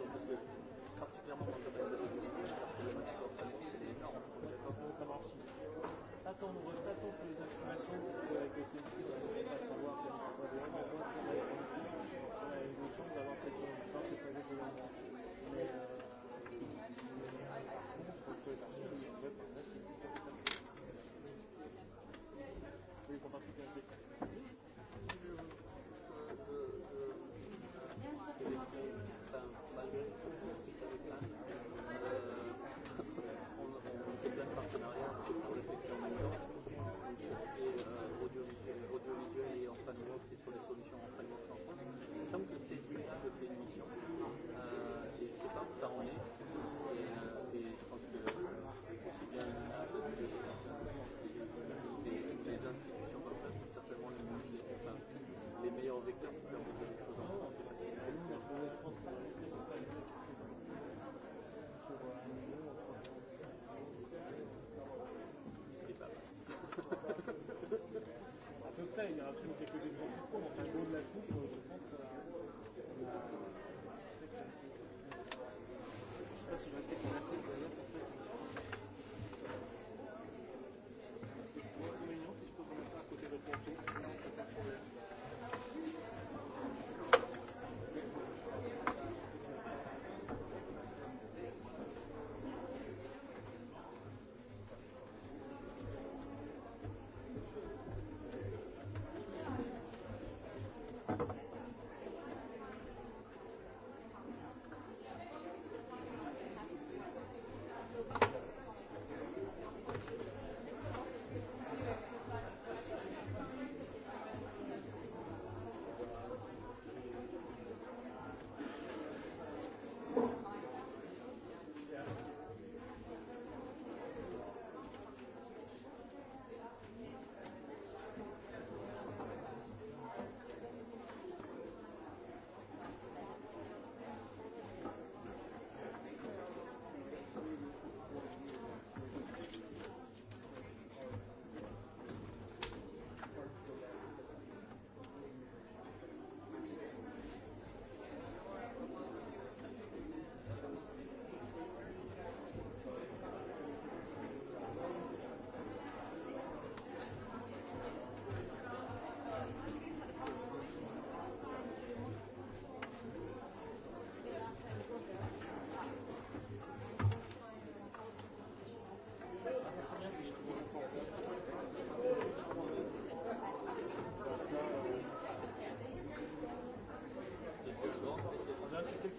so dass wir Kraftprogramme und am Ende Problematik auf Qualität auch Attendre, ne soit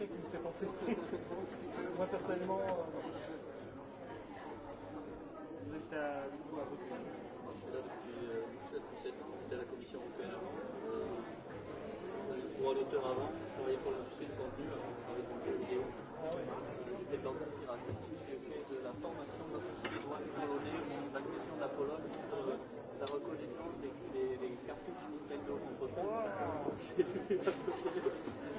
fait qui me fait penser. Moi personnellement, euh, vous êtes à, du coup, à Bruxelles Je suis là depuis euh, je suis à Bruxelles, j'étais à la commission européenne avant. Euh, pour l'auteur avant, je travaillais pour l'industrie du contenu, je travaillais pour le jeu vidéo. Ah j'étais dans le piratisme, j'ai fait de la formation de l'officier des douanes polonais au moment de l'accession de la Pologne sur euh, la reconnaissance des, des, des cartouches Nintendo contre France. J'ai fait la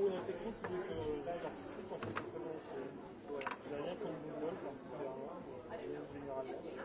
pour une infection, c'est que euh, là, l'artistique, en fait, c'est J'ai rien comme euh, Google, particulièrement, mais généralement.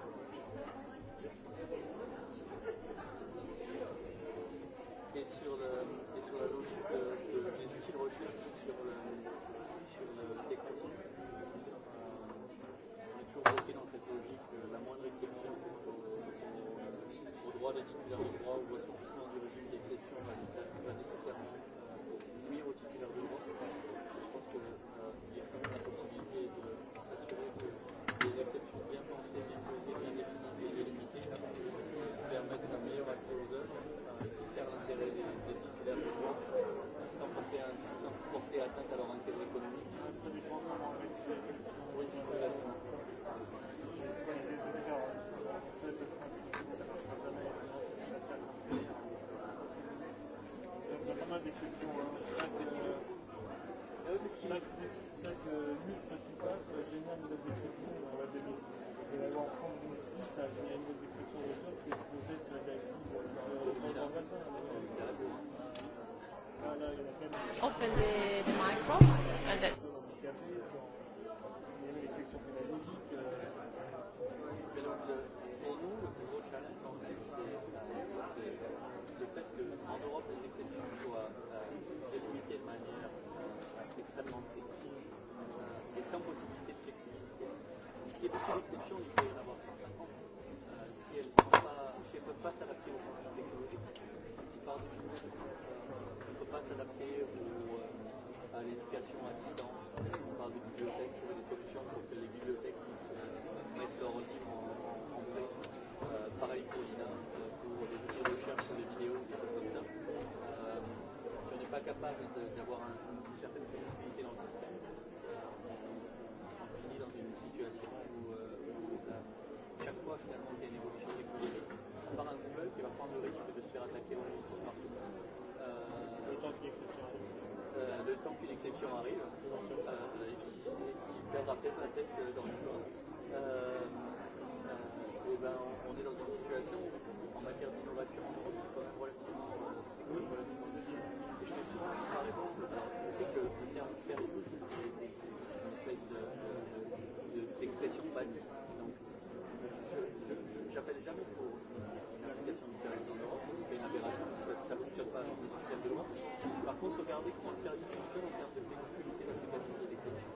chaque, chaque euh, mus que tu passes génère une nouvelle exception dans la demi. Et la loi en France 2006 a généré une nouvelle exception de retour qui est posée sur la directive dans euh, le Là, il y en a quand même. Open the, the micro. And that's... en Europe, les exceptions soient euh, délimitées de manière extrêmement sélective et sans possibilité de flexibilité. Donc il y a beaucoup d'exceptions, il peut y en avoir 150. Euh, si elles ne peuvent pas s'adapter au changement technologique, si par définition euh, on ne peut pas s'adapter au, euh, à l'éducation à distance, on parle de bibliothèques, trouver des solutions pour que les bibliothèques puissent euh, mettre leurs livres en, en, en vrai. Euh, pareil pour l'INA, euh, pour les outils de recherche sur les vidéos, des choses comme ça. Euh, si on n'est pas capable d'avoir un, une choix finalement qu'il y a une évolution technologique par un Google qui va prendre le risque de se faire attaquer en justice partout. Euh, le temps qu'une exception arrive. Euh, le temps qu'une exception arrive euh, et qui, qui perdra peut-être la tête euh, dans l'histoire. Euh, euh, et ben, on, on est dans une situation en matière d'innovation en Europe, c'est quand même relativement, euh, c'est quand même relativement difficile. Et je fais souvent, par exemple, alors, je sais que le terme fair use, permanence de de loi. Par contre, regardez comment le faire difficile en termes de flexibilité d'application des exceptions.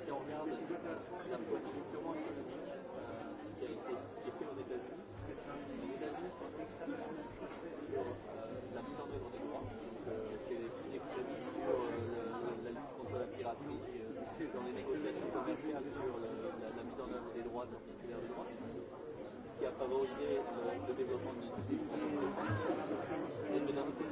Si on regarde d'un économique, euh, ce, a ce qui est fait aux États-Unis, les États-Unis sont extrêmement fixés sur euh, la mise en œuvre des droits, puisque c'est plus extrémistes sur euh, le, la lutte contre la piraterie, euh, dans les négociations commerciales sur le, la, la mise en œuvre des droits, titulaires de droits qui a favorisé le développement de l'industrie.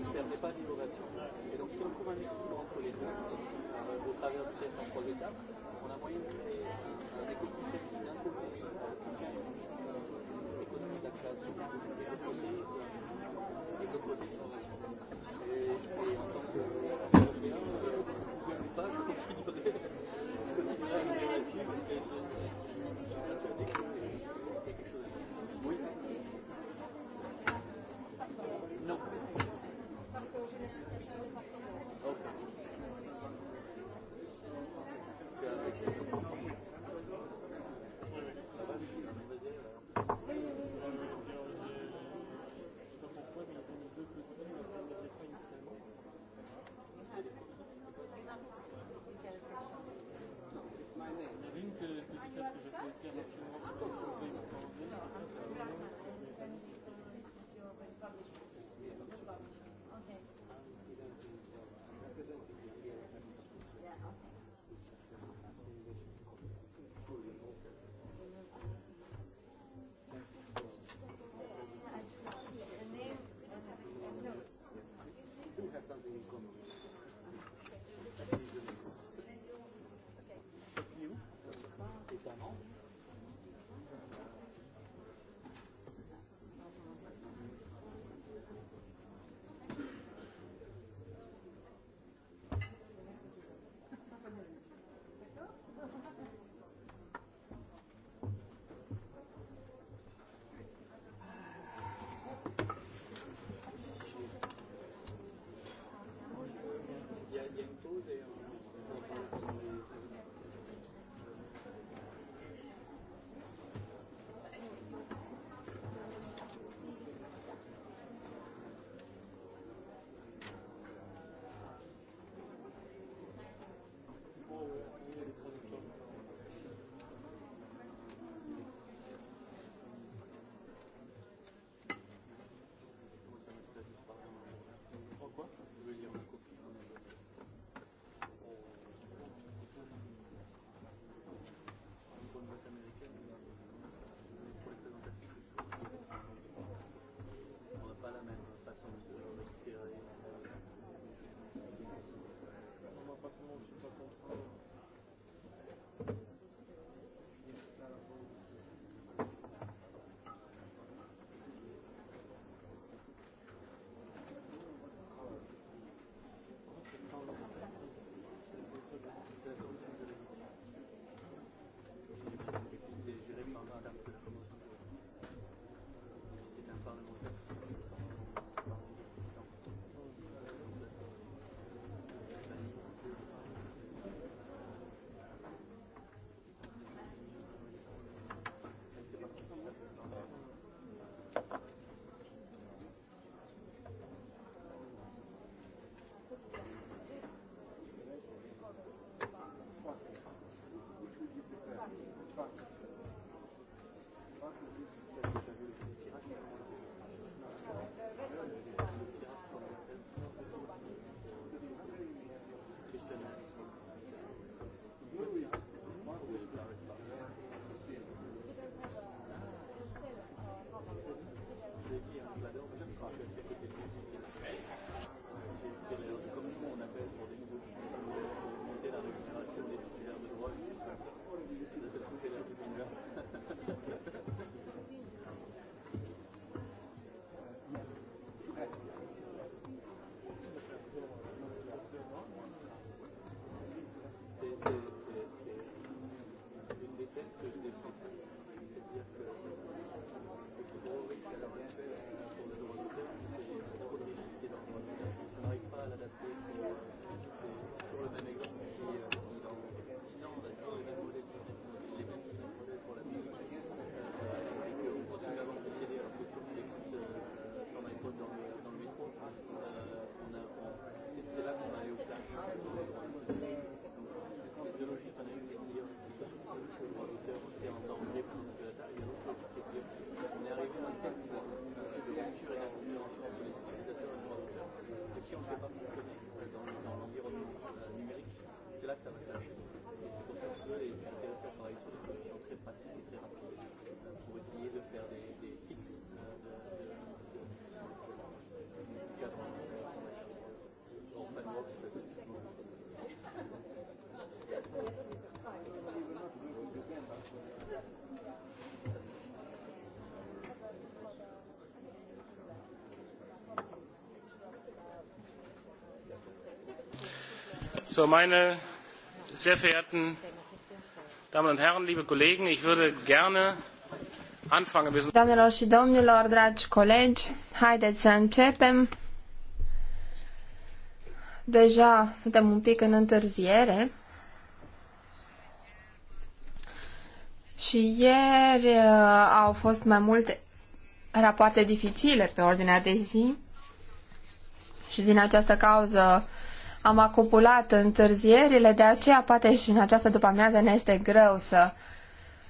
ne perdez pas l'innovation. Et donc si on trouve un équilibre entre les deux, euh, au travers de ces trois étapes, on a moyen de créer un écosystème Thank you. So, meine sehr verehrten Damen und Herren, liebe Kollegen, ich würde gerne anfangen. Doamnelor și domnilor, dragi colegi, haideți să începem. Deja suntem un pic în întârziere. Și ieri uh, au fost mai multe rapoarte dificile pe ordinea de zi și din această cauză uh, am acopulat întârzierile, de aceea poate și în această după-amiază ne este greu să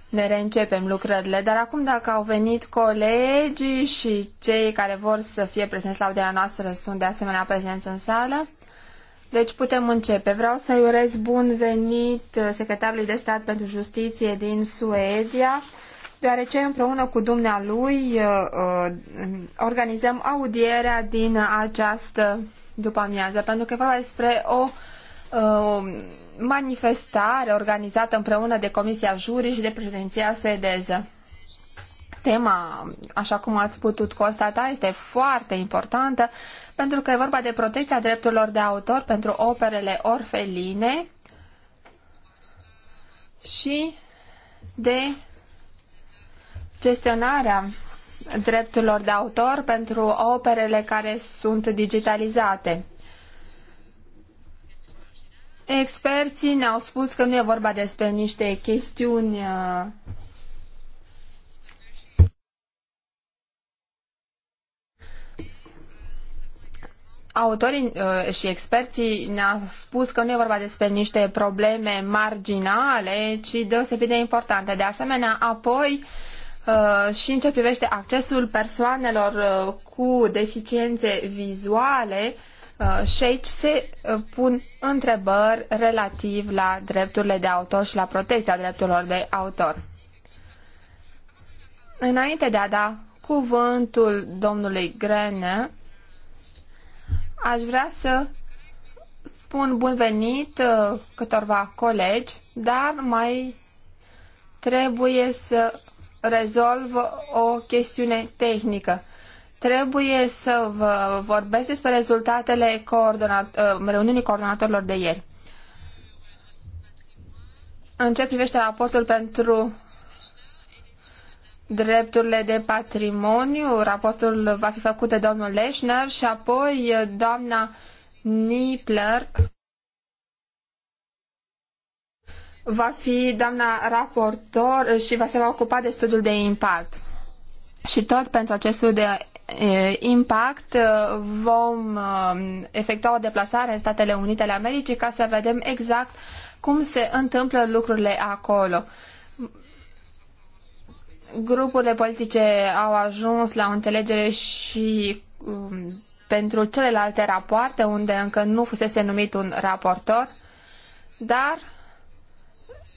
ne reîncepem lucrările. Dar acum dacă au venit colegii și cei care vor să fie prezenți la audiența noastră sunt de asemenea prezenți în sală, deci putem începe. Vreau să-i urez bun venit uh, secretarului de stat pentru justiție din Suedia, deoarece împreună cu dumnealui uh, uh, organizăm audierea din această după-amiază, pentru că e vorba despre o uh, manifestare organizată împreună de Comisia Juri și de președinția suedeză. Tema, așa cum ați putut constata, este foarte importantă pentru că e vorba de protecția drepturilor de autor pentru operele orfeline și de gestionarea drepturilor de autor pentru operele care sunt digitalizate. Experții ne-au spus că nu e vorba despre niște chestiuni uh, Autorii uh, și experții ne-au spus că nu e vorba despre niște probleme marginale, ci deosebit de importante. De asemenea, apoi Uh, și în ce privește accesul persoanelor uh, cu deficiențe vizuale, uh, și aici se pun întrebări relativ la drepturile de autor și la protecția drepturilor de autor. Înainte de a da cuvântul domnului Grene, aș vrea să spun bun venit câtorva colegi, dar mai trebuie să rezolv o chestiune tehnică. Trebuie să vă vorbesc despre rezultatele coordonat uh, reuniunii coordonatorilor de ieri. În ce privește raportul pentru drepturile de patrimoniu, raportul va fi făcut de domnul Leșner și apoi doamna Nipler va fi doamna raportor și va se va ocupa de studiul de impact. Și tot pentru acest studiu de impact vom efectua o deplasare în Statele Unite ale Americii ca să vedem exact cum se întâmplă lucrurile acolo. Grupurile politice au ajuns la o înțelegere și um, pentru celelalte rapoarte, unde încă nu fusese numit un raportor, dar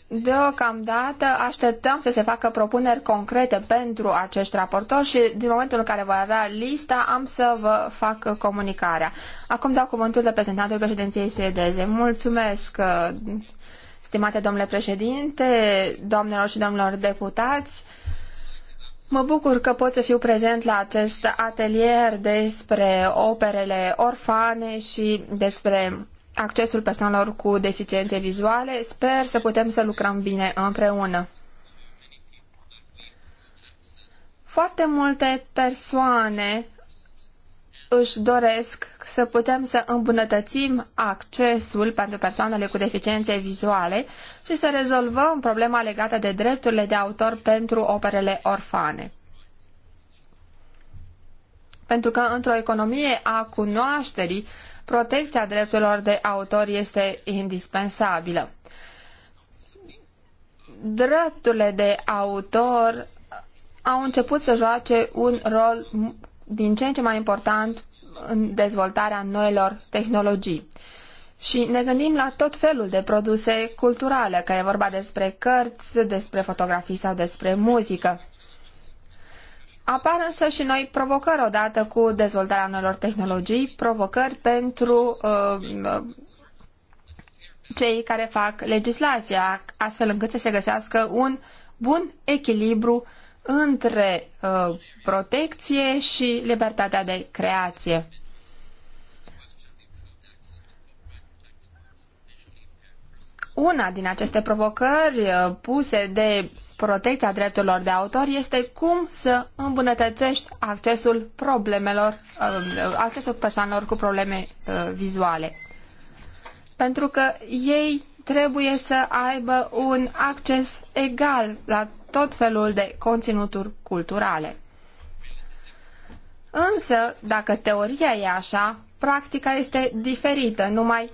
Deocamdată așteptăm să se facă propuneri concrete pentru acești raportori și din momentul în care voi avea lista am să vă fac comunicarea. Acum dau cuvântul reprezentantului președinției suedeze. Mulțumesc, uh, stimate domnule președinte, doamnelor și domnilor deputați. Mă bucur că pot să fiu prezent la acest atelier despre operele orfane și despre accesul persoanelor cu deficiențe vizuale. Sper să putem să lucrăm bine împreună. Foarte multe persoane își doresc să putem să îmbunătățim accesul pentru persoanele cu deficiențe vizuale și să rezolvăm problema legată de drepturile de autor pentru operele orfane. Pentru că într-o economie a cunoașterii protecția drepturilor de autor este indispensabilă. Drepturile de autor au început să joace un rol din ce în ce mai important în dezvoltarea noilor tehnologii. Și ne gândim la tot felul de produse culturale, că e vorba despre cărți, despre fotografii sau despre muzică. Apar însă și noi provocări odată cu dezvoltarea noilor tehnologii, provocări pentru uh, cei care fac legislația, astfel încât să se găsească un bun echilibru între uh, protecție și libertatea de creație. Una din aceste provocări uh, puse de protecția drepturilor de autor este cum să îmbunătățești accesul problemelor, uh, accesul persoanelor cu probleme uh, vizuale. Pentru că ei trebuie să aibă un acces egal la tot felul de conținuturi culturale. Însă, dacă teoria e așa, practica este diferită. Numai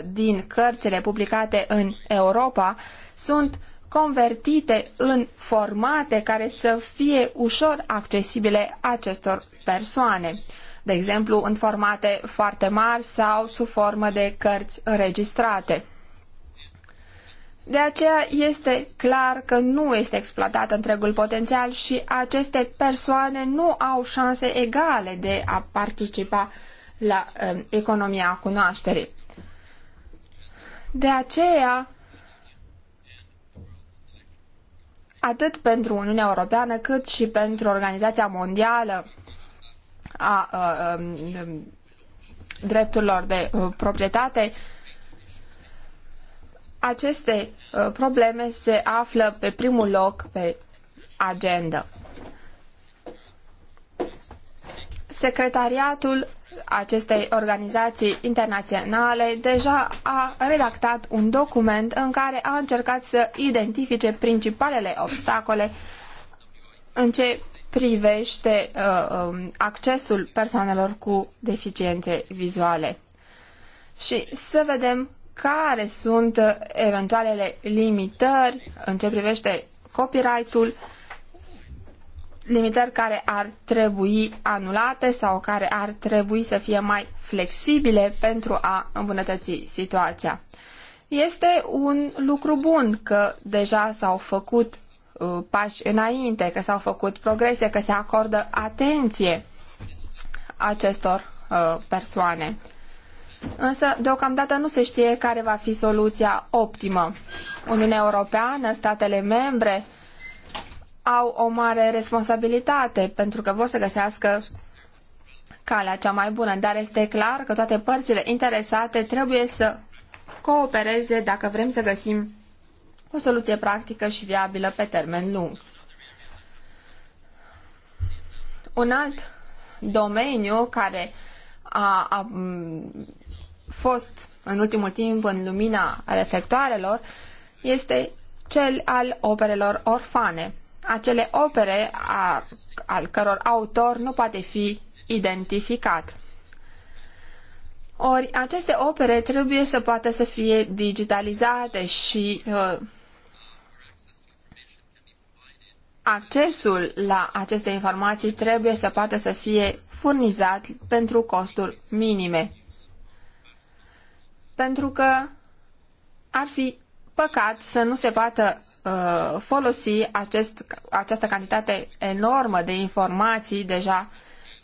5% din cărțile publicate în Europa sunt convertite în formate care să fie ușor accesibile acestor persoane, de exemplu în formate foarte mari sau sub formă de cărți înregistrate. De aceea este clar că nu este exploatat întregul potențial și aceste persoane nu au șanse egale de a participa la um, economia cunoașterii. De aceea atât pentru Uniunea Europeană cât și pentru Organizația Mondială a, a, a drepturilor de proprietate, aceste probleme se află pe primul loc pe agenda. Secretariatul acestei organizații internaționale deja a redactat un document în care a încercat să identifice principalele obstacole în ce privește uh, um, accesul persoanelor cu deficiențe vizuale. Și să vedem care sunt uh, eventualele limitări în ce privește copyright-ul limitări care ar trebui anulate sau care ar trebui să fie mai flexibile pentru a îmbunătăți situația. Este un lucru bun că deja s-au făcut uh, pași înainte, că s-au făcut progrese, că se acordă atenție acestor uh, persoane. Însă, deocamdată nu se știe care va fi soluția optimă. Uniunea Europeană, statele membre, au o mare responsabilitate pentru că vor să găsească calea cea mai bună, dar este clar că toate părțile interesate trebuie să coopereze dacă vrem să găsim o soluție practică și viabilă pe termen lung. Un alt domeniu care a, a fost în ultimul timp în lumina reflectoarelor este cel al operelor orfane acele opere a, al căror autor nu poate fi identificat. Ori aceste opere trebuie să poată să fie digitalizate și uh, accesul la aceste informații trebuie să poată să fie furnizat pentru costuri minime. Pentru că ar fi păcat să nu se poată Uh, folosi acest, această cantitate enormă de informații deja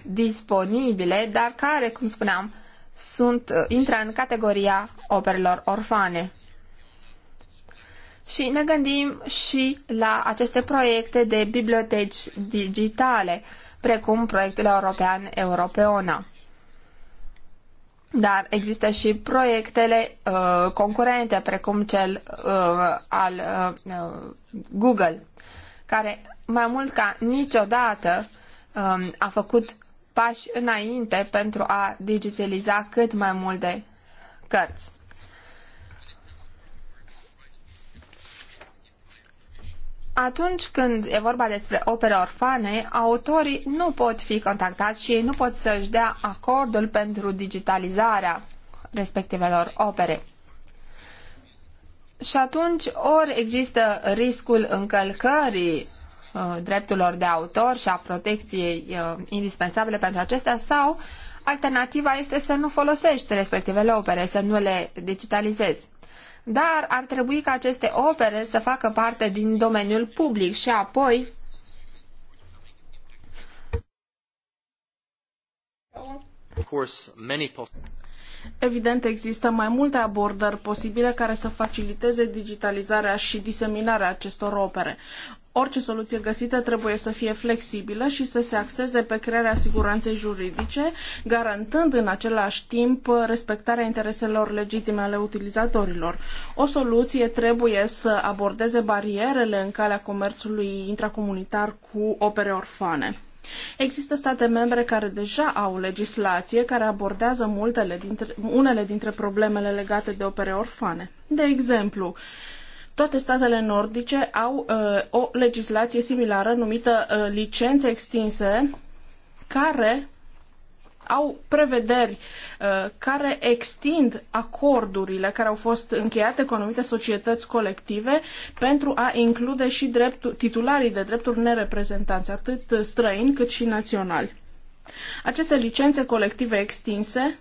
disponibile, dar care, cum spuneam, sunt, uh, intră în categoria operelor orfane. Și ne gândim și la aceste proiecte de biblioteci digitale, precum proiectul european Europeona. Dar există și proiectele uh, concurente, precum cel uh, al uh, uh, Google, care mai mult ca niciodată um, a făcut pași înainte pentru a digitaliza cât mai multe cărți. atunci când e vorba despre opere orfane, autorii nu pot fi contactați și ei nu pot să-și dea acordul pentru digitalizarea respectivelor opere. Și atunci ori există riscul încălcării uh, drepturilor de autor și a protecției uh, indispensabile pentru acestea sau alternativa este să nu folosești respectivele opere, să nu le digitalizezi dar ar trebui ca aceste opere să facă parte din domeniul public și apoi Evident, există mai multe abordări posibile care să faciliteze digitalizarea și diseminarea acestor opere. Orice soluție găsită trebuie să fie flexibilă și să se axeze pe crearea siguranței juridice, garantând în același timp respectarea intereselor legitime ale utilizatorilor. O soluție trebuie să abordeze barierele în calea comerțului intracomunitar cu opere orfane. Există state membre care deja au legislație care abordează multele dintre, unele dintre problemele legate de opere orfane. De exemplu, toate statele nordice au uh, o legislație similară numită uh, licențe extinse care au prevederi uh, care extind acordurile care au fost încheiate cu anumite societăți colective pentru a include și dreptul, titularii de drepturi nereprezentanți, atât străini cât și naționali. Aceste licențe colective extinse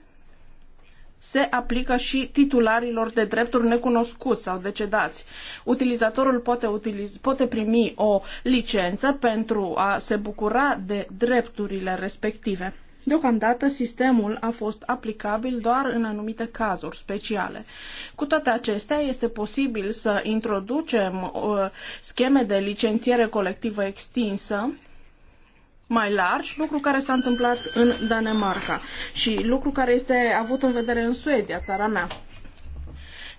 se aplică și titularilor de drepturi necunoscuți sau decedați. Utilizatorul poate, utiliz- poate primi o licență pentru a se bucura de drepturile respective. Deocamdată, sistemul a fost aplicabil doar în anumite cazuri speciale. Cu toate acestea, este posibil să introducem uh, scheme de licențiere colectivă extinsă mai larg, lucru care s-a întâmplat în Danemarca și lucru care este avut în vedere în Suedia, țara mea.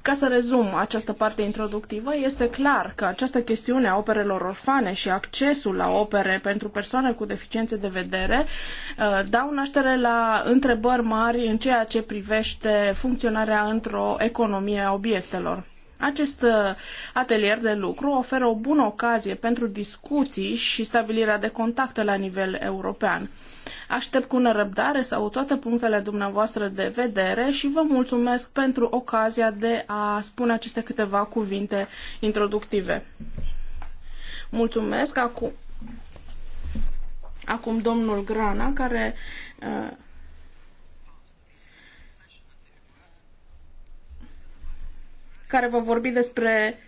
Ca să rezum această parte introductivă, este clar că această chestiune a operelor orfane și accesul la opere pentru persoane cu deficiențe de vedere uh, dau naștere la întrebări mari în ceea ce privește funcționarea într-o economie a obiectelor. Acest uh, atelier de lucru oferă o bună ocazie pentru discuții și stabilirea de contacte la nivel european. Aștept cu nerăbdare sau toate punctele dumneavoastră de vedere și vă mulțumesc pentru ocazia de a spune aceste câteva cuvinte introductive. Mulțumesc acum, acum domnul Grana, care uh, care va vorbi despre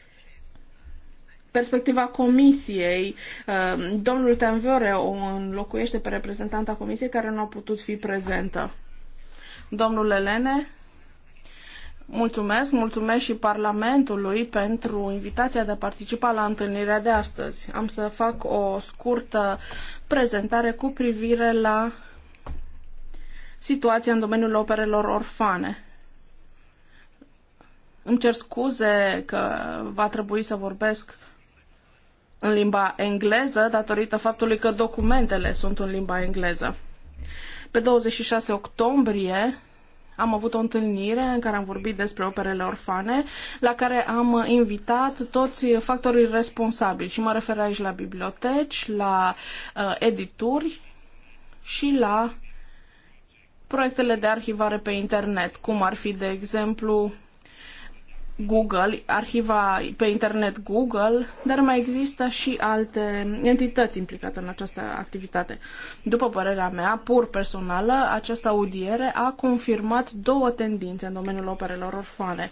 perspectiva comisiei. Um, domnul Tanvore o înlocuiește pe reprezentanta comisiei care nu a putut fi prezentă. Domnul Elene, mulțumesc, mulțumesc și Parlamentului pentru invitația de a participa la întâlnirea de astăzi. Am să fac o scurtă prezentare cu privire la situația în domeniul operelor orfane. Îmi cer scuze că va trebui să vorbesc în limba engleză datorită faptului că documentele sunt în limba engleză. Pe 26 octombrie am avut o întâlnire în care am vorbit despre operele orfane, la care am invitat toți factorii responsabili și mă refer aici la biblioteci, la uh, edituri și la proiectele de arhivare pe internet, cum ar fi, de exemplu, Google, arhiva pe internet Google, dar mai există și alte entități implicate în această activitate. După părerea mea, pur personală, această audiere a confirmat două tendințe în domeniul operelor orfane.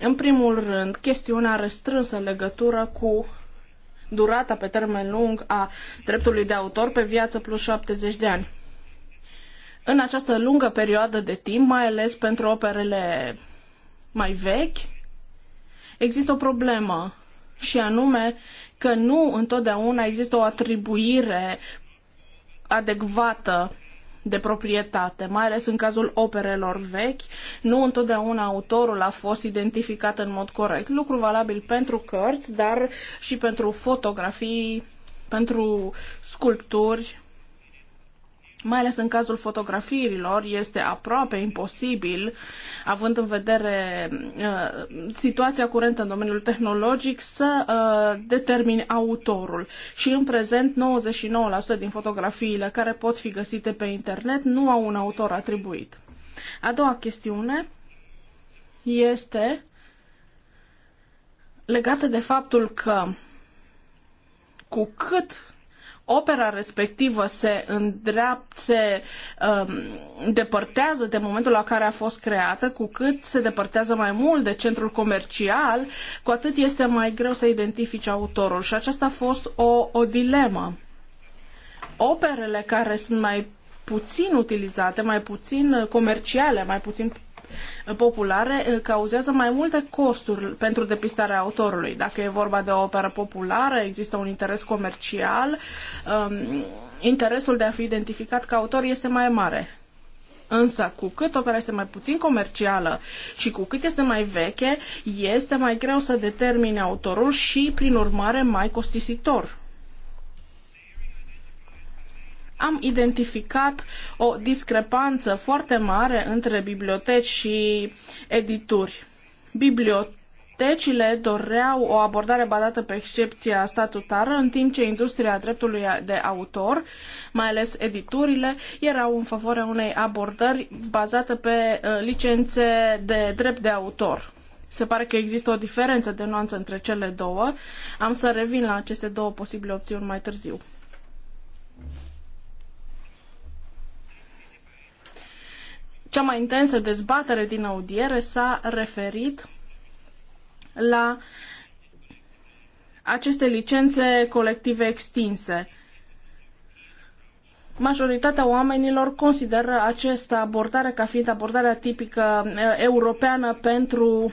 În primul rând, chestiunea restrânsă legătură cu durata pe termen lung a dreptului de autor pe viață plus 70 de ani. În această lungă perioadă de timp, mai ales pentru operele mai vechi, există o problemă și anume că nu întotdeauna există o atribuire adecvată de proprietate, mai ales în cazul operelor vechi, nu întotdeauna autorul a fost identificat în mod corect. Lucru valabil pentru cărți, dar și pentru fotografii, pentru sculpturi, mai ales în cazul fotografiilor, este aproape imposibil, având în vedere uh, situația curentă în domeniul tehnologic, să uh, determini autorul. Și în prezent, 99% din fotografiile care pot fi găsite pe internet nu au un autor atribuit. A doua chestiune este legată de faptul că cu cât opera respectivă se îndreaptă, se um, depărtează de momentul la care a fost creată, cu cât se depărtează mai mult de centrul comercial, cu atât este mai greu să identifici autorul. Și aceasta a fost o, o dilemă. Operele care sunt mai puțin utilizate, mai puțin comerciale, mai puțin Eh, populare eh, cauzează mai multe costuri pentru depistarea autorului. Dacă e vorba de o operă populară, există un interes comercial, ehm, interesul de a fi identificat ca autor este mai mare. Însă, cu cât opera este mai puțin comercială și cu cât este mai veche, este mai greu să determine autorul și, prin urmare, mai costisitor am identificat o discrepanță foarte mare între biblioteci și edituri. Biblioteci Bibliotecile doreau o abordare bazată pe excepția statutară, în timp ce industria dreptului de autor, mai ales editurile, erau în favoarea unei abordări bazate pe uh, licențe de drept de autor. Se pare că există o diferență de nuanță între cele două. Am să revin la aceste două posibile opțiuni mai târziu. Cea mai intensă dezbatere din audiere s-a referit la aceste licențe colective extinse. Majoritatea oamenilor consideră această abordare ca fiind abordarea tipică eh, europeană pentru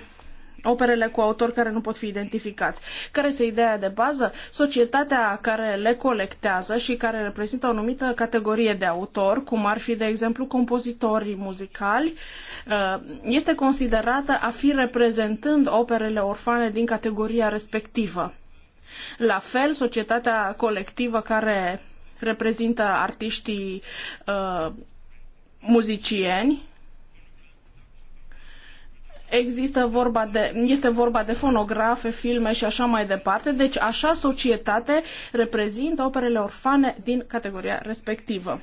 operele cu autori care nu pot fi identificați. Care este ideea de bază? Societatea care le colectează și care reprezintă o anumită categorie de autor, cum ar fi, de exemplu, compozitorii muzicali, uh, este considerată a fi reprezentând operele orfane din categoria respectivă. La fel, societatea colectivă care reprezintă artiștii uh, muzicieni Există vorba de, este vorba de fonografe, filme și așa mai departe. Deci așa societate reprezintă operele orfane din categoria respectivă.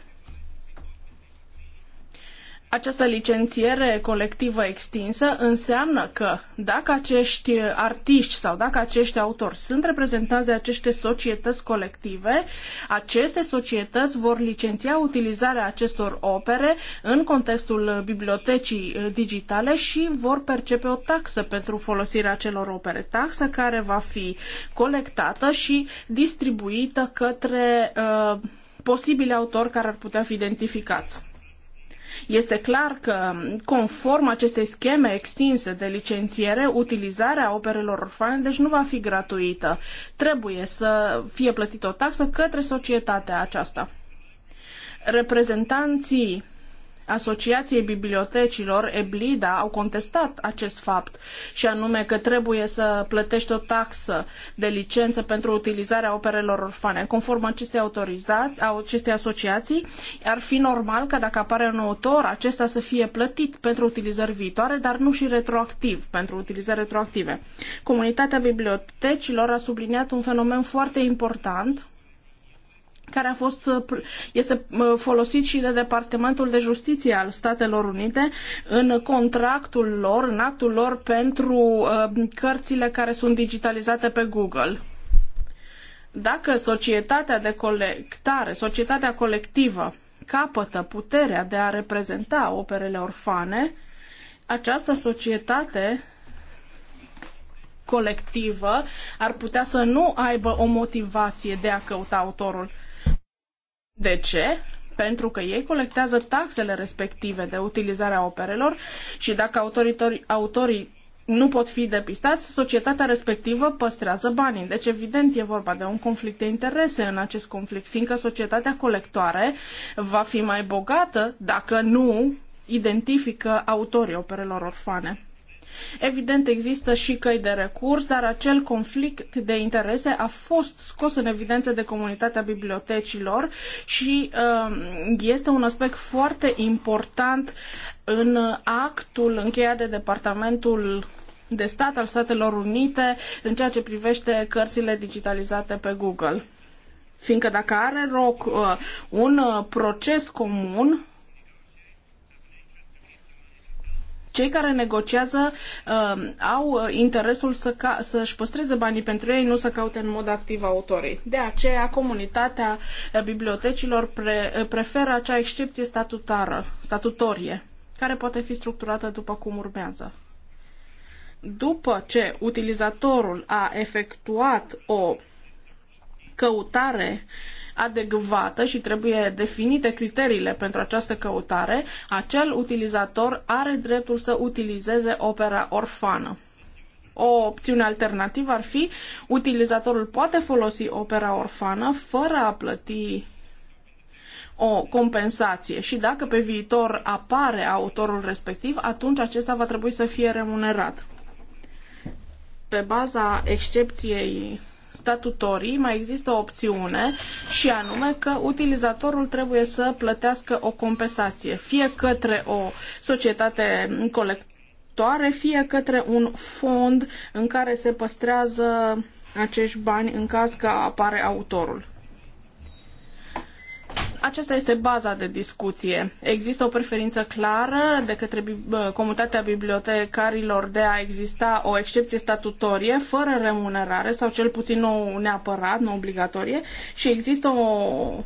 Această licențiere colectivă extinsă înseamnă că dacă acești artiști sau dacă acești autori sunt reprezentați de aceste societăți colective, aceste societăți vor licenția utilizarea acestor opere în contextul bibliotecii digitale și vor percepe o taxă pentru folosirea acelor opere. Taxa care va fi colectată și distribuită către uh, posibili autori care ar putea fi identificați. Este clar că, conform acestei scheme extinse de licențiere, utilizarea operelor orfane deci nu va fi gratuită. Trebuie să fie plătită o taxă către societatea aceasta. Reprezentanții Asociației Bibliotecilor, Eblida, au contestat acest fapt și anume că trebuie să plătești o taxă de licență pentru utilizarea operelor orfane. Conform acestei autorizați, acestei asociații, ar fi normal ca dacă apare un autor, acesta să fie plătit pentru utilizări viitoare, dar nu și retroactiv, pentru utilizări retroactive. Comunitatea bibliotecilor a subliniat un fenomen foarte important care a fost, uh, este uh, folosit și de Departamentul de Justiție al Statelor Unite în contractul lor, în actul lor pentru uh, cărțile care sunt digitalizate pe Google. Dacă societatea de colectare, societatea colectivă capătă puterea de a reprezenta operele orfane, această societate colectivă ar putea să nu aibă o motivație de a căuta autorul. De ce? pentru că ei colectează taxele respective de utilizare a operelor și dacă autorii, autorii nu pot fi depistați, societatea respectivă păstrează banii. Deci, evident, e vorba de un conflict de interese în acest conflict, fiindcă societatea colectoare va fi mai bogată dacă nu identifică autorii operelor orfane. Evident, există și căi de recurs, dar acel conflict de interese a fost scos în evidență de comunitatea bibliotecilor și um, este un aspect foarte important în actul încheiat de Departamentul de stat al Statelor Unite în ceea ce privește cărțile digitalizate pe Google. Fiindcă dacă are loc uh, un uh, proces comun, cei care negociază um, uh, au interesul să ca- să-și păstreze banii pentru ei, nu să caute în mod activ autorii. De aceea, comunitatea uh, bibliotecilor pre- uh, preferă acea excepție statutară, statutorie, care poate fi structurată după cum urmează după ce utilizatorul a efectuat o căutare adecvată și trebuie definite criteriile pentru această căutare, acel utilizator are dreptul să utilizeze opera orfană. O opțiune alternativă ar fi utilizatorul poate folosi opera orfană fără a plăti o compensație și dacă pe viitor apare autorul respectiv, atunci acesta va trebui să fie remunerat. Pe baza excepției statutorii mai există o opțiune și anume că utilizatorul trebuie să plătească o compensație, fie către o societate colectoare, fie către un fond în care se păstrează acești bani în caz că apare autorul. Aceasta este baza de discuție. Există o preferință clară de către comunitatea bibliotecarilor de a exista o excepție statutorie fără remunerare sau cel puțin nu neapărat, nu obligatorie și există o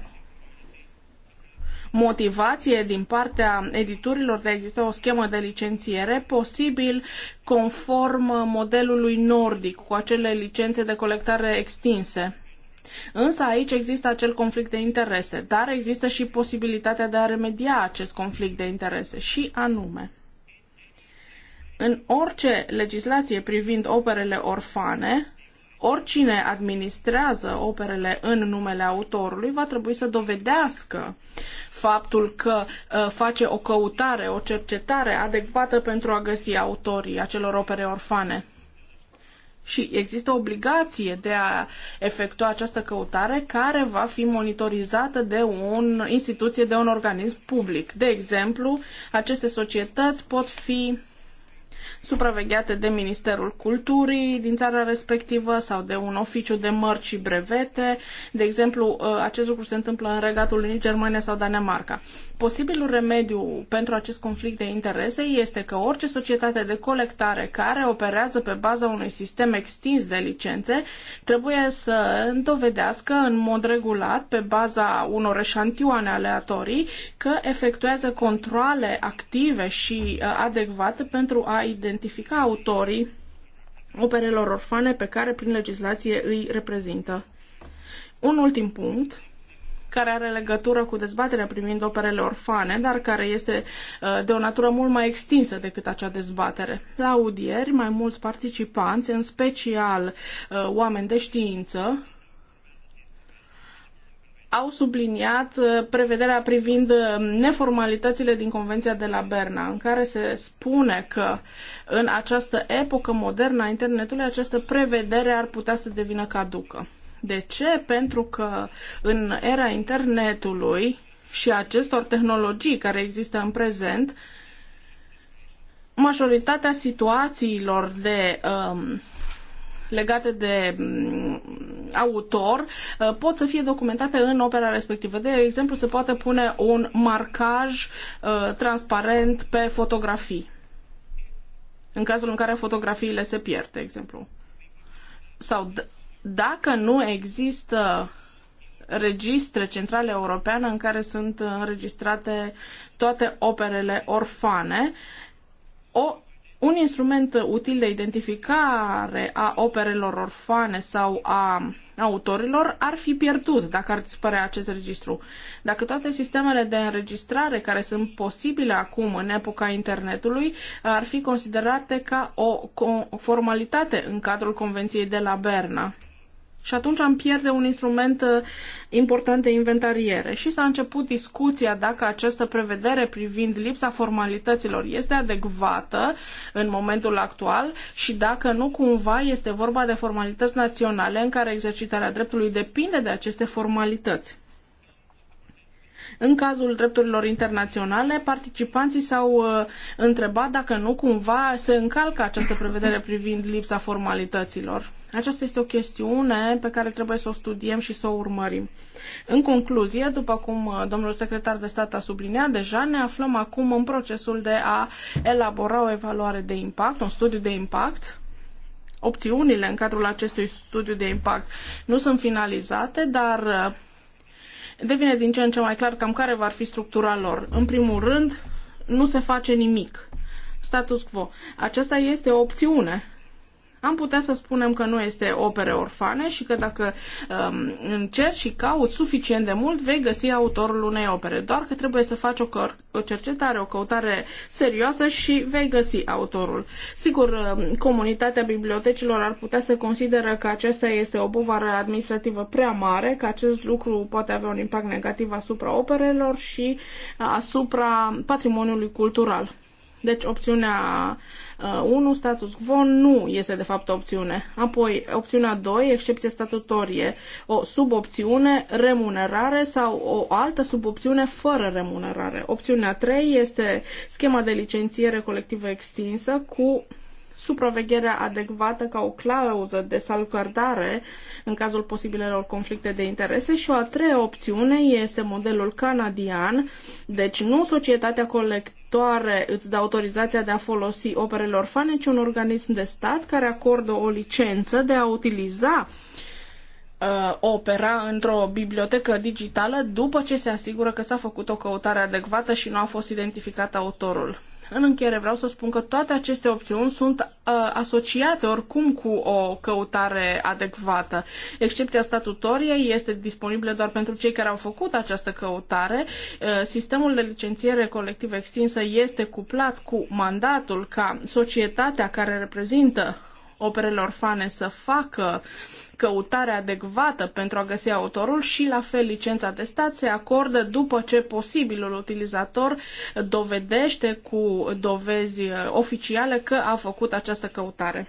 motivație din partea editurilor de a exista o schemă de licențiere, posibil conform modelului nordic, cu acele licențe de colectare extinse. Însă aici există acel conflict de interese, dar există și posibilitatea de a remedia acest conflict de interese și anume. În orice legislație privind operele orfane, oricine administrează operele în numele autorului va trebui să dovedească faptul că uh, face o căutare, o cercetare adecvată pentru a găsi autorii acelor opere orfane și există obligație de a efectua această căutare care va fi monitorizată de o instituție, de un organism public. De exemplu, aceste societăți pot fi supravegheate de Ministerul Culturii din țara respectivă sau de un oficiu de mărci și brevete. De exemplu, ă, acest lucru se întâmplă în Regatul Unii, Germania sau Danemarca. Posibilul remediu pentru acest conflict de interese este că orice societate de colectare care operează pe baza unui sistem extins de licențe trebuie să dovedească în mod regulat, pe baza unor eșantioane aleatorii, că efectuează controle active și ă, adecvate pentru a identifica autorii operelor orfane pe care prin legislație îi reprezintă. Un ultim punct care are legătură cu dezbaterea privind operele orfane, dar care este uh, de o natură mult mai extinsă decât acea dezbatere. La audieri, mai mulți participanți, în special uh, oameni de știință, au subliniat uh, prevederea privind uh, neformalitățile din Convenția de la Berna, în care se spune că în această epocă modernă a internetului această prevedere ar putea să devină caducă. De ce? Pentru că în era internetului și acestor tehnologii care există în prezent, majoritatea situațiilor de um, legate de mm, autor uh, pot să fie documentate în opera respectivă. De exemplu, se poate pune un marcaj uh, transparent pe fotografii. În cazul în care fotografiile se pierd, de exemplu. Sau dacă nu există registre centrale europeană în care sunt înregistrate toate operele orfane, o un instrument util de identificare a operelor orfane sau a autorilor ar fi pierdut dacă ar dispărea acest registru. Dacă toate sistemele de înregistrare care sunt posibile acum în epoca internetului ar fi considerate ca o formalitate în cadrul Convenției de la Berna. Și atunci am pierde un instrument uh, important de inventariere. Și s-a început discuția dacă această prevedere privind lipsa formalităților este adecvată în momentul actual și dacă nu cumva este vorba de formalități naționale în care exercitarea dreptului depinde de aceste formalități. În cazul drepturilor internaționale, participanții s-au uh, întrebat dacă nu cumva se încalcă această prevedere privind lipsa formalităților. Aceasta este o chestiune pe care trebuie să o studiem și să o urmărim. În concluzie, după cum uh, domnul secretar de stat a subliniat deja, ne aflăm acum în procesul de a elabora o evaluare de impact, un studiu de impact opțiunile în cadrul acestui studiu de impact nu sunt finalizate, dar uh, devine din ce în ce mai clar cam care va fi structura lor. În primul rând, nu se face nimic. Status quo. Aceasta este o opțiune am putea să spunem că nu este opere orfane și că dacă um, încerci și cauți suficient de mult, vei găsi autorul unei opere. Doar că trebuie să faci o, o cercetare, o căutare serioasă și vei găsi autorul. Sigur, um, comunitatea bibliotecilor ar putea să consideră că aceasta este o povară administrativă prea mare, că acest lucru poate avea un impact negativ asupra operelor și uh, asupra patrimoniului cultural. Deci opțiunea uh, 1, uh, status quo nu este de fapt o opțiune. Apoi, opțiunea 2, excepție statutorie, o subopțiune, remunerare sau o altă subopțiune fără remunerare. Opțiunea 3 este schema de licențiere colectivă extinsă cu supravegherea adecvată ca o clauză de salvgardare în cazul posibilelor conflicte de interese și o a treia opțiune este modelul canadian, deci nu societatea colectivă îți dă autorizația de a folosi operele orfane, ci un organism de stat care acordă o licență de a utiliza uh, opera într-o bibliotecă digitală după ce se asigură că s-a făcut o căutare adecvată și nu a fost identificat autorul. În încheiere vreau să spun că toate aceste opțiuni sunt uh, asociate oricum cu o căutare adecvată. Excepția statutorie este disponibilă doar pentru cei care au făcut această căutare. Uh, sistemul de licențiere colectivă extinsă este cuplat cu mandatul ca societatea care reprezintă operele orfane să facă căutare adecvată pentru a găsi autorul și la fel licența de stat se acordă după ce posibilul utilizator dovedește cu dovezi uh, oficiale că a făcut această căutare.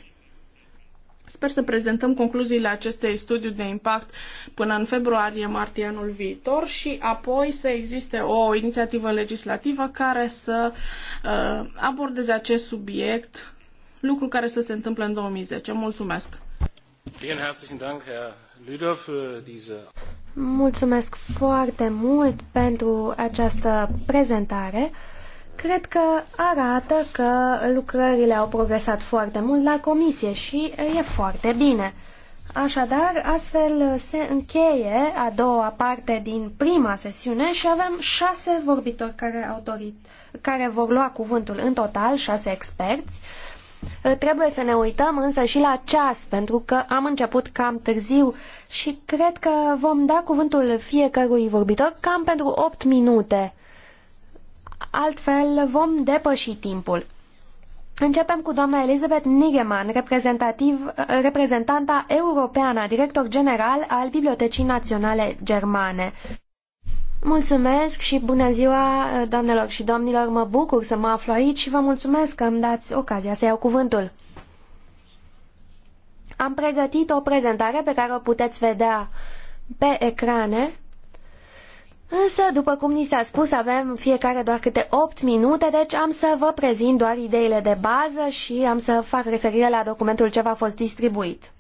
Sper să prezentăm concluziile acestui studiu de impact până în februarie-martie anul viitor și apoi să existe o inițiativă legislativă care să uh, abordeze acest subiect, lucru care să se întâmple în 2010. Mulțumesc! Mulțumesc foarte mult pentru această prezentare. Cred că arată că lucrările au progresat foarte mult la comisie și e foarte bine. Așadar, astfel se încheie a doua parte din prima sesiune și avem șase vorbitori care, autorit, care vor lua cuvântul în total, șase experți. Eh, trebuie să ne uităm însă și la ceas, pentru că am început cam târziu și cred că vom da cuvântul fiecărui vorbitor cam pentru 8 minute. Altfel vom depăși timpul. Începem cu doamna Elizabeth Nigeman, reprezentativ, eh, reprezentanta europeană, director general al Bibliotecii Naționale Germane. Mulțumesc și bună ziua, doamnelor și domnilor. Mă bucur să mă aflu aici și vă mulțumesc că îmi dați ocazia să iau cuvântul. Am pregătit o prezentare pe care o puteți vedea pe ecrane. Însă, după cum ni s-a spus, avem fiecare doar câte opt minute, deci am să vă prezint doar ideile de bază și am să fac referire la documentul ce v-a fost distribuit.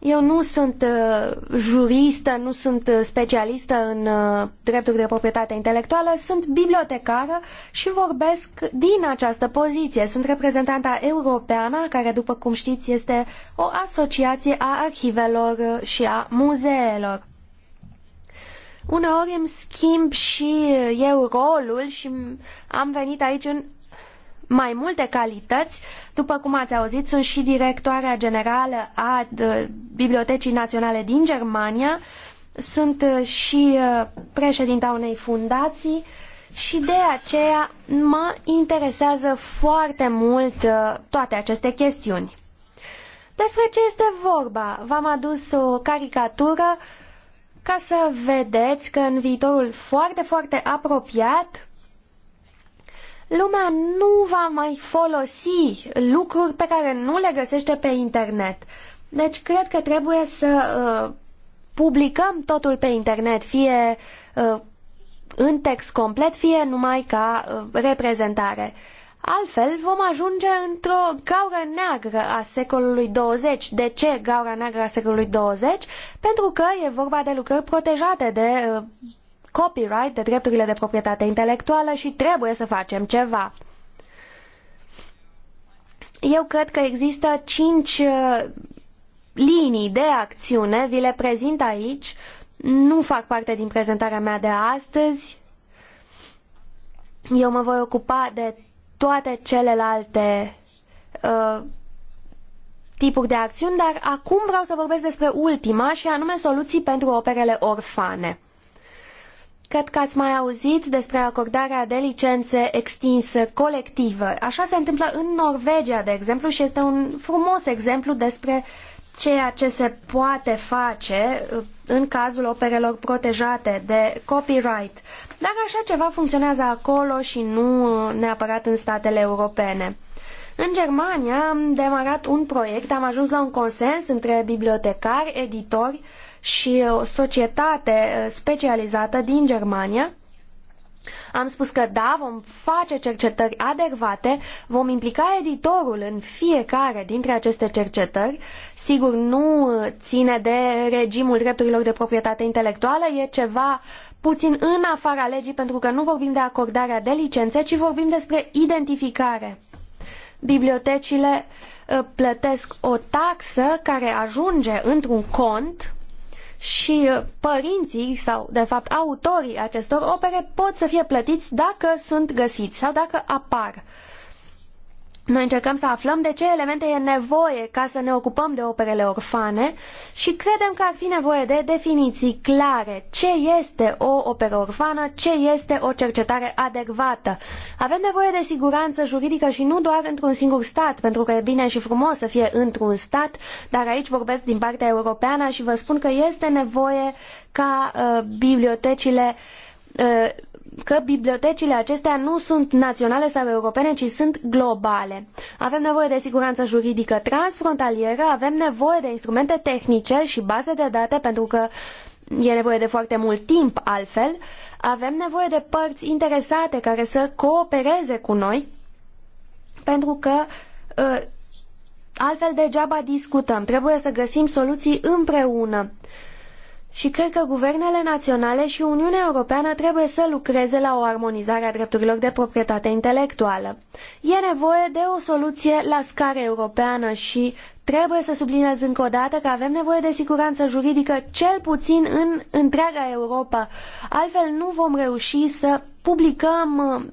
Eu nu sunt uh, juristă, nu sunt uh, specialistă în uh, drepturi de proprietate intelectuală, sunt bibliotecară și vorbesc din această poziție. Sunt reprezentanta europeană, care, după cum știți, este o asociație a arhivelor și a muzeelor. Uneori îmi schimb și eu rolul și am venit aici în mai multe calități. După cum ați auzit, sunt și directoarea generală a uh, Bibliotecii Naționale din Germania, sunt uh, și uh, președinta unei fundații și de aceea mă interesează foarte mult toate aceste chestiuni. Despre ce este vorba? V-am adus o caricatură ca să vedeți că în viitorul foarte, foarte apropiat lumea nu va mai folosi lucruri pe care nu le găsește pe internet. Deci cred că trebuie să uh, publicăm totul pe internet, fie uh, în text complet, fie numai ca uh, reprezentare. Altfel vom ajunge într-o gaură neagră a secolului 20. De ce gaură neagră a secolului 20? Pentru că e vorba de lucrări protejate de uh, copyright, de drepturile de proprietate intelectuală și trebuie să facem ceva. Eu cred că există cinci uh, linii de acțiune, vi le prezint aici, nu fac parte din prezentarea mea de astăzi. Eu mă voi ocupa de toate celelalte uh, tipuri de acțiuni, dar acum vreau să vorbesc despre ultima și anume soluții pentru operele orfane. Cred că ați mai auzit despre acordarea de licențe extinse colectivă. Așa se întâmplă în Norvegia, de exemplu, și este un frumos exemplu despre ceea ce se poate face uh, în cazul operelor protejate de copyright. Dar așa ceva funcționează acolo și nu uh, neapărat în statele europene. În Germania am demarat un proiect, am ajuns la un consens între bibliotecari, editori, și o societate uh, specializată din Germania. Am spus că da, vom face cercetări adecvate, vom implica editorul în fiecare dintre aceste cercetări. Sigur, nu uh, ține de regimul drepturilor de proprietate intelectuală, e ceva puțin în afara legii, pentru că nu vorbim de acordarea de licențe, ci vorbim despre identificare. Bibliotecile uh, plătesc o taxă care ajunge într-un cont și uh, părinții sau, de fapt, autorii acestor opere pot să fie plătiți dacă sunt găsiți sau dacă apar. Uh, noi încercăm să aflăm de ce elemente e nevoie ca să ne ocupăm de operele orfane și credem că ar fi nevoie de definiții clare. Ce este o operă orfană? Ce este o cercetare adecvată? Avem nevoie de siguranță juridică și nu doar într-un singur stat, pentru că e bine și frumos să fie într-un stat, dar aici vorbesc din partea europeană și vă spun că este nevoie ca uh, bibliotecile uh, că bibliotecile acestea nu sunt naționale sau europene, ci sunt globale. Avem nevoie de siguranță juridică transfrontalieră, avem nevoie de instrumente tehnice și baze de date pentru că e nevoie de foarte mult timp altfel, avem nevoie de părți interesate care să coopereze cu noi pentru că uh, altfel degeaba discutăm. Trebuie să găsim soluții împreună. Și cred că guvernele naționale și Uniunea Europeană trebuie să lucreze la o armonizare a drepturilor de proprietate intelectuală. E nevoie de o soluție la scară europeană și trebuie să subliniez încă o dată că avem nevoie de siguranță juridică cel puțin în întreaga Europa. Altfel nu vom reuși să publicăm uh,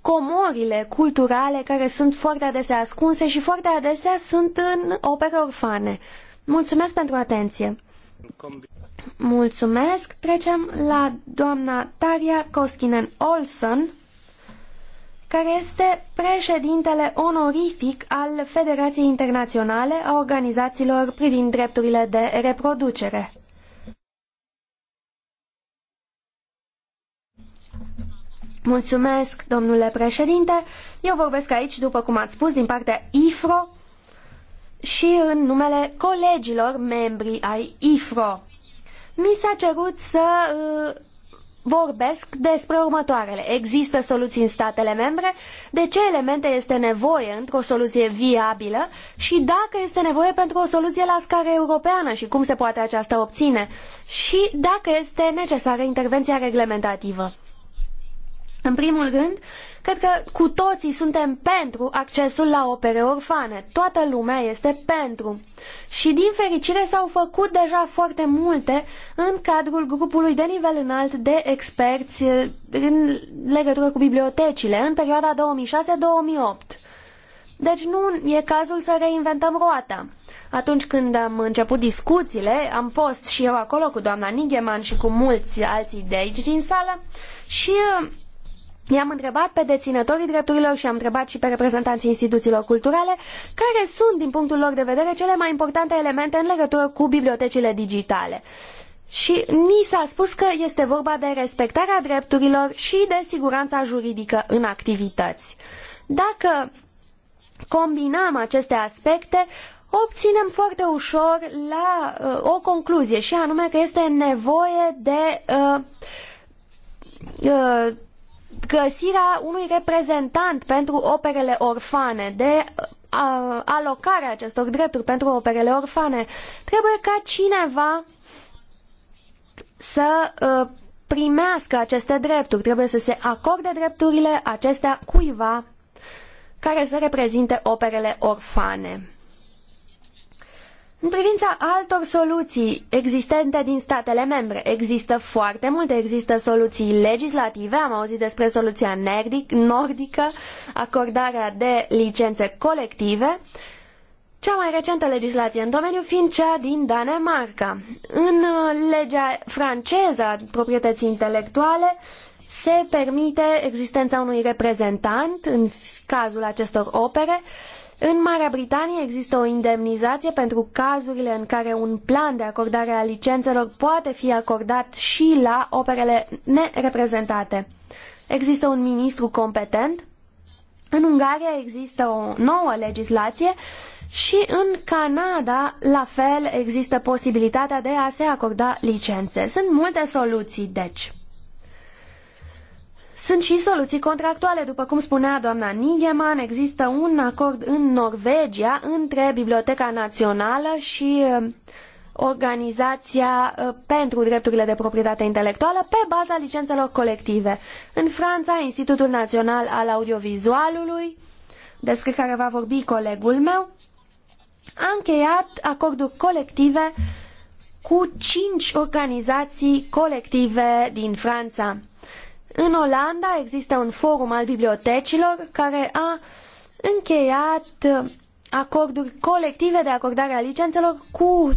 comorile culturale care sunt foarte adesea ascunse și foarte adesea sunt în opere orfane. Mulțumesc pentru atenție! Mulțumesc. Trecem la doamna Taria Koskinen Olson, care este președintele onorific al Federației Internaționale a Organizațiilor privind drepturile de reproducere. Mulțumesc, domnule președinte. Eu vorbesc aici, după cum ați spus, din partea IFRO și în numele colegilor membri ai IFRO mi s-a cerut să uh, vorbesc despre următoarele. Există soluții în statele membre, de ce elemente este nevoie într-o soluție viabilă și dacă este nevoie pentru o soluție la scară europeană și cum se poate aceasta obține și dacă este necesară intervenția reglementativă. În primul rând, cred că cu toții suntem pentru accesul la opere orfane. Toată lumea este pentru. Și din fericire s-au făcut deja foarte multe în cadrul grupului de nivel înalt de experți eh, în legătură cu bibliotecile în perioada 2006-2008. Deci nu e cazul să reinventăm roata. Atunci când am început discuțiile, am fost și eu acolo cu doamna Nigeman și cu mulți alții de aici din sală și eh, I-am întrebat pe deținătorii drepturilor și am întrebat și pe reprezentanții instituțiilor culturale care sunt, din punctul lor de vedere, cele mai importante elemente în legătură cu bibliotecile digitale. Și ni s-a spus că este vorba de respectarea drepturilor și de siguranța juridică în activități. Dacă combinăm aceste aspecte, obținem foarte ușor la uh, o concluzie și anume că este nevoie de uh, uh, găsirea unui reprezentant pentru operele orfane, de alocarea acestor drepturi pentru operele orfane. Trebuie ca cineva să ă, primească aceste drepturi, trebuie să se acorde drepturile acestea cuiva care să reprezinte operele orfane. În privința altor soluții existente din statele membre, există foarte multe, există soluții legislative, am auzit despre soluția nordică, acordarea de licențe colective, cea mai recentă legislație în domeniu fiind cea din Danemarca. În uh, legea franceză a proprietății intelectuale se permite existența unui reprezentant în cazul acestor opere, în Marea Britanie există o indemnizație pentru cazurile în care un plan de acordare a licențelor poate fi acordat și la operele nereprezentate. Există un ministru competent. În Ungaria există o nouă legislație și în Canada, la fel, există posibilitatea de a se acorda licențe. Sunt multe soluții, deci. Sunt și soluții contractuale, după cum spunea doamna Nigeman, există un acord în Norvegia între Biblioteca Națională și um, Organizația uh, pentru Drepturile de Proprietate Intelectuală pe baza licențelor colective. În Franța, Institutul Național al Audiovizualului, despre care va vorbi colegul meu, a încheiat acorduri colective cu cinci organizații colective din Franța. În Olanda există un forum al bibliotecilor care a încheiat acorduri colective de acordare a licențelor cu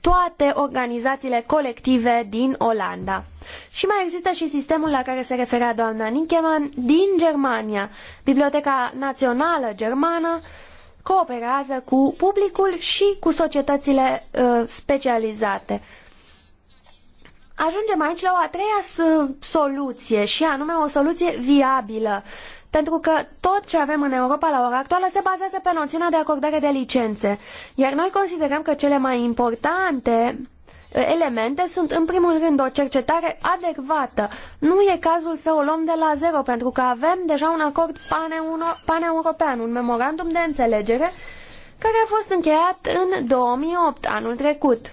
toate organizațiile colective din Olanda. Și mai există și sistemul la care se referea doamna Ninkeman din Germania. Biblioteca Națională Germană cooperează cu publicul și cu societățile uh, specializate. Ajungem aici la o a treia soluție și anume o soluție viabilă. Pentru că tot ce avem în Europa la ora actuală se bazează pe noțiunea de acordare de licențe. Iar noi considerăm că cele mai importante eh, elemente sunt în primul rând o cercetare adecvată. Nu e cazul să o luăm de la zero pentru că avem deja un acord paneuropean, un memorandum de înțelegere care a fost încheiat în 2008, anul trecut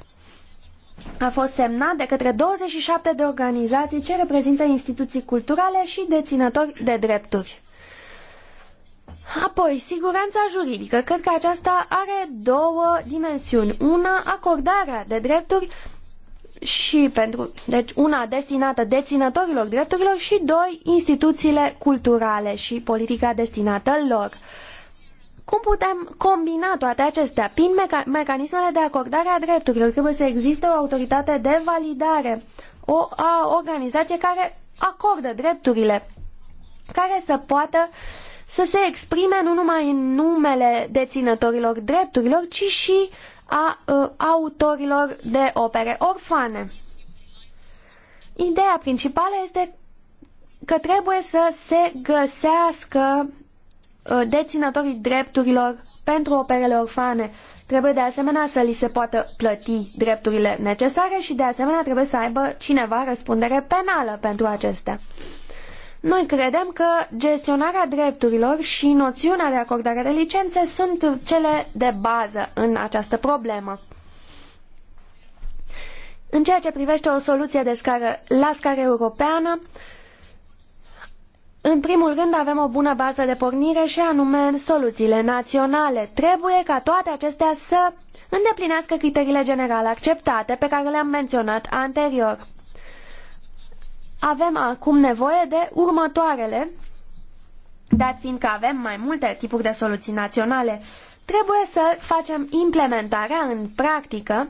a fost semnat de către 27 de organizații ce reprezintă instituții culturale și deținători de drepturi. Apoi, siguranța juridică. Cred că aceasta are două dimensiuni. Una, acordarea de drepturi și pentru, deci una destinată deținătorilor drepturilor și doi, instituțiile culturale și politica destinată lor. Uh, cum putem combina toate acestea? Prin meca mecanismele de acordare a drepturilor trebuie să existe o autoritate de validare, o a, organizație care acordă drepturile, care să poată să se exprime nu numai în numele deținătorilor drepturilor, ci și a, a ă, autorilor de opere orfane. Ideea principală este că trebuie să se găsească Uh, deținătorii drepturilor pentru operele orfane. Trebuie de asemenea să li se poată plăti drepturile necesare și de asemenea trebuie să aibă cineva răspundere penală pentru acestea. Noi credem că gestionarea drepturilor și noțiunea de acordare de licențe sunt cele de bază în această problemă. În ceea ce privește o soluție de scară, la scară europeană, uh, în primul rând avem o bună bază de pornire și anume soluțiile naționale. Trebuie ca toate acestea să îndeplinească criteriile generale acceptate pe care le-am menționat anterior. Avem acum nevoie de următoarele, dat fiind că avem mai multe tipuri de soluții naționale. Trebuie să facem implementarea în practică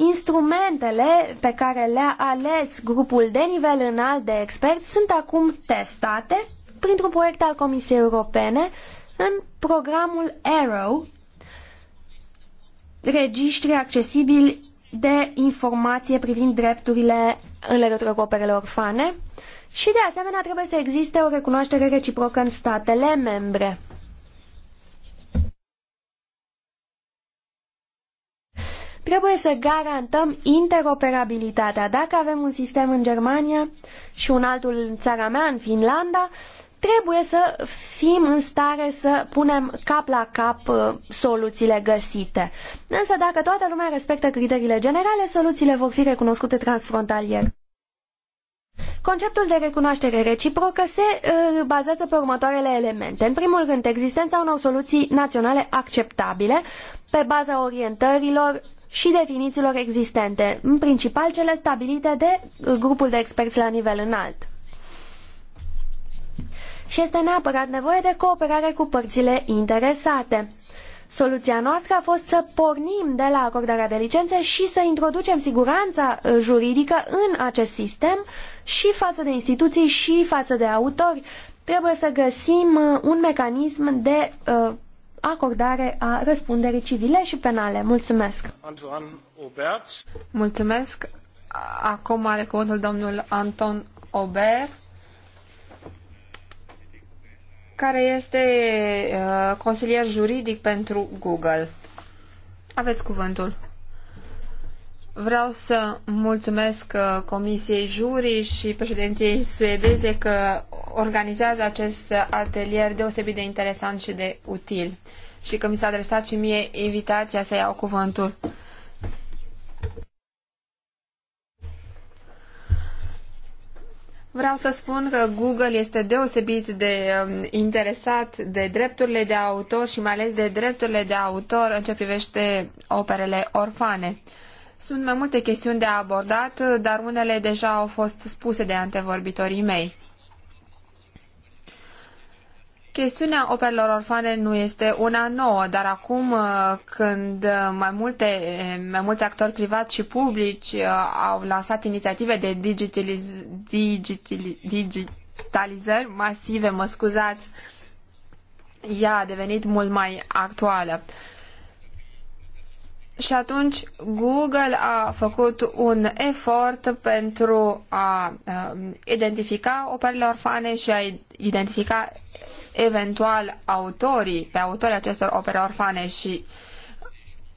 Instrumentele pe care le-a ales grupul de nivel înalt de experți sunt acum testate printr-un proiect al Comisiei Europene în programul Arrow, registri accesibili de informație privind drepturile în legătură cu operele orfane și, de asemenea, trebuie să existe o recunoaștere reciprocă în statele membre. Trebuie să garantăm interoperabilitatea. Dacă avem un sistem în Germania și un altul în țara mea, în Finlanda, trebuie să fim în stare să punem cap la cap uh, soluțiile găsite. Însă dacă toată lumea respectă criteriile generale, soluțiile vor fi recunoscute transfrontalier. Conceptul de recunoaștere reciprocă se uh, bazează pe următoarele elemente. În primul rând, existența unor soluții naționale acceptabile pe baza orientărilor și definițiilor existente, în principal cele stabilite de uh, grupul de experți la nivel înalt. Și este neapărat nevoie de cooperare cu părțile interesate. Soluția noastră a fost să pornim de la acordarea de licențe și să introducem siguranța uh, juridică în acest sistem și față de instituții și față de autori. Trebuie să găsim uh, un mecanism de uh, acordare a răspunderii civile și penale. Mulțumesc! Mulțumesc! Acum are cuvântul domnul Anton Ober, care este uh, consilier juridic pentru Google. Aveți cuvântul. Vreau să mulțumesc uh, Comisiei juri și președinției suedeze că organizează acest atelier deosebit de interesant și de util și că mi s-a adresat și mie invitația să iau cuvântul. Vreau să spun că Google este deosebit de um, interesat de drepturile de autor și mai ales de drepturile de autor în ce privește operele orfane. Sunt mai multe chestiuni de abordat, dar unele deja au fost spuse de antevorbitorii mei. Chestiunea operelor orfane nu este una nouă, dar acum uh, când uh, mai, multe, uh, mai mulți actori privați și publici au lansat inițiative de digitaliz- digitali- digitalizări masive, mă scuzați, ea a devenit mult mai actuală. Uh, și atunci Google a făcut un efort pentru a uh, identifica operele orfane și a identifica eventual autorii, pe autorii acestor opere orfane și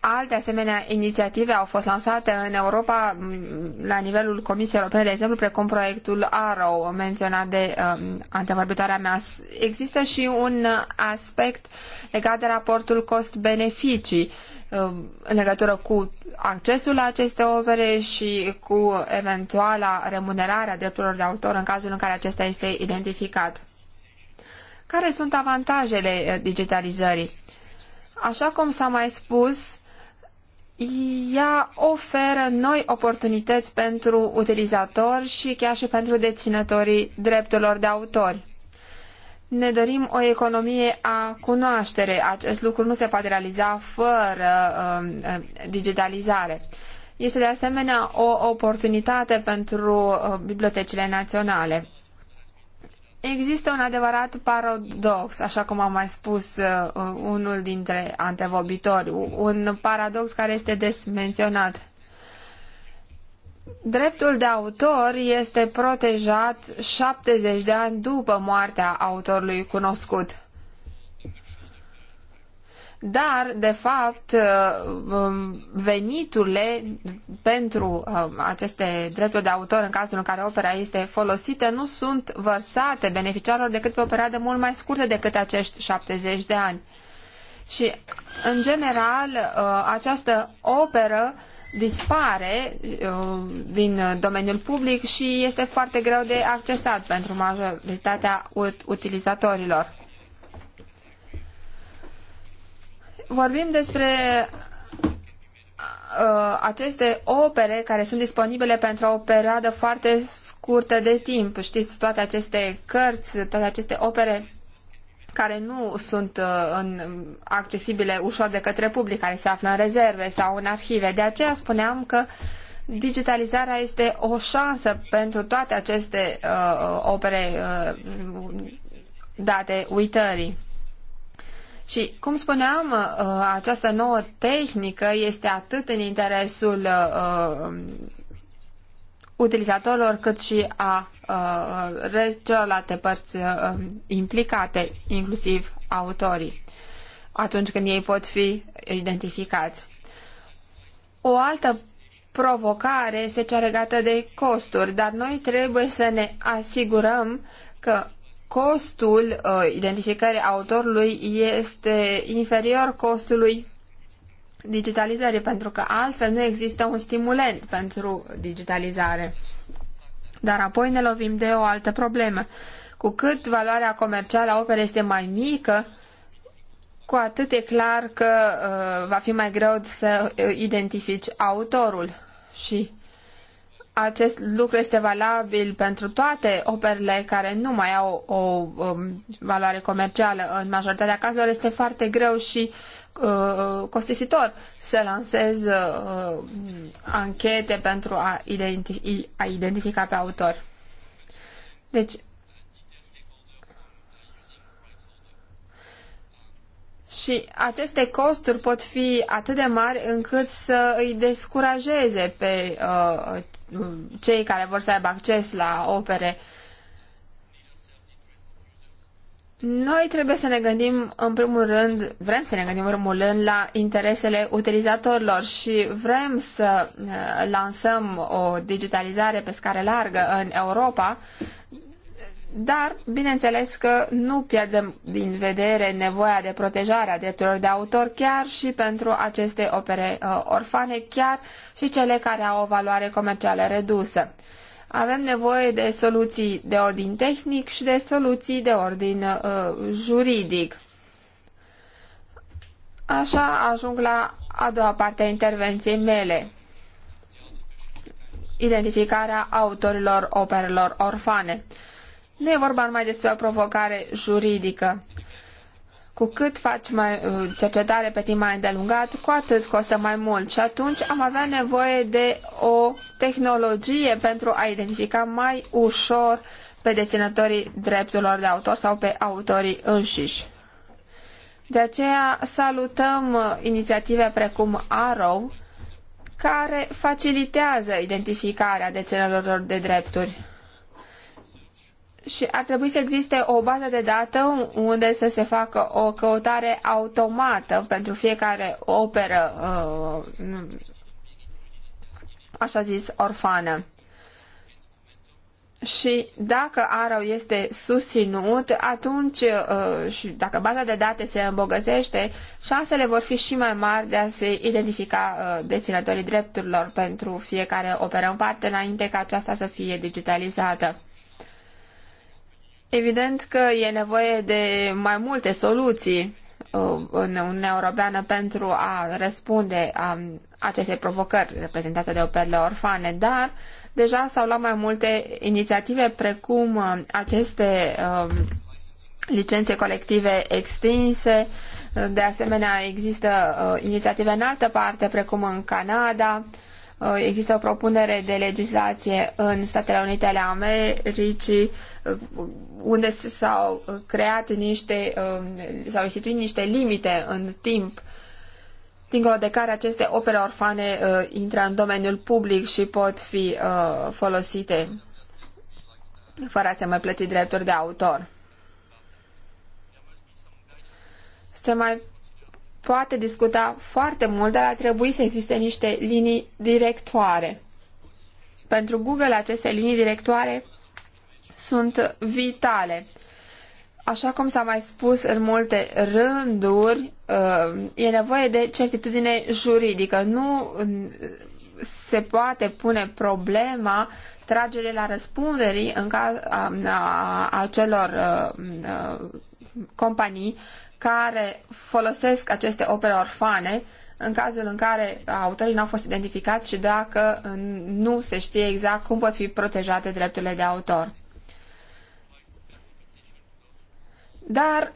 Alte asemenea inițiative au fost lansate în Europa mm, la nivelul Comisiei Europene, de exemplu, precum proiectul Arrow, menționat de um, antevorbitoarea mea. Există și un aspect legat de raportul cost-beneficii um, în legătură cu accesul la aceste opere și cu eventuala remunerare a drepturilor de autor în cazul în care acesta este identificat. Care sunt avantajele uh, digitalizării? Așa cum s-a mai spus, ea oferă noi oportunități pentru utilizatori și chiar și pentru deținătorii drepturilor de autor. Ne dorim o economie a cunoaștere. Acest lucru nu se poate realiza fără uh, digitalizare. Este de asemenea o oportunitate pentru uh, bibliotecile naționale. Există un adevărat paradox, așa cum a mai spus uh, uh unul dintre antevobitori, un paradox care este des menționat. Dreptul de autor este protejat 70 de ani după moartea autorului cunoscut dar, de fapt, uh, um, veniturile pentru um, aceste drepturi de autor în cazul în care opera este folosită nu sunt vărsate beneficiarilor decât pe o perioadă mult mai scurtă decât acești 70 de ani. Și, în general, uh, această operă dispare uh, din domeniul public și este foarte greu de accesat pentru majoritatea utilizatorilor. vorbim despre uh, aceste opere care sunt disponibile pentru o perioadă foarte scurtă de timp. Știți, toate aceste cărți, toate aceste opere care nu sunt uh, în, accesibile ușor de către public, care se află în rezerve sau în arhive. De aceea spuneam că digitalizarea este o șansă pentru toate aceste uh, opere uh, date uitării. Și, cum spuneam, uh, această nouă tehnică este atât în interesul uh, utilizatorilor cât și a uh, celorlalte părți implicate, inclusiv autorii, atunci când ei pot fi identificați. O altă provocare este cea legată de costuri, dar noi trebuie să ne asigurăm că costul uh, identificării autorului este inferior costului digitalizării, pentru că altfel nu există un stimulent pentru digitalizare. Dar apoi ne lovim de o altă problemă. Cu cât valoarea comercială a operei este mai mică, cu atât e clar că uh, va fi mai greu să uh, identifici autorul. Și acest lucru este valabil pentru toate operele care nu mai au o, o um, valoare comercială. În majoritatea cazurilor este foarte greu și uh, uh costisitor să lansez uh, um, anchete pentru a, identif a identifica pe autor. Deci, Și aceste costuri pot fi atât de mari încât să îi descurajeze pe uh, cei care vor să aibă acces la opere. Noi trebuie să ne gândim, în primul rând, vrem să ne gândim, în primul rând, la interesele utilizatorilor și vrem să uh, lansăm o digitalizare pe scară largă în Europa, dar, bineînțeles că nu pierdem din vedere nevoia de protejare a drepturilor de autor chiar și pentru aceste opere uh, orfane, chiar și cele care au o valoare comercială redusă. Avem nevoie de soluții de ordin tehnic și de soluții de ordin uh, juridic. Așa ajung la a doua parte a intervenției mele, identificarea autorilor operelor orfane. Nu e vorba numai despre o provocare juridică. Cu cât faci mai, uh, cercetare pe timp mai îndelungat, cu atât costă mai mult și atunci am avea nevoie de o tehnologie pentru a identifica mai ușor pe deținătorii drepturilor de autor sau pe autorii înșiși. De aceea salutăm uh, inițiative precum Arrow, care facilitează identificarea deținătorilor de drepturi și ar trebui să existe o bază de dată unde să se facă o căutare automată pentru fiecare operă, uh, așa zis, orfană. Și dacă ARO este susținut, atunci uh, și dacă baza de date se îmbogățește, șansele vor fi și mai mari de a se identifica uh, deținătorii drepturilor pentru fiecare operă în parte, înainte ca aceasta să fie digitalizată. Evident că e nevoie de mai multe soluții uh, în Uniunea Europeană pentru a răspunde a acestei provocări reprezentate de operele orfane, dar deja s-au luat mai multe inițiative precum uh, aceste uh, licențe colective extinse. De asemenea, există inițiative în altă parte, precum în Canada. Există o propunere de legislație în Statele Unite ale Americii unde s-au uh, creat niște, um, s-au instituit niște limite în timp dincolo de care aceste opere orfane uh, intră în domeniul public și pot fi uh, folosite fără a se mai plăti drepturi de autor. Se mai poate discuta foarte mult, dar ar trebui să existe niște linii directoare. Pentru Google aceste linii directoare sunt vitale. Așa cum s-a mai spus în multe rânduri, uh, e nevoie de certitudine juridică. Nu uh, se poate pune problema tragerii la răspunderii în caz a, a, a celor a, uh, a, companii care folosesc aceste opere orfane în cazul în care autorii n-au fost identificați și dacă nu se știe exact cum pot fi protejate drepturile de autor. Dar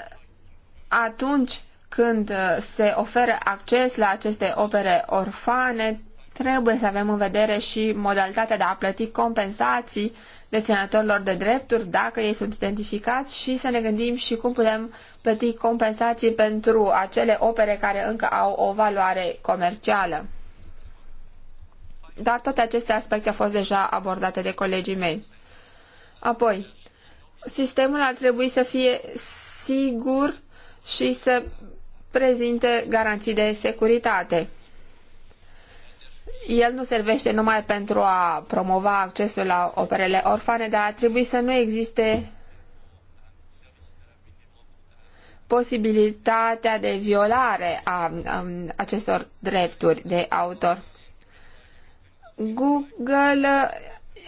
atunci când uh, se oferă acces la aceste opere orfane, trebuie să avem în vedere și modalitatea de a plăti compensații deținătorilor de drepturi dacă ei sunt identificați și să ne gândim și cum putem plăti compensații pentru acele opere care încă au o valoare comercială. Dar toate aceste aspecte au fost deja abordate de colegii mei. Apoi, sistemul ar trebui să fie sigur și să prezinte garanții de securitate. El nu servește numai pentru a promova accesul la operele orfane, dar ar trebui să nu existe posibilitatea de violare a, a acestor drepturi de autor. Google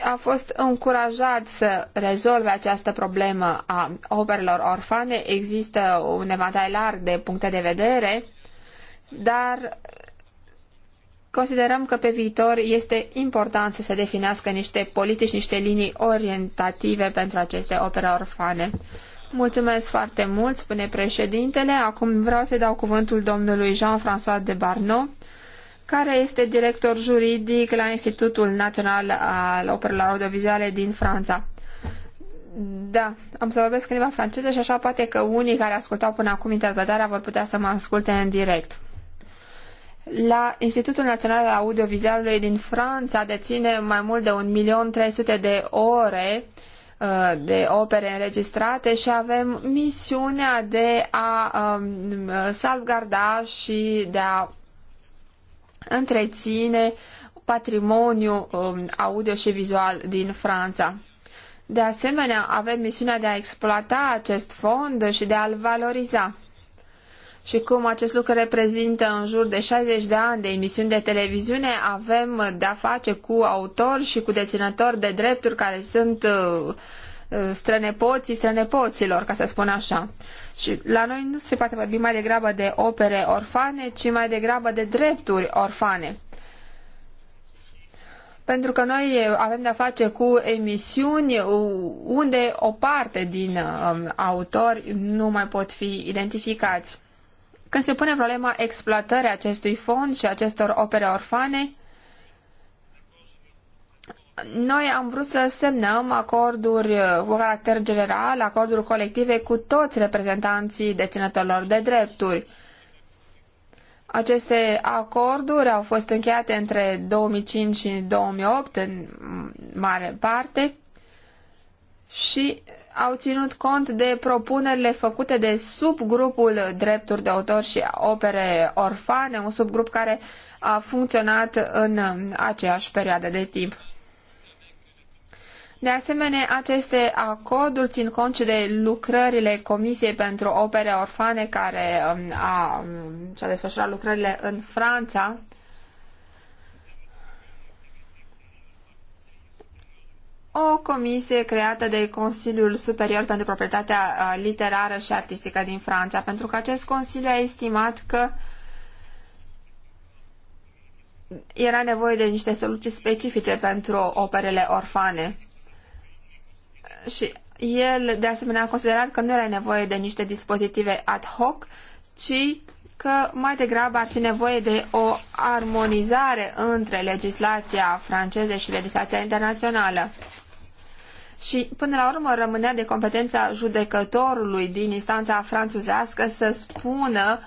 a fost încurajat să rezolve această problemă a operelor orfane. Există un evantai larg de puncte de vedere, dar considerăm că pe viitor este important să se definească niște politici, niște linii orientative pentru aceste opere orfane. Mulțumesc foarte mult, spune președintele. Acum vreau să dau cuvântul domnului Jean-François de Barnot, care este director juridic la Institutul Național al Operelor Audiovizuale din Franța. Da, am să vorbesc în limba franceză și așa poate că unii care ascultau până acum interpretarea vor putea să mă asculte în direct. La Institutul Național al Audiovizualului din Franța deține mai mult de 1.300.000 de ore uh, de opere înregistrate și avem misiunea de a um, uh, salvgarda și de a întreține patrimoniu um, audio și vizual din Franța. De asemenea, avem misiunea de a exploata acest fond și de a-l valoriza. Și cum acest lucru reprezintă în jur de 60 de ani de emisiuni de televiziune, avem de-a face cu autori și cu deținători de drepturi care sunt uh, uh, strănepoții strănepoților, ca să spun așa. Și la noi nu se poate vorbi mai degrabă de opere orfane, ci mai degrabă de drepturi orfane. Pentru că noi avem de-a face cu emisiuni unde o parte din um, autori nu mai pot fi identificați. Când se pune problema exploatării acestui fond și acestor opere orfane, noi am vrut să semnăm acorduri uh, cu caracter general, acorduri colective cu toți reprezentanții deținătorilor de drepturi. Aceste acorduri au fost încheiate între 2005 și 2008 în mare parte și au ținut cont de propunerile făcute de subgrupul drepturi de autor și opere orfane, un subgrup care a funcționat în aceeași perioadă de timp. De asemenea, aceste acorduri țin cont și de lucrările Comisiei pentru Opere Orfane care um, a, um, și-a desfășurat lucrările în Franța. O comisie creată de Consiliul Superior pentru Proprietatea uh, Literară și Artistică din Franța, pentru că acest consiliu a estimat că era nevoie de niște soluții specifice pentru operele orfane și el, de asemenea, a considerat că nu era nevoie de niște dispozitive ad hoc, ci că mai degrabă ar fi nevoie de o armonizare între legislația franceză și legislația internațională. Și, până la urmă, rămânea de competența judecătorului din instanța franțuzească să spună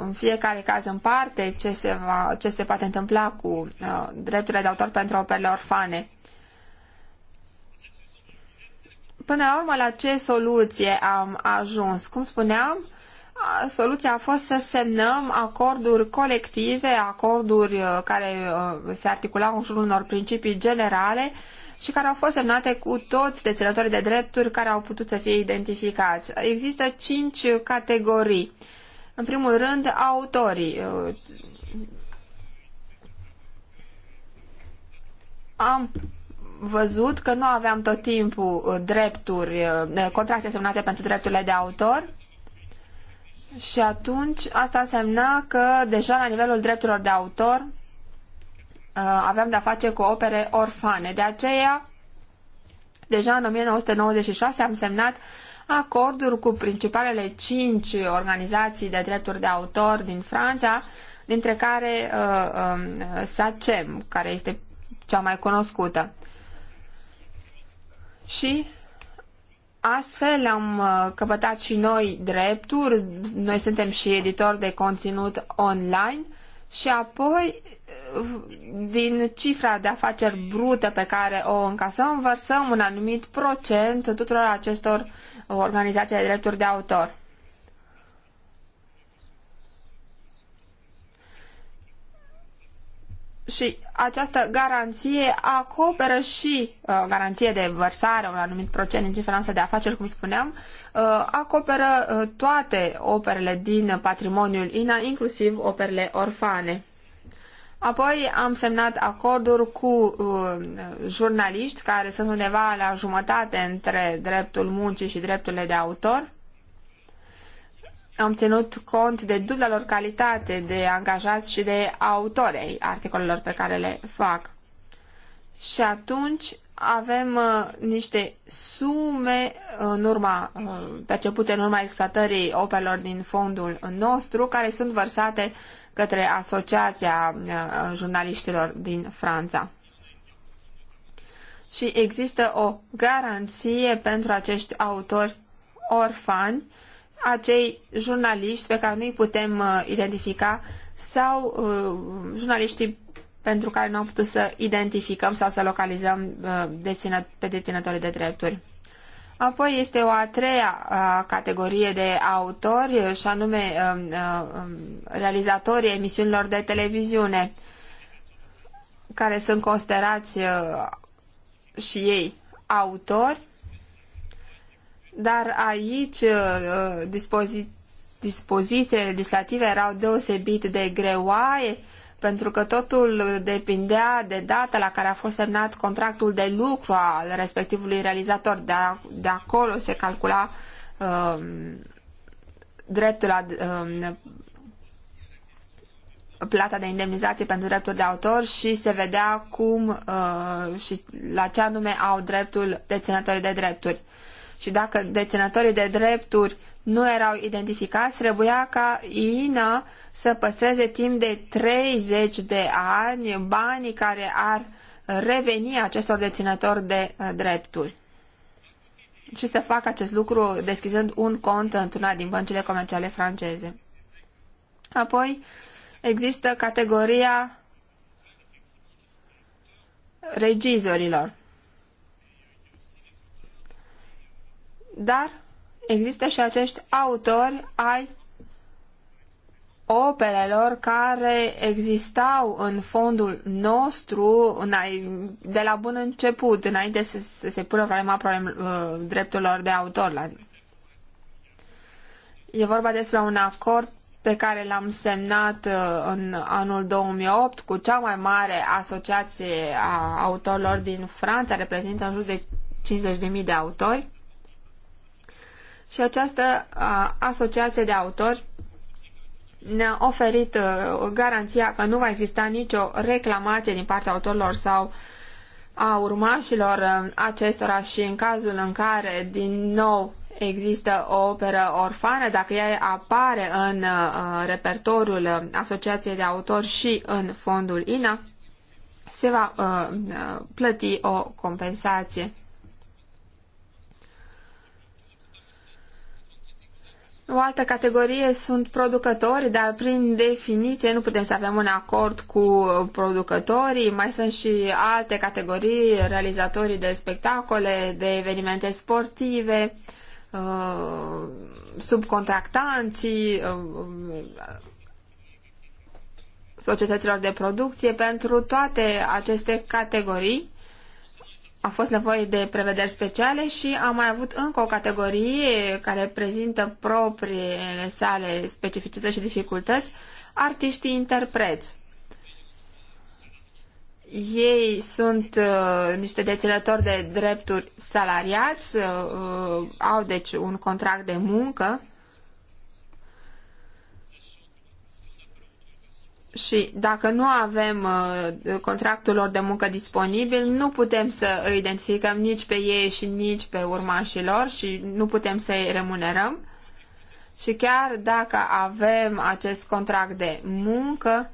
în fiecare caz în parte ce se, va, ce se poate întâmpla cu uh, drepturile de autor pentru operele orfane. Până la urmă, la ce soluție am ajuns? Cum spuneam, soluția a fost să semnăm acorduri colective, acorduri uh, care uh, se articulau în jurul unor principii generale și care au fost semnate cu toți deținătorii de drepturi care au putut să fie identificați. Există cinci categorii. În primul rând, autorii. Uh, am văzut că nu aveam tot timpul uh, drepturi, uh, contracte semnate pentru drepturile de autor și atunci asta însemna că deja la nivelul drepturilor de autor uh, aveam de-a face cu opere orfane. De aceea, deja în 1996 am semnat acorduri cu principalele cinci organizații de drepturi de autor din Franța, dintre care uh, uh, SACEM, care este cea mai cunoscută și astfel am uh, căpătat și noi drepturi, noi suntem și editori de conținut online și apoi uh, din cifra de afaceri brută pe care o încasăm, vărsăm un anumit procent tuturor acestor organizații de drepturi de autor. și această garanție acoperă și uh, garanție de vărsare, un anumit procent din diferența de afaceri, cum spuneam, uh, acoperă uh, toate operele din patrimoniul INA, inclusiv operele orfane. Apoi am semnat acorduri cu uh, jurnaliști care sunt undeva la jumătate între dreptul muncii și drepturile de autor am ținut cont de dubla lor calitate de angajați și de autorei articolelor pe care le fac. Și atunci avem uh, niște sume uh, în urma, uh, percepute în urma exploatării operelor din fondul nostru, care sunt vărsate către Asociația uh, Jurnaliștilor din Franța. Și există o garanție pentru acești autori orfani acei jurnaliști pe care nu-i putem uh, identifica sau uh, jurnaliștii pentru care nu am putut să identificăm sau să localizăm uh, dețină, pe deținătorii de drepturi. Apoi este o a treia uh, categorie de autori, uh, și anume uh, uh, um, realizatorii emisiunilor de televiziune, care sunt considerați uh, și ei autori dar aici uh, uh, dispozi- dispozițiile legislative erau deosebit de greoaie pentru că totul depindea de data la care a fost semnat contractul de lucru al respectivului realizator. De, a, de acolo se calcula um, dreptul la um, plata de indemnizație pentru drepturi de autor și se vedea cum uh, și la ce anume au dreptul deținătorii de drepturi și dacă deținătorii de drepturi nu erau identificați, trebuia ca INA să păstreze timp de 30 de ani banii care ar reveni acestor deținători de uh, drepturi și să facă acest lucru deschizând un cont într-una din băncile comerciale franceze. Apoi există categoria regizorilor. dar există și acești autori ai operelor care existau în fondul nostru de la bun început, înainte să, să se pună problema problem, uh, drepturilor de autor. E vorba despre un acord pe care l-am semnat uh, în anul 2008 cu cea mai mare asociație a autorilor din Franța, reprezintă în jur de 50.000 de autori și această asociație de autori ne-a oferit garanția că nu va exista nicio reclamație din partea autorilor sau a urmașilor acestora și în cazul în care din nou există o operă orfană, dacă ea apare în repertoriul Asociației de Autori și în fondul INA, se va plăti o compensație. O altă categorie sunt producători, dar prin definiție nu putem să avem un acord cu producătorii. Mai sunt și alte categorii, realizatorii de spectacole, de evenimente sportive, uh, subcontractanții, uh, societăților de producție. Pentru toate aceste categorii a fost nevoie de prevederi speciale și am mai avut încă o categorie care prezintă propriile sale specificități și dificultăți, artiștii interpreți. Ei sunt uh, niște deținători de drepturi salariați, uh, au deci un contract de muncă și dacă nu avem uh, contractul lor de muncă disponibil, nu putem să îi identificăm nici pe ei și nici pe urmașii lor și nu putem să îi remunerăm. Și chiar dacă avem acest contract de muncă,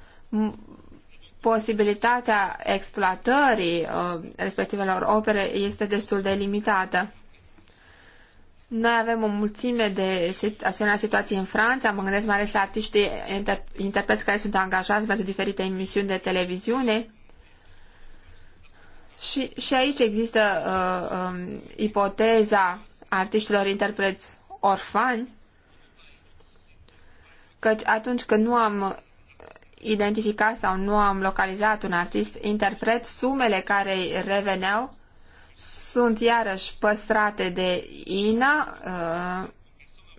posibilitatea exploatării uh, respectivelor opere este destul de limitată. Noi avem o mulțime de asemenea situații în Franța, mă gândesc mai ales la artiștii inter- interpreți care sunt angajați pentru diferite emisiuni de televiziune. Și, și aici există uh, um, ipoteza artiștilor interpreți orfani, căci atunci când nu am identificat sau nu am localizat un artist interpret, sumele care reveneau sunt iarăși păstrate de INA, uh,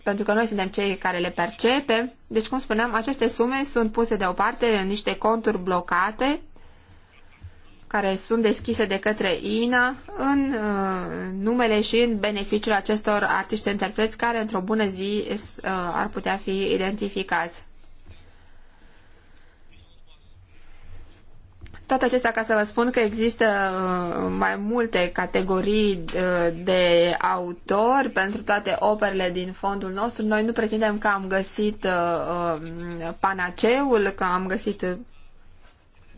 pentru că noi suntem cei care le percepe. Deci, cum spuneam, aceste sume sunt puse deoparte în niște conturi blocate care sunt deschise de către INA în uh, numele și în beneficiul acestor artiști interpreți care într-o bună zi uh, ar putea fi identificați. Toate acestea ca să vă spun că există uh, mai multe categorii uh, de autori pentru toate operele din fondul nostru. Noi nu pretindem că am găsit uh, panaceul, că am găsit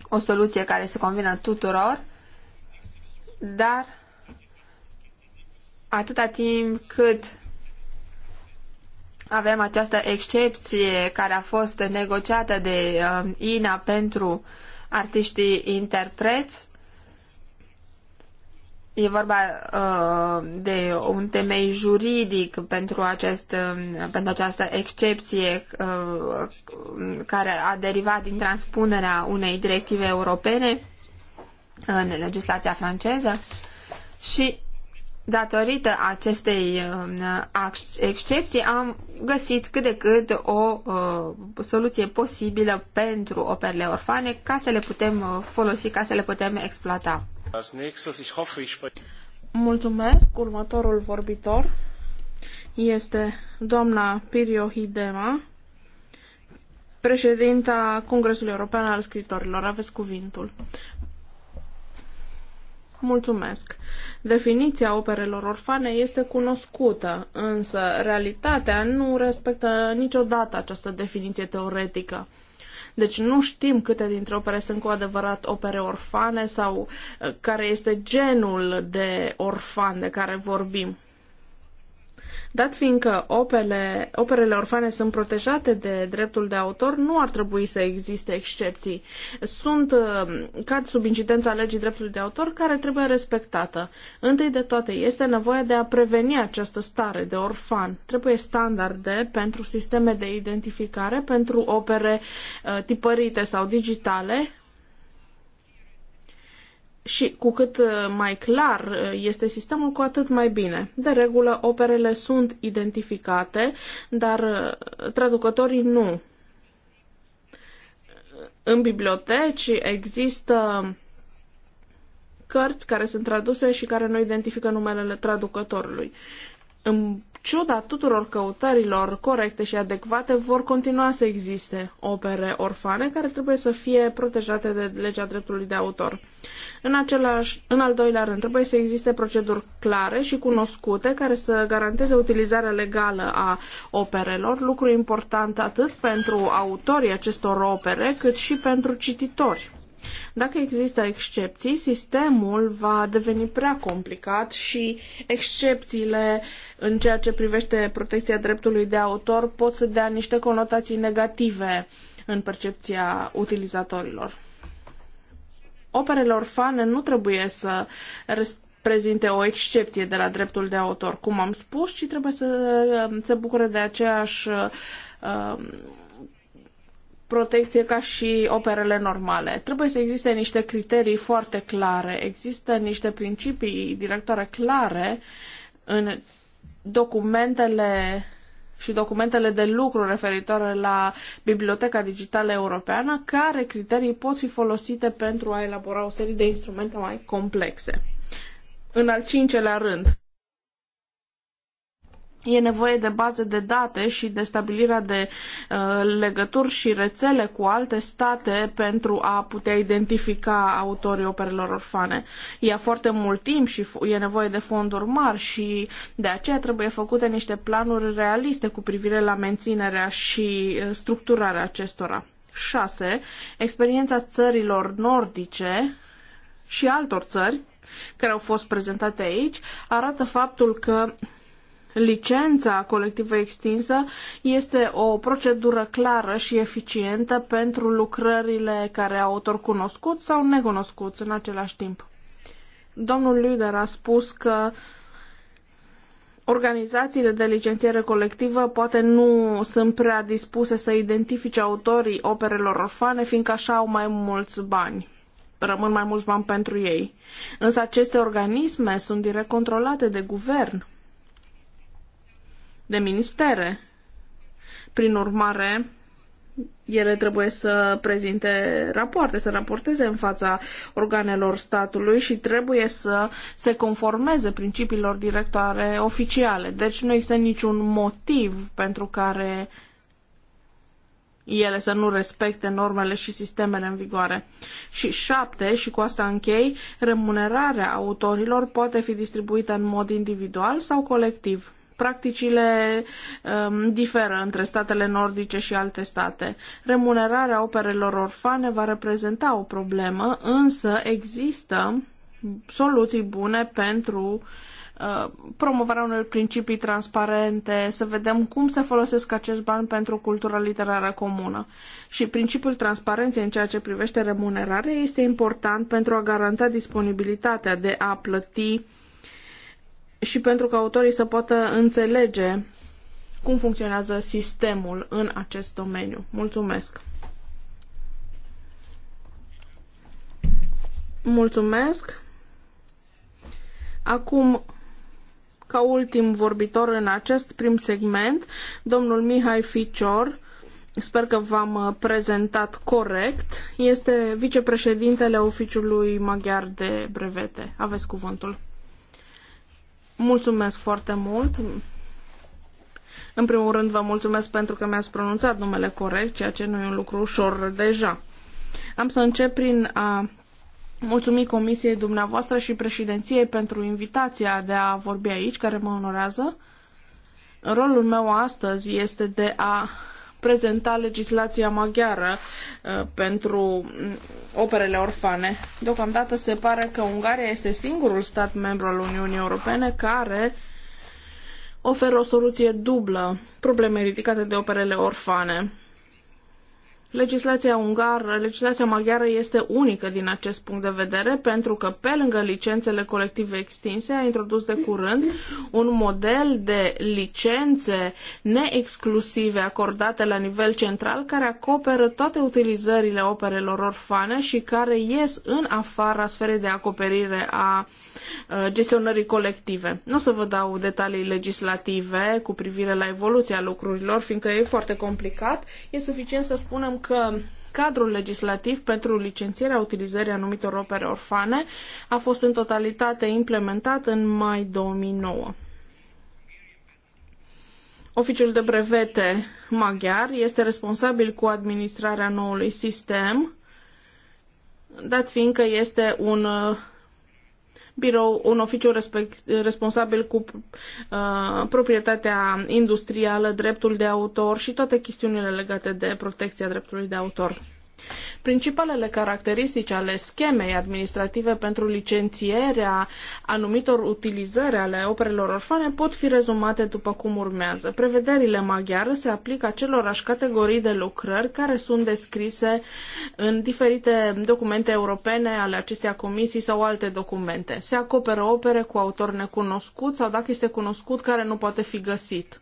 o soluție care se convină tuturor, dar atâta timp cât avem această excepție care a fost negociată de INA pentru uh, artiștii interpreți. E vorba uh, de un temei juridic pentru, acest, um, pentru această excepție uh, care a derivat din transpunerea unei directive europene în legislația franceză și datorită acestei um, excepții am găsit cât de cât o uh, soluție posibilă pentru operele orfane ca să le putem uh, folosi, ca să le putem exploata. Mulțumesc. Următorul vorbitor este doamna Pirio Hidema, președinta Congresului European al Scriitorilor. Aveți cuvintul. Mulțumesc. Definiția operelor orfane este cunoscută, însă realitatea nu respectă niciodată această definiție teoretică. Deci nu știm câte dintre opere sunt cu adevărat opere orfane sau eh, care este genul de orfan de care vorbim. Dat fiindcă opele, operele orfane sunt protejate de dreptul de autor, nu ar trebui să existe excepții. Sunt uh, cad sub incidența legii dreptului de autor care trebuie respectată. Întâi de toate, este nevoie de a preveni această stare de orfan. Trebuie standarde pentru sisteme de identificare, pentru opere uh, tipărite sau digitale, și cu cât uh, mai clar uh, este sistemul, cu atât mai bine. De regulă, operele sunt identificate, dar uh, traducătorii nu. În biblioteci există cărți care sunt traduse și care nu identifică numele traducătorului. În ciuda tuturor căutărilor corecte și adecvate, vor continua să existe opere orfane care trebuie să fie protejate de legea dreptului de autor. În, același, în al doilea rând, trebuie să existe proceduri clare și cunoscute care să garanteze utilizarea legală a operelor, lucru important atât pentru autorii acestor opere, cât și pentru cititori. Dacă există excepții, sistemul va deveni prea complicat și excepțiile în ceea ce privește protecția dreptului de autor pot să dea niște conotații negative în percepția utilizatorilor. Operele orfane nu trebuie să prezinte o excepție de la dreptul de autor, cum am spus, ci trebuie să se bucure de aceeași uh, protecție ca și operele normale. Trebuie să existe niște criterii foarte clare, există niște principii directoare clare în documentele și documentele de lucru referitoare la Biblioteca Digitală Europeană, care criterii pot fi folosite pentru a elabora o serie de instrumente mai complexe. În al cincelea rând, E nevoie de baze de date și de stabilirea de uh, legături și rețele cu alte state pentru a putea identifica autorii operelor orfane. Ia foarte mult timp și e nevoie de fonduri mari și de aceea trebuie făcute niște planuri realiste cu privire la menținerea și uh, structurarea acestora. 6. Experiența țărilor nordice și altor țări care au fost prezentate aici arată faptul că Licența colectivă extinsă este o procedură clară și eficientă pentru lucrările care au autor cunoscut sau necunoscuți în același timp. Domnul Luder a spus că organizațiile de licențiere colectivă poate nu sunt prea dispuse să identifice autorii operelor orfane, fiindcă așa au mai mulți bani rămân mai mulți bani pentru ei. Însă aceste organisme sunt direct controlate de guvern de ministere. Prin urmare, ele trebuie să prezinte rapoarte, să raporteze în fața organelor statului și trebuie să se conformeze principiilor directoare oficiale. Deci nu există niciun motiv pentru care ele să nu respecte normele și sistemele în vigoare. Și șapte, și cu asta închei, remunerarea autorilor poate fi distribuită în mod individual sau colectiv practicile um, diferă între statele nordice și alte state. Remunerarea operelor orfane va reprezenta o problemă, însă există soluții bune pentru uh, promovarea unor principii transparente, să vedem cum se folosesc acești bani pentru cultura literară comună. Și principiul transparenței în ceea ce privește remunerarea este important pentru a garanta disponibilitatea de a plăti uh, și pentru că autorii să poată înțelege cum funcționează sistemul în acest domeniu. Mulțumesc! Mulțumesc! Acum, ca ultim vorbitor în acest prim segment, domnul Mihai Ficior, sper că v-am uh, prezentat corect, este vicepreședintele Oficiului Maghiar de Brevete. Aveți cuvântul. Mulțumesc foarte mult. În primul rând, vă mulțumesc pentru că mi-ați pronunțat numele corect, ceea ce nu e un lucru ușor deja. Am să încep prin a mulțumi Comisiei dumneavoastră și președinției pentru invitația de a vorbi aici, care mă onorează. Rolul meu astăzi este de a prezenta legislația maghiară uh, pentru mm, operele orfane. Deocamdată se pare că Ungaria este singurul stat membru al Uniunii Europene care oferă o soluție dublă problemei ridicate de operele orfane. Legislația ungară, legislația maghiară este unică din acest punct de vedere pentru că pe lângă licențele colective extinse a introdus de curând un model de licențe neexclusive acordate la nivel central care acoperă toate utilizările operelor orfane și care ies în afara sferei de acoperire a gestionării colective. Nu o să vă dau detalii legislative cu privire la evoluția lucrurilor, fiindcă e foarte complicat. E suficient să spunem că cadrul legislativ pentru licențierea utilizării anumitor opere orfane a fost în totalitate implementat în mai 2009. Oficiul de brevete maghiar este responsabil cu administrarea noului sistem, dat fiindcă este un uh, birou, un oficiu respect, responsabil cu uh, proprietatea industrială, dreptul de autor și toate chestiunile legate de protecția dreptului de autor. Principalele caracteristici ale schemei administrative pentru licențierea anumitor utilizări ale operelor orfane pot fi rezumate după cum urmează. Prevederile maghiare se aplică acelorași categorii de lucrări care sunt descrise în diferite documente europene ale acestea comisii sau alte documente. Se acoperă opere cu autor necunoscut sau dacă este cunoscut care nu poate fi găsit.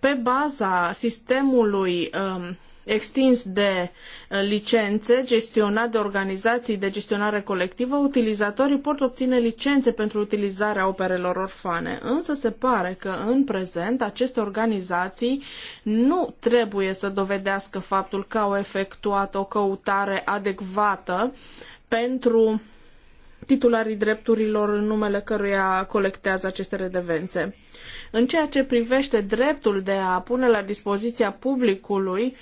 Pe baza sistemului um, extins de uh, licențe gestionat de organizații de gestionare colectivă, utilizatorii pot obține licențe pentru utilizarea operelor orfane. Însă se pare că în prezent aceste organizații nu trebuie să dovedească faptul că au efectuat o căutare adecvată pentru titularii drepturilor în numele căruia colectează aceste redevențe. În ceea ce privește dreptul de a pune la dispoziția publicului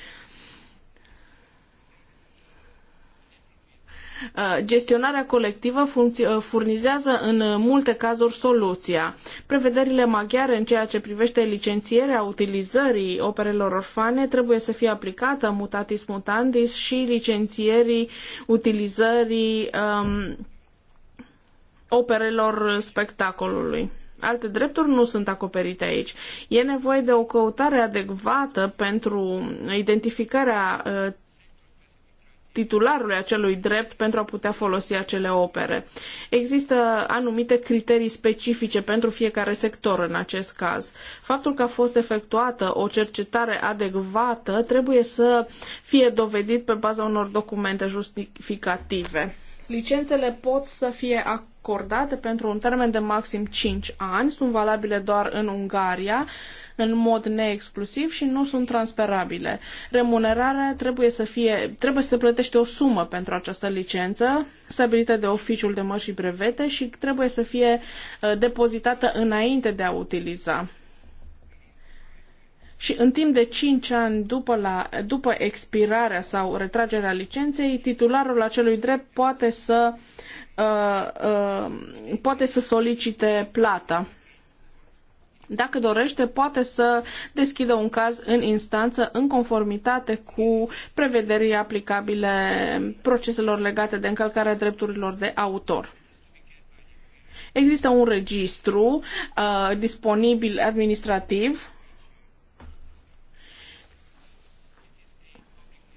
Uh, gestionarea colectivă uh, furnizează în multe cazuri soluția. Prevederile maghiare în ceea ce privește licențierea utilizării operelor orfane trebuie să fie aplicată mutatis mutandis și licențierii utilizării um, operelor spectacolului. Alte drepturi nu sunt acoperite aici. E nevoie de o căutare adecvată pentru identificarea uh, titularului acelui drept pentru a putea folosi acele opere. Există anumite criterii specifice pentru fiecare sector în acest caz. Faptul că a fost efectuată o cercetare adecvată trebuie să fie dovedit pe baza unor documente justificative. Licențele pot să fie acordate pentru un termen de maxim 5 ani, sunt valabile doar în Ungaria, în mod neexclusiv și nu sunt transferabile. Remunerarea trebuie să fie, trebuie să plătește o sumă pentru această licență stabilită de oficiul de mări și brevete și trebuie să fie uh, depozitată înainte de a utiliza și în timp de 5 ani după, la, după expirarea sau retragerea licenței, titularul acelui drept poate să, uh, uh, poate să solicite plata dacă dorește, poate să deschidă un caz în instanță în conformitate cu prevederile aplicabile proceselor legate de încălcarea drepturilor de autor. Există un registru uh, disponibil administrativ.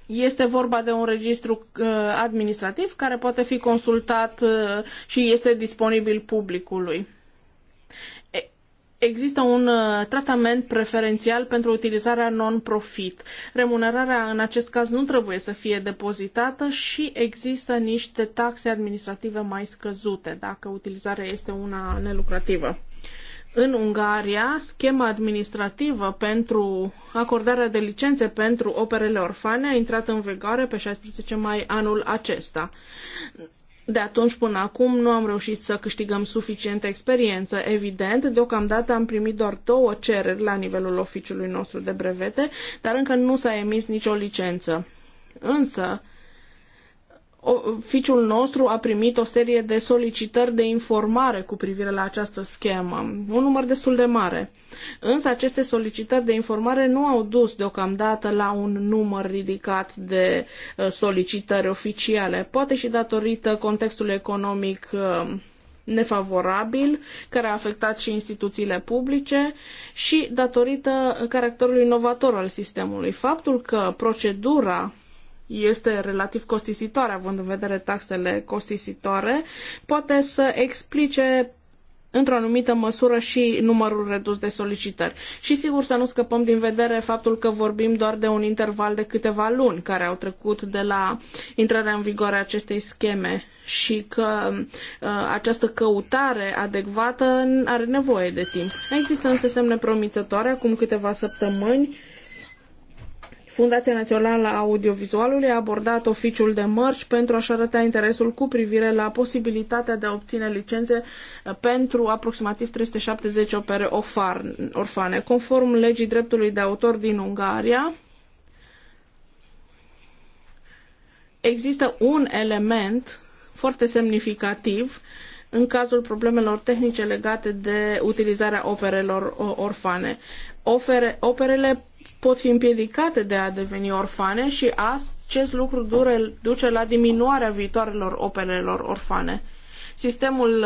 Este vorba de un registru uh, administrativ care poate fi consultat uh, și este disponibil publicului există un uh, tratament preferențial pentru utilizarea non-profit. Remunerarea în acest caz nu trebuie să fie depozitată și există niște taxe administrative mai scăzute dacă utilizarea este una nelucrativă. În Ungaria, schema administrativă pentru acordarea de licențe pentru operele orfane a intrat în vigoare pe 16 mai anul acesta. De atunci până acum nu am reușit să câștigăm suficientă experiență. Evident, deocamdată am primit doar două cereri la nivelul oficiului nostru de brevete, dar încă nu s-a emis nicio licență. Însă, oficiul nostru a primit o serie de solicitări de informare cu privire la această schemă, un număr destul de mare. Însă aceste solicitări de informare nu au dus deocamdată la un număr ridicat de uh, solicitări oficiale, poate și datorită contextului economic uh, nefavorabil, care a afectat și instituțiile publice și datorită caracterului inovator al sistemului. Faptul că procedura este relativ costisitoare, având în vedere taxele costisitoare, poate să explice într-o anumită măsură și numărul redus de solicitări. Și sigur să nu scăpăm din vedere faptul că vorbim doar de un interval de câteva luni care au trecut de la intrarea în vigoare a acestei scheme și că uh, această căutare adecvată are nevoie de timp. Există însă semne promițătoare acum câteva săptămâni Fundația Națională a Audiovizualului a abordat oficiul de mărci pentru a-și arăta interesul cu privire la posibilitatea de a obține licențe uh, pentru aproximativ 370 opere orfane. Conform legii dreptului de autor din Ungaria, există un element foarte semnificativ în cazul problemelor tehnice legate de utilizarea operelor orfane. Ofere, operele pot fi împiedicate de a deveni orfane și acest lucru dure, duce la diminuarea viitoarelor operelor orfane. Sistemul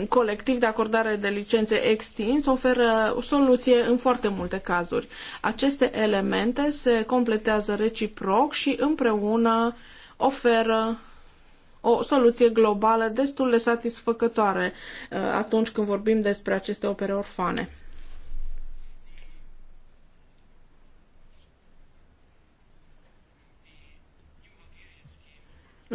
um, colectiv de acordare de licențe extins oferă soluție în foarte multe cazuri. Aceste elemente se completează reciproc și împreună oferă o soluție globală destul de satisfăcătoare uh, atunci când vorbim despre aceste opere orfane.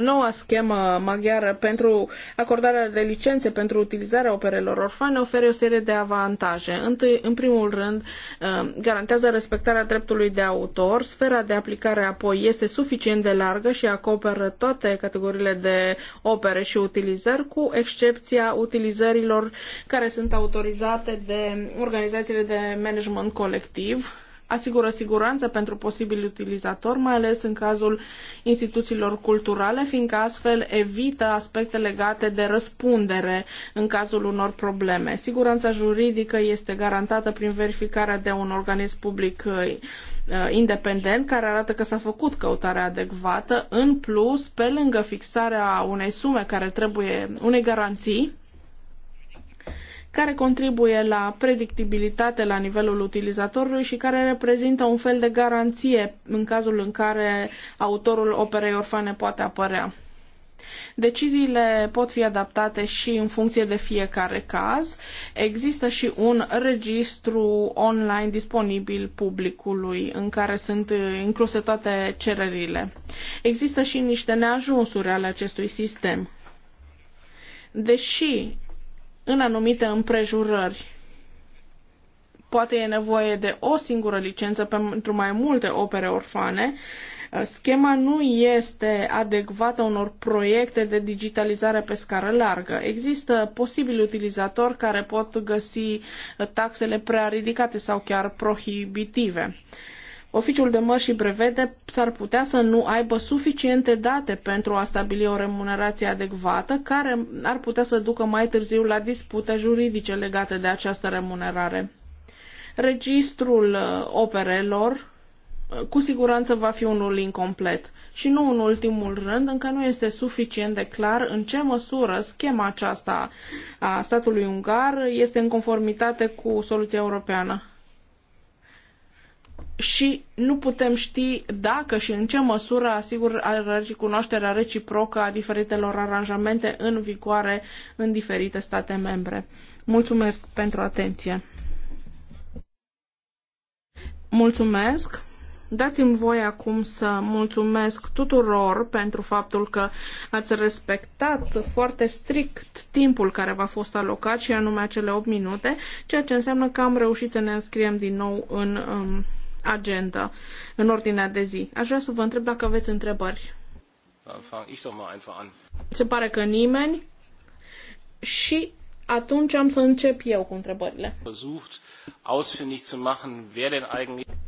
Noua schemă maghiară pentru acordarea de licențe pentru utilizarea operelor orfane oferă o serie de avantaje. Întâi, în primul rând, uh, garantează respectarea dreptului de autor, sfera de aplicare apoi este suficient de largă și acoperă toate categoriile de opere și utilizări, cu excepția utilizărilor care sunt autorizate de organizațiile de management colectiv asigură siguranță pentru posibili utilizatori, mai ales în cazul instituțiilor culturale, fiindcă astfel evită aspecte legate de răspundere în cazul unor probleme. Siguranța juridică este garantată prin verificarea de un organism public uh, independent care arată că s-a făcut căutarea adecvată, în plus, pe lângă fixarea unei sume care trebuie, unei garanții care contribuie la predictibilitate la nivelul utilizatorului și care reprezintă un fel de garanție în cazul în care autorul operei orfane poate apărea. Deciziile pot fi adaptate și în funcție de fiecare caz. Există și un registru online disponibil publicului în care sunt uh, incluse toate cererile. Există și niște neajunsuri ale acestui sistem. Deși în anumite împrejurări. Poate e nevoie de o singură licență pentru mai multe opere orfane. Uh, schema nu este adecvată unor proiecte de digitalizare pe scară largă. Există posibili utilizatori care pot găsi uh, taxele prea ridicate sau chiar prohibitive. Uh, oficiul de mări și brevete s-ar putea să nu aibă suficiente date pentru a stabili o remunerație adecvată, care ar putea să ducă mai târziu la dispute juridice legate de această remunerare. Registrul uh, operelor uh, cu siguranță va fi unul incomplet și nu în ultimul rând, încă nu este suficient de clar în ce măsură schema aceasta a statului ungar este în conformitate cu soluția europeană și nu putem ști dacă și în ce măsură asigur recunoașterea reciprocă a diferitelor aranjamente în vigoare în diferite state membre. Mulțumesc pentru atenție. Mulțumesc. Dați-mi voi acum să mulțumesc tuturor pentru faptul că ați respectat foarte strict timpul care v-a fost alocat și anume acele 8 minute, ceea ce înseamnă că am reușit să ne înscriem din nou în um, agenda, în ordinea de zi. Aș vrea să vă întreb dacă aveți întrebări. Se pare că nimeni și atunci am să încep eu cu întrebările.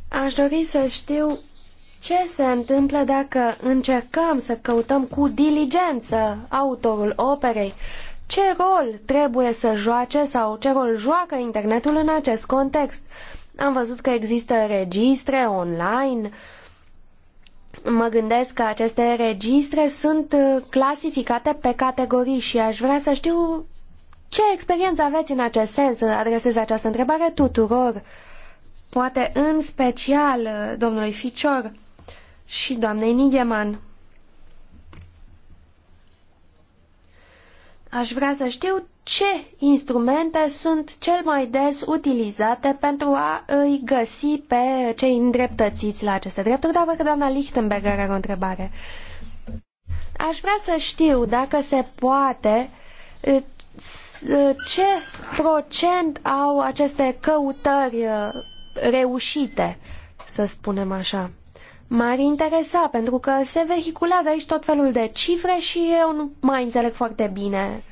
Aș dori să știu ce se întâmplă dacă încercăm să căutăm cu diligență autorul operei? Ce rol trebuie să joace sau ce rol joacă internetul în acest context? Am văzut că există registre online. Mă gândesc că aceste registre sunt uh, clasificate pe categorii și aș vrea să știu ce experiență aveți în acest sens. Adresez această întrebare tuturor, poate în special uh, domnului Ficior și doamnei Nigeman. Aș vrea să știu ce instrumente sunt cel mai des utilizate pentru a îi găsi pe cei îndreptățiți la aceste drepturi, dar văd că doamna Lichtenberger are o întrebare. Aș vrea să știu dacă se poate ce procent au aceste căutări reușite, să spunem așa m-ar interesa, pentru că se vehiculează aici tot felul de cifre și eu nu mai înțeleg foarte bine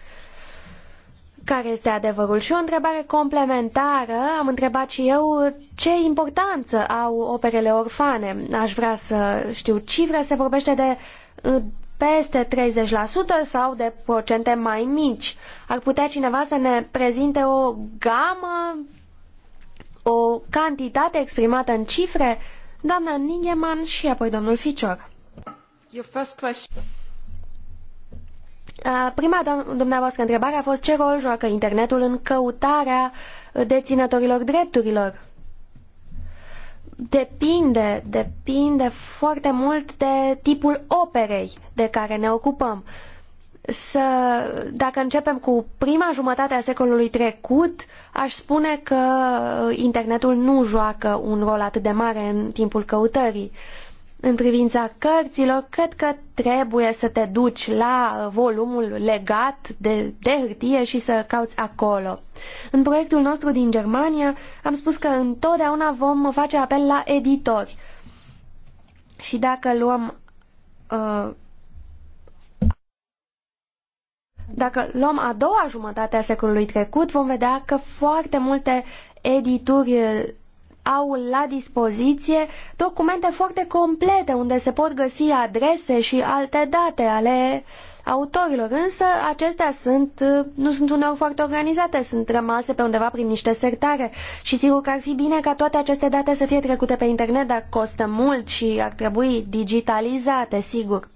care este adevărul. Și o întrebare complementară, am întrebat și eu ce importanță au operele orfane. Aș vrea să știu cifre, se vorbește de uh, peste 30% sau de procente mai mici. Ar putea cineva să ne prezinte o gamă, o cantitate exprimată în cifre? Doamna Nigeman și apoi domnul Ficior. Your first question. Prima dumneavoastră întrebare a fost ce rol joacă internetul în căutarea deținătorilor drepturilor. Depinde, depinde foarte mult de tipul operei de care ne ocupăm. Uh, să, dacă începem cu prima jumătate a secolului trecut, aș spune că internetul nu joacă un rol atât de mare în timpul căutării. În privința cărților, cred că trebuie să te duci la volumul legat de, de hârtie și să cauți acolo. În proiectul nostru din Germania am spus că întotdeauna vom face apel la editori. Și dacă luăm uh, dacă luăm a doua jumătate a secolului trecut, vom vedea că foarte multe edituri au la dispoziție documente foarte complete unde se pot găsi adrese și alte date ale autorilor, însă acestea sunt, nu sunt uneori foarte organizate, sunt rămase pe undeva prin niște sertare și sigur că ar fi bine ca toate aceste date să fie trecute pe internet, dar costă mult și ar trebui digitalizate, sigur.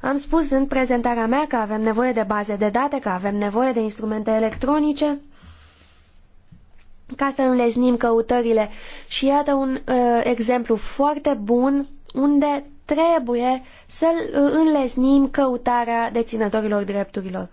Am spus în prezentarea mea că avem nevoie de baze de date, că avem nevoie de instrumente electronice ca să înlesnim căutările. Și iată un uh, exemplu foarte bun unde trebuie să uh, înlesnim căutarea deținătorilor drepturilor.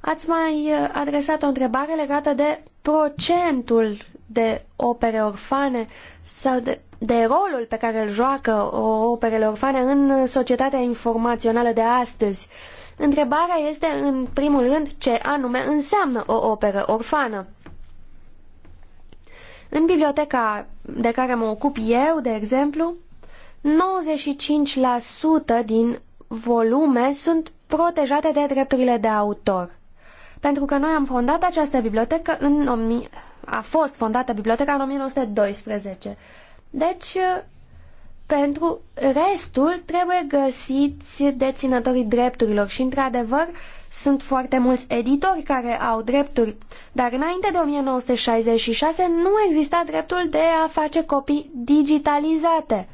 Ați mai uh, adresat o întrebare legată de procentul de opere orfane sau de de rolul pe care îl joacă operele orfane în societatea informațională de astăzi. Întrebarea este, în primul rând, ce anume înseamnă o operă orfană. În biblioteca de care mă ocup eu, de exemplu, 95% din volume sunt protejate de drepturile de autor. Pentru că noi am fondat această bibliotecă în a fost fondată biblioteca în 1912 deci, uh, pentru restul trebuie găsiți deținătorii drepturilor și, într-adevăr, sunt foarte mulți editori care au drepturi, dar înainte de 1966 nu exista dreptul de a face copii digitalizate.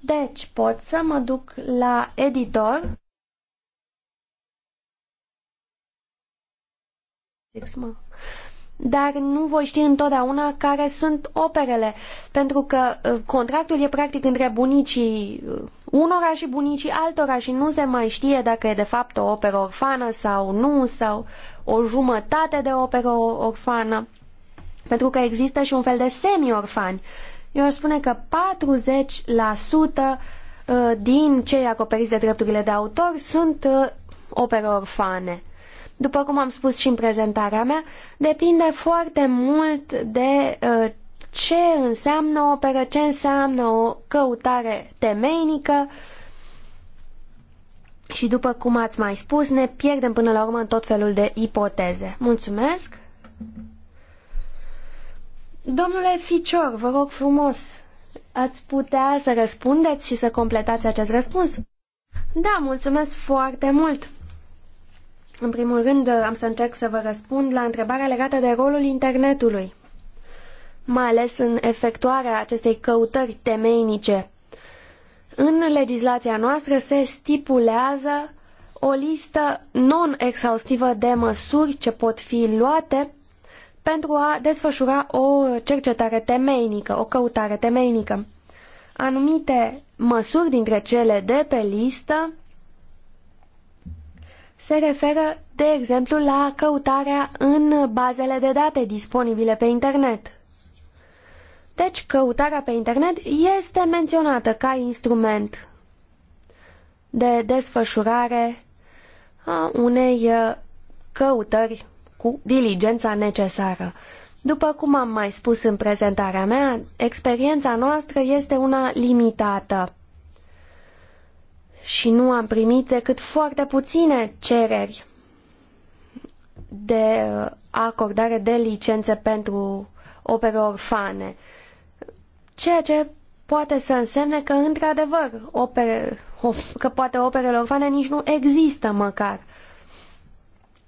Deci, pot să mă duc la editor. Six, months dar nu voi ști întotdeauna care sunt operele, pentru că ă, contractul e practic între bunicii ă, unora și bunicii altora și nu se mai știe dacă e de fapt o operă orfană sau nu, sau o jumătate de operă orfană, pentru că există și un fel de semi-orfani. Eu aș spune că 40% ă, din cei acoperiți de drepturile de autor sunt opere orfane după cum am spus și în prezentarea mea, depinde foarte mult de uh, ce înseamnă o operă, ce înseamnă o căutare temeinică și după cum ați mai spus, ne pierdem până la urmă în tot felul de ipoteze. Mulțumesc! Domnule Ficior, vă rog frumos, ați putea să răspundeți și să completați acest răspuns? Da, mulțumesc foarte mult! În primul rând, uh, am să încerc să vă răspund la întrebarea legată de rolul internetului, mai ales în efectuarea acestei căutări temeinice. În legislația noastră se stipulează o listă non-exhaustivă de măsuri ce pot fi luate pentru a desfășura o cercetare temeinică, o căutare temeinică. Anumite măsuri dintre cele de pe listă se referă, de exemplu, la căutarea în bazele de date disponibile pe internet. Deci, căutarea pe internet este menționată ca instrument de desfășurare a unei uh, căutări cu diligența necesară. După cum am mai spus în prezentarea mea, experiența noastră este una limitată și nu am primit decât foarte puține cereri de uh, acordare de licențe pentru opere orfane, ceea ce poate să însemne că, într-adevăr, opere, că poate operele orfane nici nu există măcar.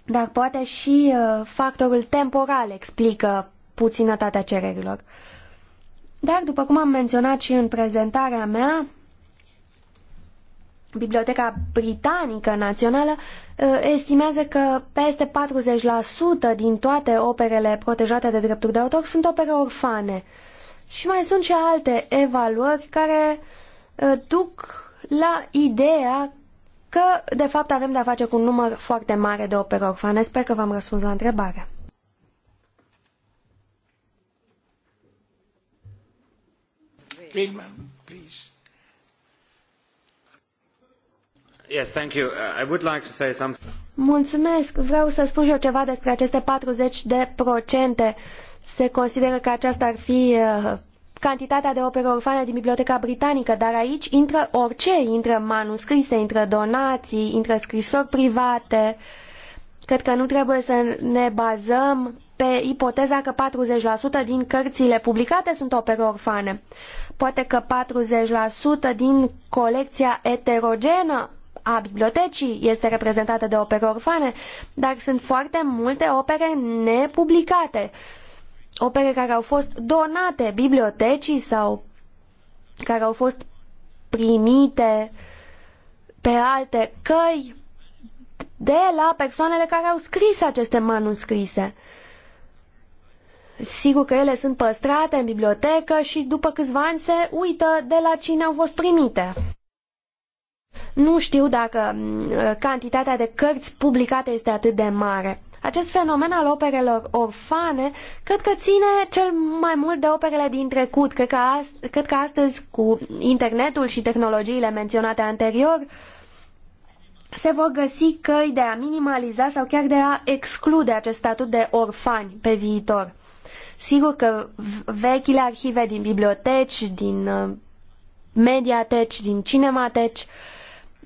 Dar poate și uh, factorul temporal explică puținătatea cererilor. Dar, după cum am menționat și în prezentarea mea, Biblioteca Britanică Națională eh, estimează că peste 40% din toate operele protejate de drepturi de autor sunt opere orfane. Și mai sunt și alte evaluări care eh, duc la ideea că, de fapt, avem de-a face cu un număr foarte mare de opere orfane. Sper că v-am răspuns la întrebare. Yes, thank you. Uh, I would like to say something. Mulțumesc. Vreau să spun și eu ceva despre aceste 40 de procente. Se consideră că aceasta ar fi uh, cantitatea de opere orfane din Biblioteca Britanică, dar aici intră orice, intră manuscrise, intră donații, intră scrisori private. Cred că nu trebuie să ne bazăm pe ipoteza că 40% din cărțile publicate sunt opere orfane. Poate că 40% din colecția eterogenă a bibliotecii este reprezentată de opere orfane, dar sunt foarte multe opere nepublicate, opere care au fost donate bibliotecii sau care au fost primite pe alte căi de la persoanele care au scris aceste manuscrise. Sigur că ele sunt păstrate în bibliotecă și după câțiva ani se uită de la cine au fost primite. Nu știu dacă mm, cantitatea de cărți publicate este atât de mare. Acest fenomen al operelor orfane cred că ține cel mai mult de operele din trecut. Cred că, ast- cred că astăzi, cu internetul și tehnologiile menționate anterior, se vor găsi căi de a minimaliza sau chiar de a exclude acest statut de orfani pe viitor. Sigur că vechile arhive din biblioteci, din uh, mediateci, din cinemateci, uh,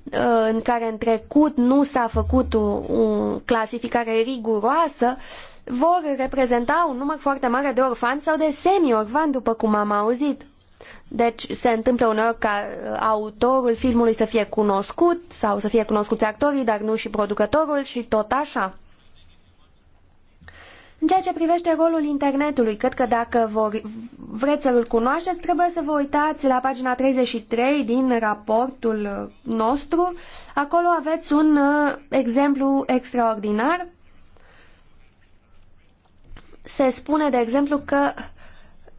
Uh, în care în trecut nu s-a făcut o, clasificare riguroasă, vor reprezenta un număr foarte mare de orfani sau de semi-orfani, după cum am auzit. Deci se întâmplă uneori ca uh, autorul filmului să fie cunoscut sau să fie cunoscuți actorii, dar nu și producătorul și tot așa. În ceea ce privește rolul internetului, cred că dacă vor, vreți să-l cunoașteți, trebuie să vă uitați la pagina 33 din raportul nostru. Acolo aveți un uh, exemplu extraordinar. Se spune, de exemplu, că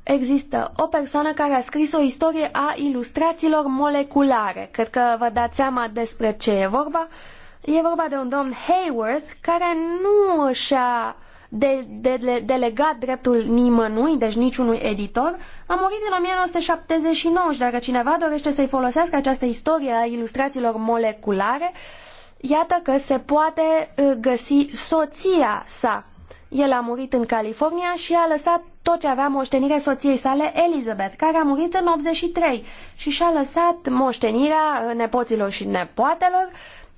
există o persoană care a scris o istorie a ilustrațiilor moleculare. Cred că vă dați seama despre ce e vorba. E vorba de un domn Hayworth care nu și-a de, de, de, delegat dreptul nimănui, deci niciunui editor, a murit în 1979 și dacă cineva dorește să-i folosească această istorie a ilustrațiilor moleculare, iată că se poate uh, găsi soția sa. El a murit în California și a lăsat tot ce avea moștenire soției sale, Elizabeth, care a murit în 83 și și-a lăsat moștenirea uh, nepoților și nepoatelor,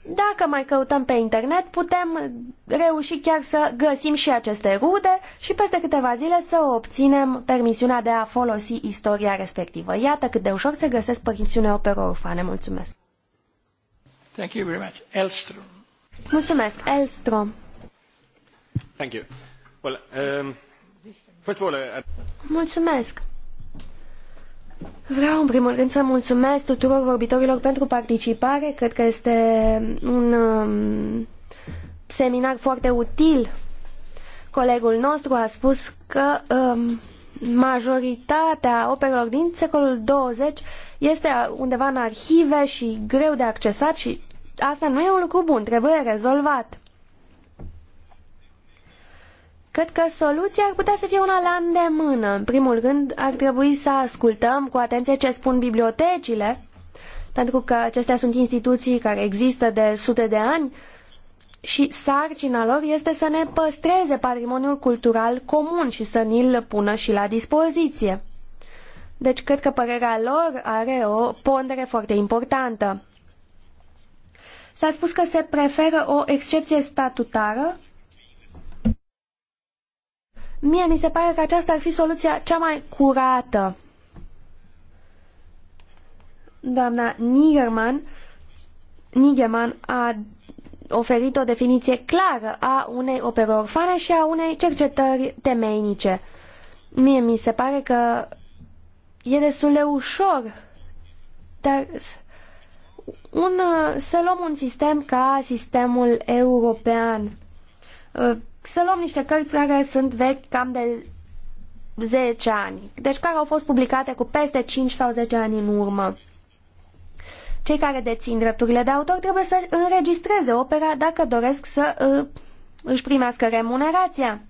dacă mai căutăm pe internet, putem reuși chiar să găsim și aceste rude și peste câteva zile să obținem permisiunea de a folosi istoria respectivă. Iată cât de ușor se găsesc părțiune opere orfane. Mulțumesc! Thank you very much. Elstrom. Mulțumesc, Elstrom. Thank you. Well, um, first of all, uh, Mulțumesc. Vreau în primul rând să mulțumesc tuturor vorbitorilor pentru participare. Cred că este un um, seminar foarte util. Colegul nostru a spus că um, majoritatea operelor din secolul 20 este undeva în arhive și greu de accesat și asta nu e un lucru bun, trebuie rezolvat. Cred că soluția ar putea să fie una la îndemână. În primul rând, ar trebui să ascultăm cu atenție ce spun bibliotecile, pentru că acestea sunt instituții care există de sute de ani și sarcina lor este să ne păstreze patrimoniul cultural comun și să ni-l pună și la dispoziție. Deci cred că părerea lor are o pondere foarte importantă. S-a spus că se preferă o excepție statutară Mie mi se pare că aceasta ar fi soluția cea mai curată. Doamna Nigerman, Nigerman a oferit o definiție clară a unei opere orfane și a unei cercetări temeinice. Mie mi se pare că e destul de ușor, dar un, să luăm un sistem ca sistemul european să luăm niște cărți care sunt vechi cam de 10 ani, deci care au fost publicate cu peste 5 sau 10 ani în urmă. Cei care dețin drepturile de autor trebuie să înregistreze opera dacă doresc să uh, își primească remunerația.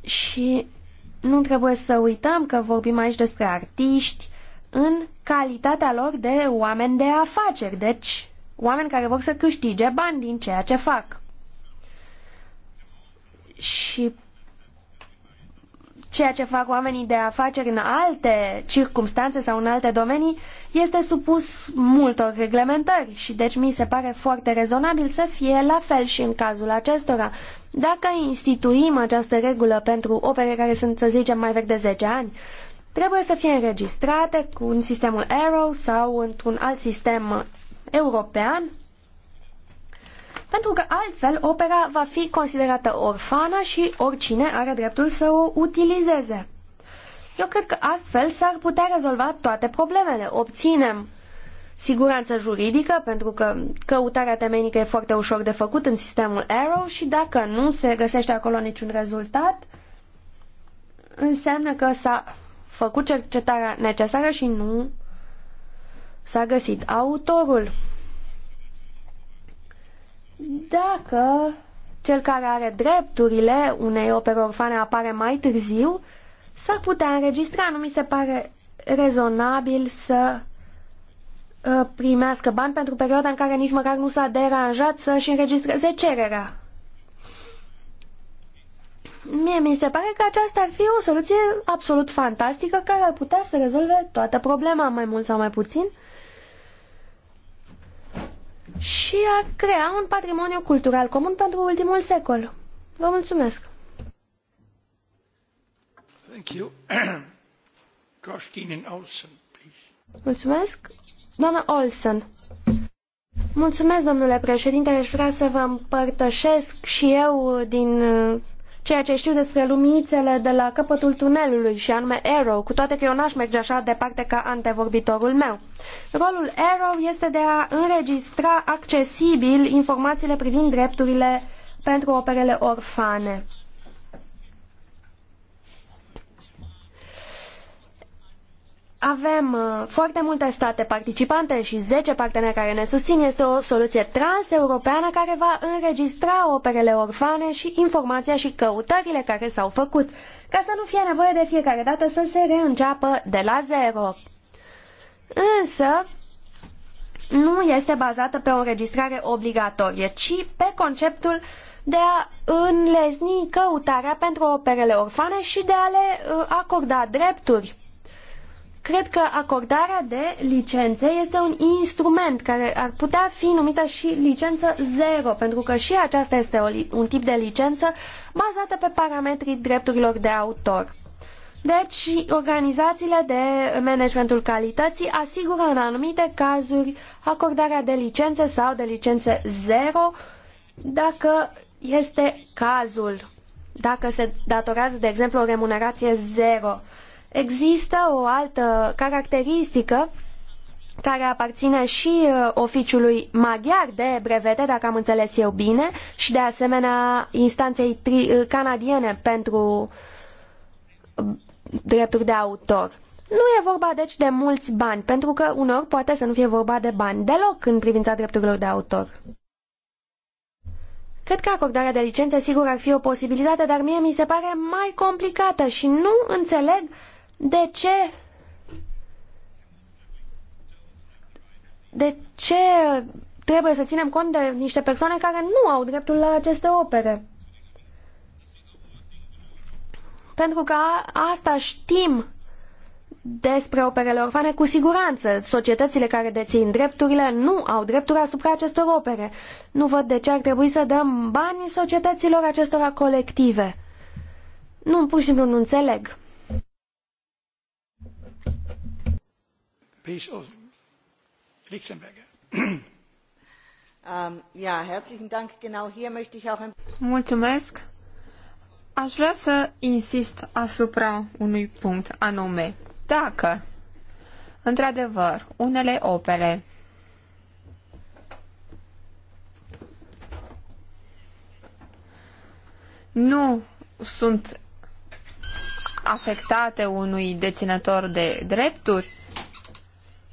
Și nu trebuie să uităm că vorbim aici despre artiști în calitatea lor de oameni de afaceri, deci oameni care vor să câștige bani din ceea ce fac și ceea ce fac oamenii de afaceri în alte circumstanțe sau în alte domenii este supus multor reglementări și deci mi se pare foarte rezonabil să fie la fel și în cazul acestora. Dacă instituim această regulă pentru opere care sunt, să zicem, mai vechi de zece ani, trebuie să fie înregistrate cu un sistemul Arrow sau într-un alt sistem european pentru că altfel opera va fi considerată orfană și oricine are dreptul să o utilizeze. Eu cred că astfel s-ar putea rezolva toate problemele. Obținem siguranță juridică, pentru că căutarea temenică e foarte ușor de făcut în sistemul Arrow și dacă nu se găsește acolo niciun rezultat, înseamnă că s-a făcut cercetarea necesară și nu s-a găsit autorul. Dacă cel care are drepturile unei opere orfane apare mai târziu, s-ar putea înregistra. Nu mi se pare rezonabil să uh, primească bani pentru perioada în care nici măcar nu s-a deranjat să-și înregistreze cererea. Mie mi se pare că aceasta ar fi o soluție absolut fantastică care ar putea să rezolve toată problema, mai mult sau mai puțin, și a crea un patrimoniu cultural comun pentru ultimul secol. Vă mulțumesc! Thank you. Olsen, please. Mulțumesc. Doamna Olsen. Mulțumesc, domnule președinte. Aș vrea să vă împărtășesc și eu din ceea ce știu despre lumițele de la capătul tunelului și anume Arrow, cu toate că eu n-aș merge așa departe ca antevorbitorul meu. Rolul Arrow este de a înregistra accesibil informațiile privind drepturile pentru operele orfane. avem uh, foarte multe state participante și zece parteneri care ne susțin. Este o soluție transeuropeană care va înregistra operele orfane și informația și căutările care s-au făcut, ca să nu fie nevoie de fiecare dată să se reînceapă de la zero. Însă, nu este bazată pe o înregistrare obligatorie, ci pe conceptul de a înlezni căutarea pentru operele orfane și de a le uh, acorda drepturi Cred că acordarea de licențe este un instrument care ar putea fi numită și licență zero, pentru că și aceasta este un tip de licență bazată pe parametrii drepturilor de autor. Deci, organizațiile de managementul calității asigură în anumite cazuri acordarea de licențe sau de licențe zero, dacă este cazul, dacă se datorează, de exemplu, o remunerație zero Există o altă caracteristică care aparține și uh, oficiului maghiar de brevete, dacă am înțeles eu bine, și de asemenea instanței uh, canadiene pentru uh, drepturi de autor. Nu e vorba deci de mulți bani, pentru că uneori poate să nu fie vorba de bani deloc în privința drepturilor de autor. Cred că acordarea de licențe sigur ar fi o posibilitate, dar mie mi se pare mai complicată și nu înțeleg de ce? De ce trebuie să ținem cont de niște persoane care nu au dreptul la aceste opere? Pentru că asta știm despre operele orfane, cu siguranță societățile care dețin drepturile nu au drepturi asupra acestor opere. Nu văd de ce ar trebui să dăm bani societăților acestora colective. Nu, pur și simplu nu înțeleg. Please, oh, Lichtenberger. Ähm, Mulțumesc. Aș vrea să insist asupra unui punct anume. Dacă, într-adevăr, unele opere nu sunt afectate unui deținător de drepturi,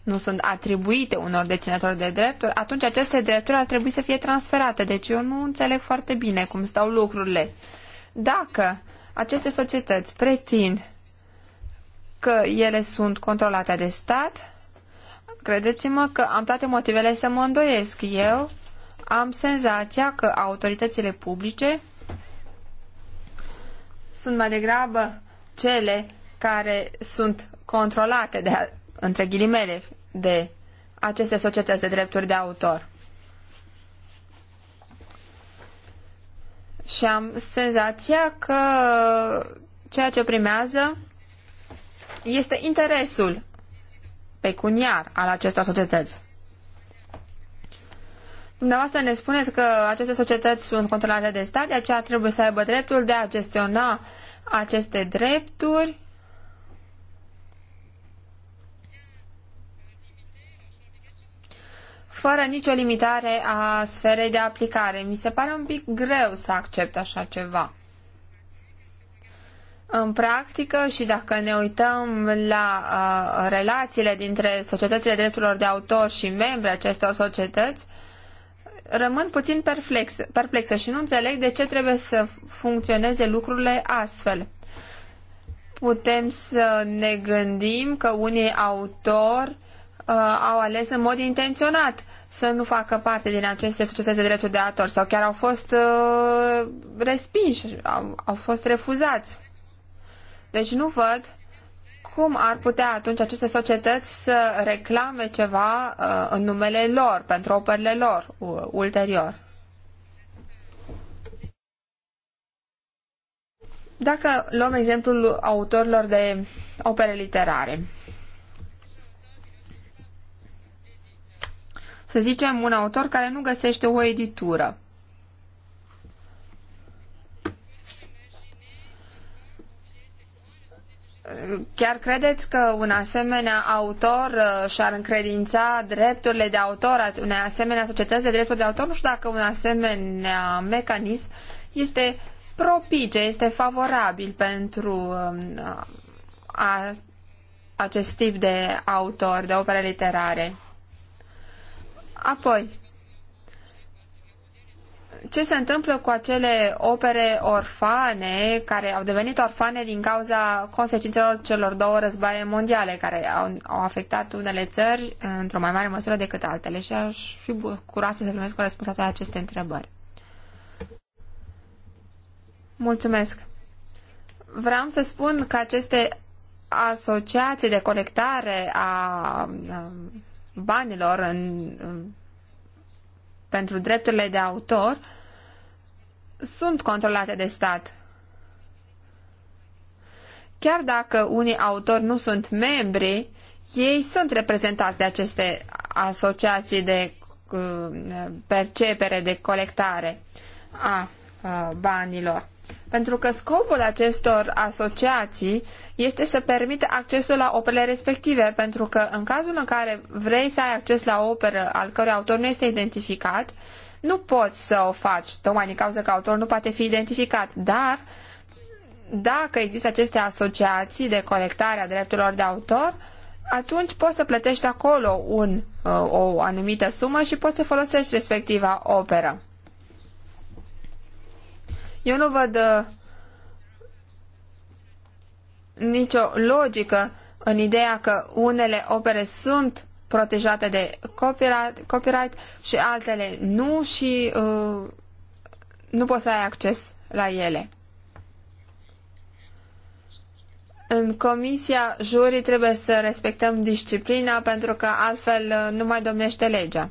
nu sunt atribuite unor deținători de drepturi, atunci aceste drepturi ar trebui să fie transferate. Deci eu nu înțeleg foarte bine cum stau lucrurile. Dacă aceste societăți pretind că ele sunt controlate de stat, credeți-mă că am toate motivele să mă îndoiesc. Eu am senzația că autoritățile publice sunt mai degrabă cele care sunt controlate de între ghilimele, de aceste societăți de drepturi de autor. Și am senzația că ceea ce primează este interesul pecuniar al acestor societăți. Dumneavoastră ne spuneți că aceste societăți sunt controlate de stat, de aceea trebuie să aibă dreptul de a gestiona aceste drepturi fără nicio limitare a sferei de aplicare. Mi se pare un pic greu să accept așa ceva. În practică și dacă ne uităm la uh, relațiile dintre societățile drepturilor de autor și membrii acestor societăți, rămân puțin perplex, perplexă și nu înțeleg de ce trebuie să funcționeze lucrurile astfel. Putem să ne gândim că unii autori uh, uh, au ales în mod intenționat să nu facă parte din aceste societăți de dreptul de autor sau chiar au fost uh, respinși, au, au fost refuzați. Deci nu văd cum ar putea atunci aceste societăți să reclame ceva uh, în numele lor, pentru operele lor, uh, ulterior. Dacă luăm exemplul autorilor de opere literare, să zicem, un autor care nu găsește o editură. Chiar credeți că un asemenea autor uh, și-ar încredința drepturile de autor unei asemenea societăți de drepturi de autor? Nu știu dacă un asemenea mecanism este propice, este favorabil pentru um, a, acest tip de autor, de opere literare. Apoi, ce se întâmplă cu acele opere orfane care au devenit orfane din cauza consecințelor celor două războaie mondiale care au, au afectat unele țări într-o mai mare măsură decât altele și aș fi curioasă să primesc o răspuns la aceste întrebări. Mulțumesc! Vreau să spun că aceste asociații de colectare a banilor în, în, pentru drepturile de autor sunt controlate de stat. Chiar dacă unii autori nu sunt membri, ei sunt reprezentați de aceste asociații de uh, percepere, de colectare a uh, banilor. Pentru că scopul acestor asociații este să permită accesul la operele respective, pentru că în cazul în care vrei să ai acces la o operă al cărui autor nu este identificat, nu poți să o faci, tocmai din cauza că autorul nu poate fi identificat, dar dacă există aceste asociații de colectare a drepturilor de autor, atunci poți să plătești acolo un, uh, o anumită sumă și poți să folosești respectiva operă. Eu nu văd uh, nicio logică în ideea că unele opere sunt protejate de copyright, copyright și altele nu și uh, nu poți să ai acces la ele. În comisia jurii trebuie să respectăm disciplina pentru că altfel uh, nu mai domnește legea.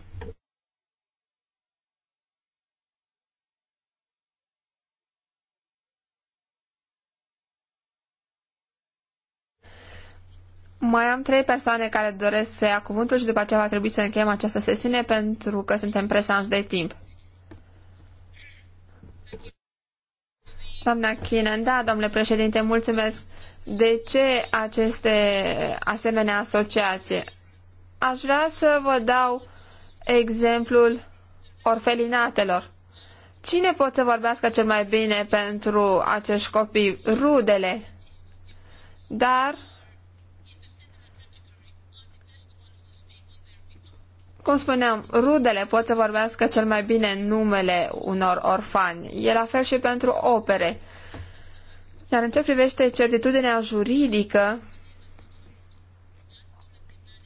Mai am trei persoane care doresc să ia cuvântul și după aceea va trebui să încheiem această sesiune pentru că suntem presanți de timp. Doamna Chinan, da, domnule președinte, mulțumesc. De ce aceste asemenea asociații? Aș vrea să vă dau exemplul orfelinatelor. Cine pot să vorbească cel mai bine pentru acești copii? Rudele. Dar Cum spuneam, rudele pot să vorbească cel mai bine numele unor orfani. E la fel și pentru opere. Iar în ce privește certitudinea juridică,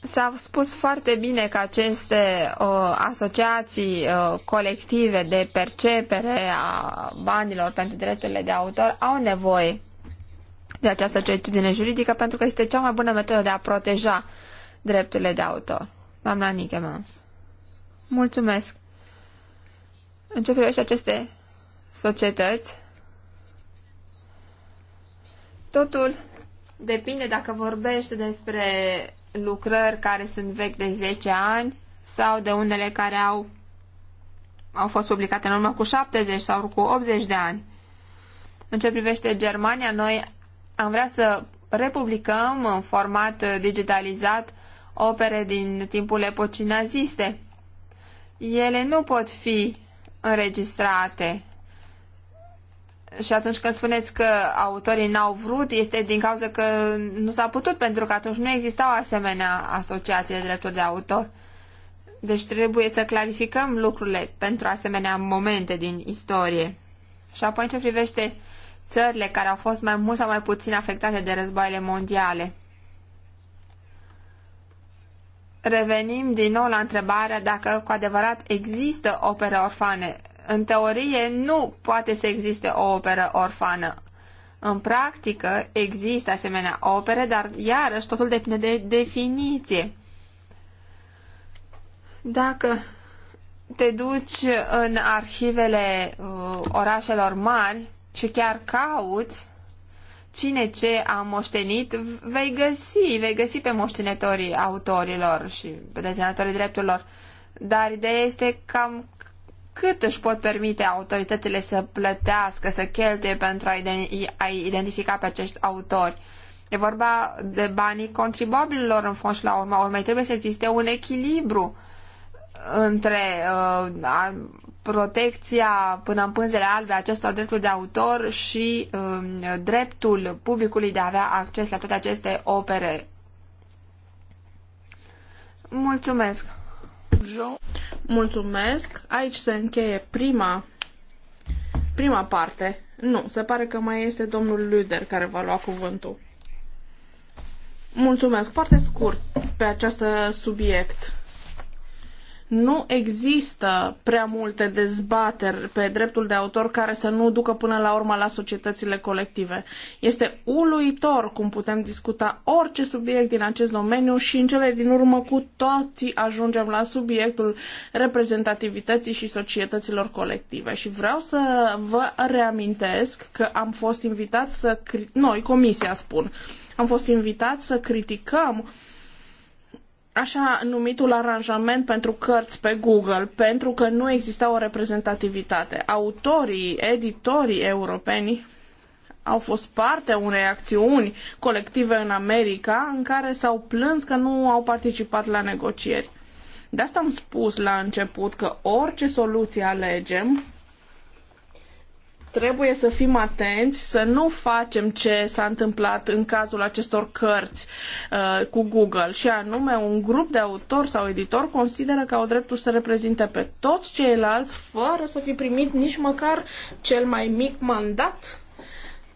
s-a spus foarte bine că aceste uh, asociații uh, colective de percepere a banilor pentru drepturile de autor au nevoie de această certitudine juridică pentru că este cea mai bună metodă de a proteja drepturile de autor doamna Nigemans. Mulțumesc. În ce privește aceste societăți, totul depinde dacă vorbești despre lucrări care sunt vechi de 10 ani sau de unele care au, au fost publicate în urmă cu 70 sau cu 80 de ani. În ce privește Germania, noi am vrea să republicăm în format digitalizat opere din timpul epocii naziste. Ele nu pot fi înregistrate. Și atunci când spuneți că autorii n-au vrut, este din cauza că nu s-a putut, pentru că atunci nu existau asemenea asociații de drepturi de autor. Deci trebuie să clarificăm lucrurile pentru asemenea momente din istorie. Și apoi în ce privește țările care au fost mai mult sau mai puțin afectate de războaiele mondiale revenim din nou la întrebarea dacă cu adevărat există opere orfane. În teorie nu poate să existe o operă orfană. În practică există asemenea opere, dar iarăși totul depinde de definiție. Dacă te duci în arhivele uh, orașelor mari și chiar cauți cine ce a moștenit, vei găsi, vei găsi pe moștenitorii autorilor și pe deținătorii drepturilor. Dar ideea este cam cât își pot permite autoritățile să plătească, să cheltuie pentru a identifica pe acești autori. E vorba de banii contribuabililor în fond și la urma urmei. Trebuie să existe un echilibru între uh, protecția până în pânzele albe a acestor drepturi de autor și um, dreptul publicului de a avea acces la toate aceste opere. Mulțumesc! Mulțumesc! Aici se încheie prima, prima parte. Nu, se pare că mai este domnul Luder care va lua cuvântul. Mulțumesc! Foarte scurt pe acest subiect nu există prea multe dezbateri pe dreptul de autor care să nu ducă până la urmă la societățile colective. Este uluitor cum putem discuta orice subiect din acest domeniu și în cele din urmă cu toții ajungem la subiectul reprezentativității și societăților colective. Și vreau să vă reamintesc că am fost invitați să... noi, comisia spun, am fost invitați să criticăm așa numitul aranjament pentru cărți pe Google, pentru că nu exista o reprezentativitate. Autorii, editorii europeni au fost parte a unei acțiuni colective în America în care s-au plâns că nu au participat la negocieri. De asta am spus la început că orice soluție alegem, trebuie să fim atenți să nu facem ce s-a întâmplat în cazul acestor cărți uh, cu Google și anume un grup de autor sau editor consideră că au dreptul să reprezinte pe toți ceilalți fără să fi primit nici măcar cel mai mic mandat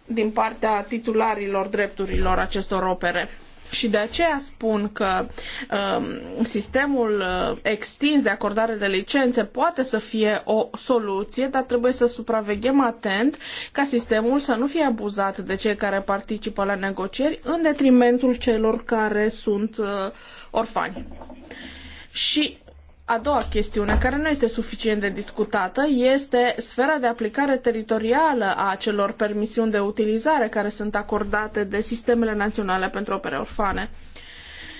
din partea titularilor drepturilor acestor opere. Și de aceea spun că um, sistemul uh, extins de acordare de licențe poate să fie o soluție, dar trebuie să supraveghem atent ca sistemul să nu fie abuzat de cei care participă la negocieri în detrimentul celor care sunt uh, orfani. Și a doua chestiune, care nu este suficient de discutată, este sfera de aplicare teritorială a acelor permisiuni de utilizare care sunt acordate de sistemele naționale pentru opere orfane.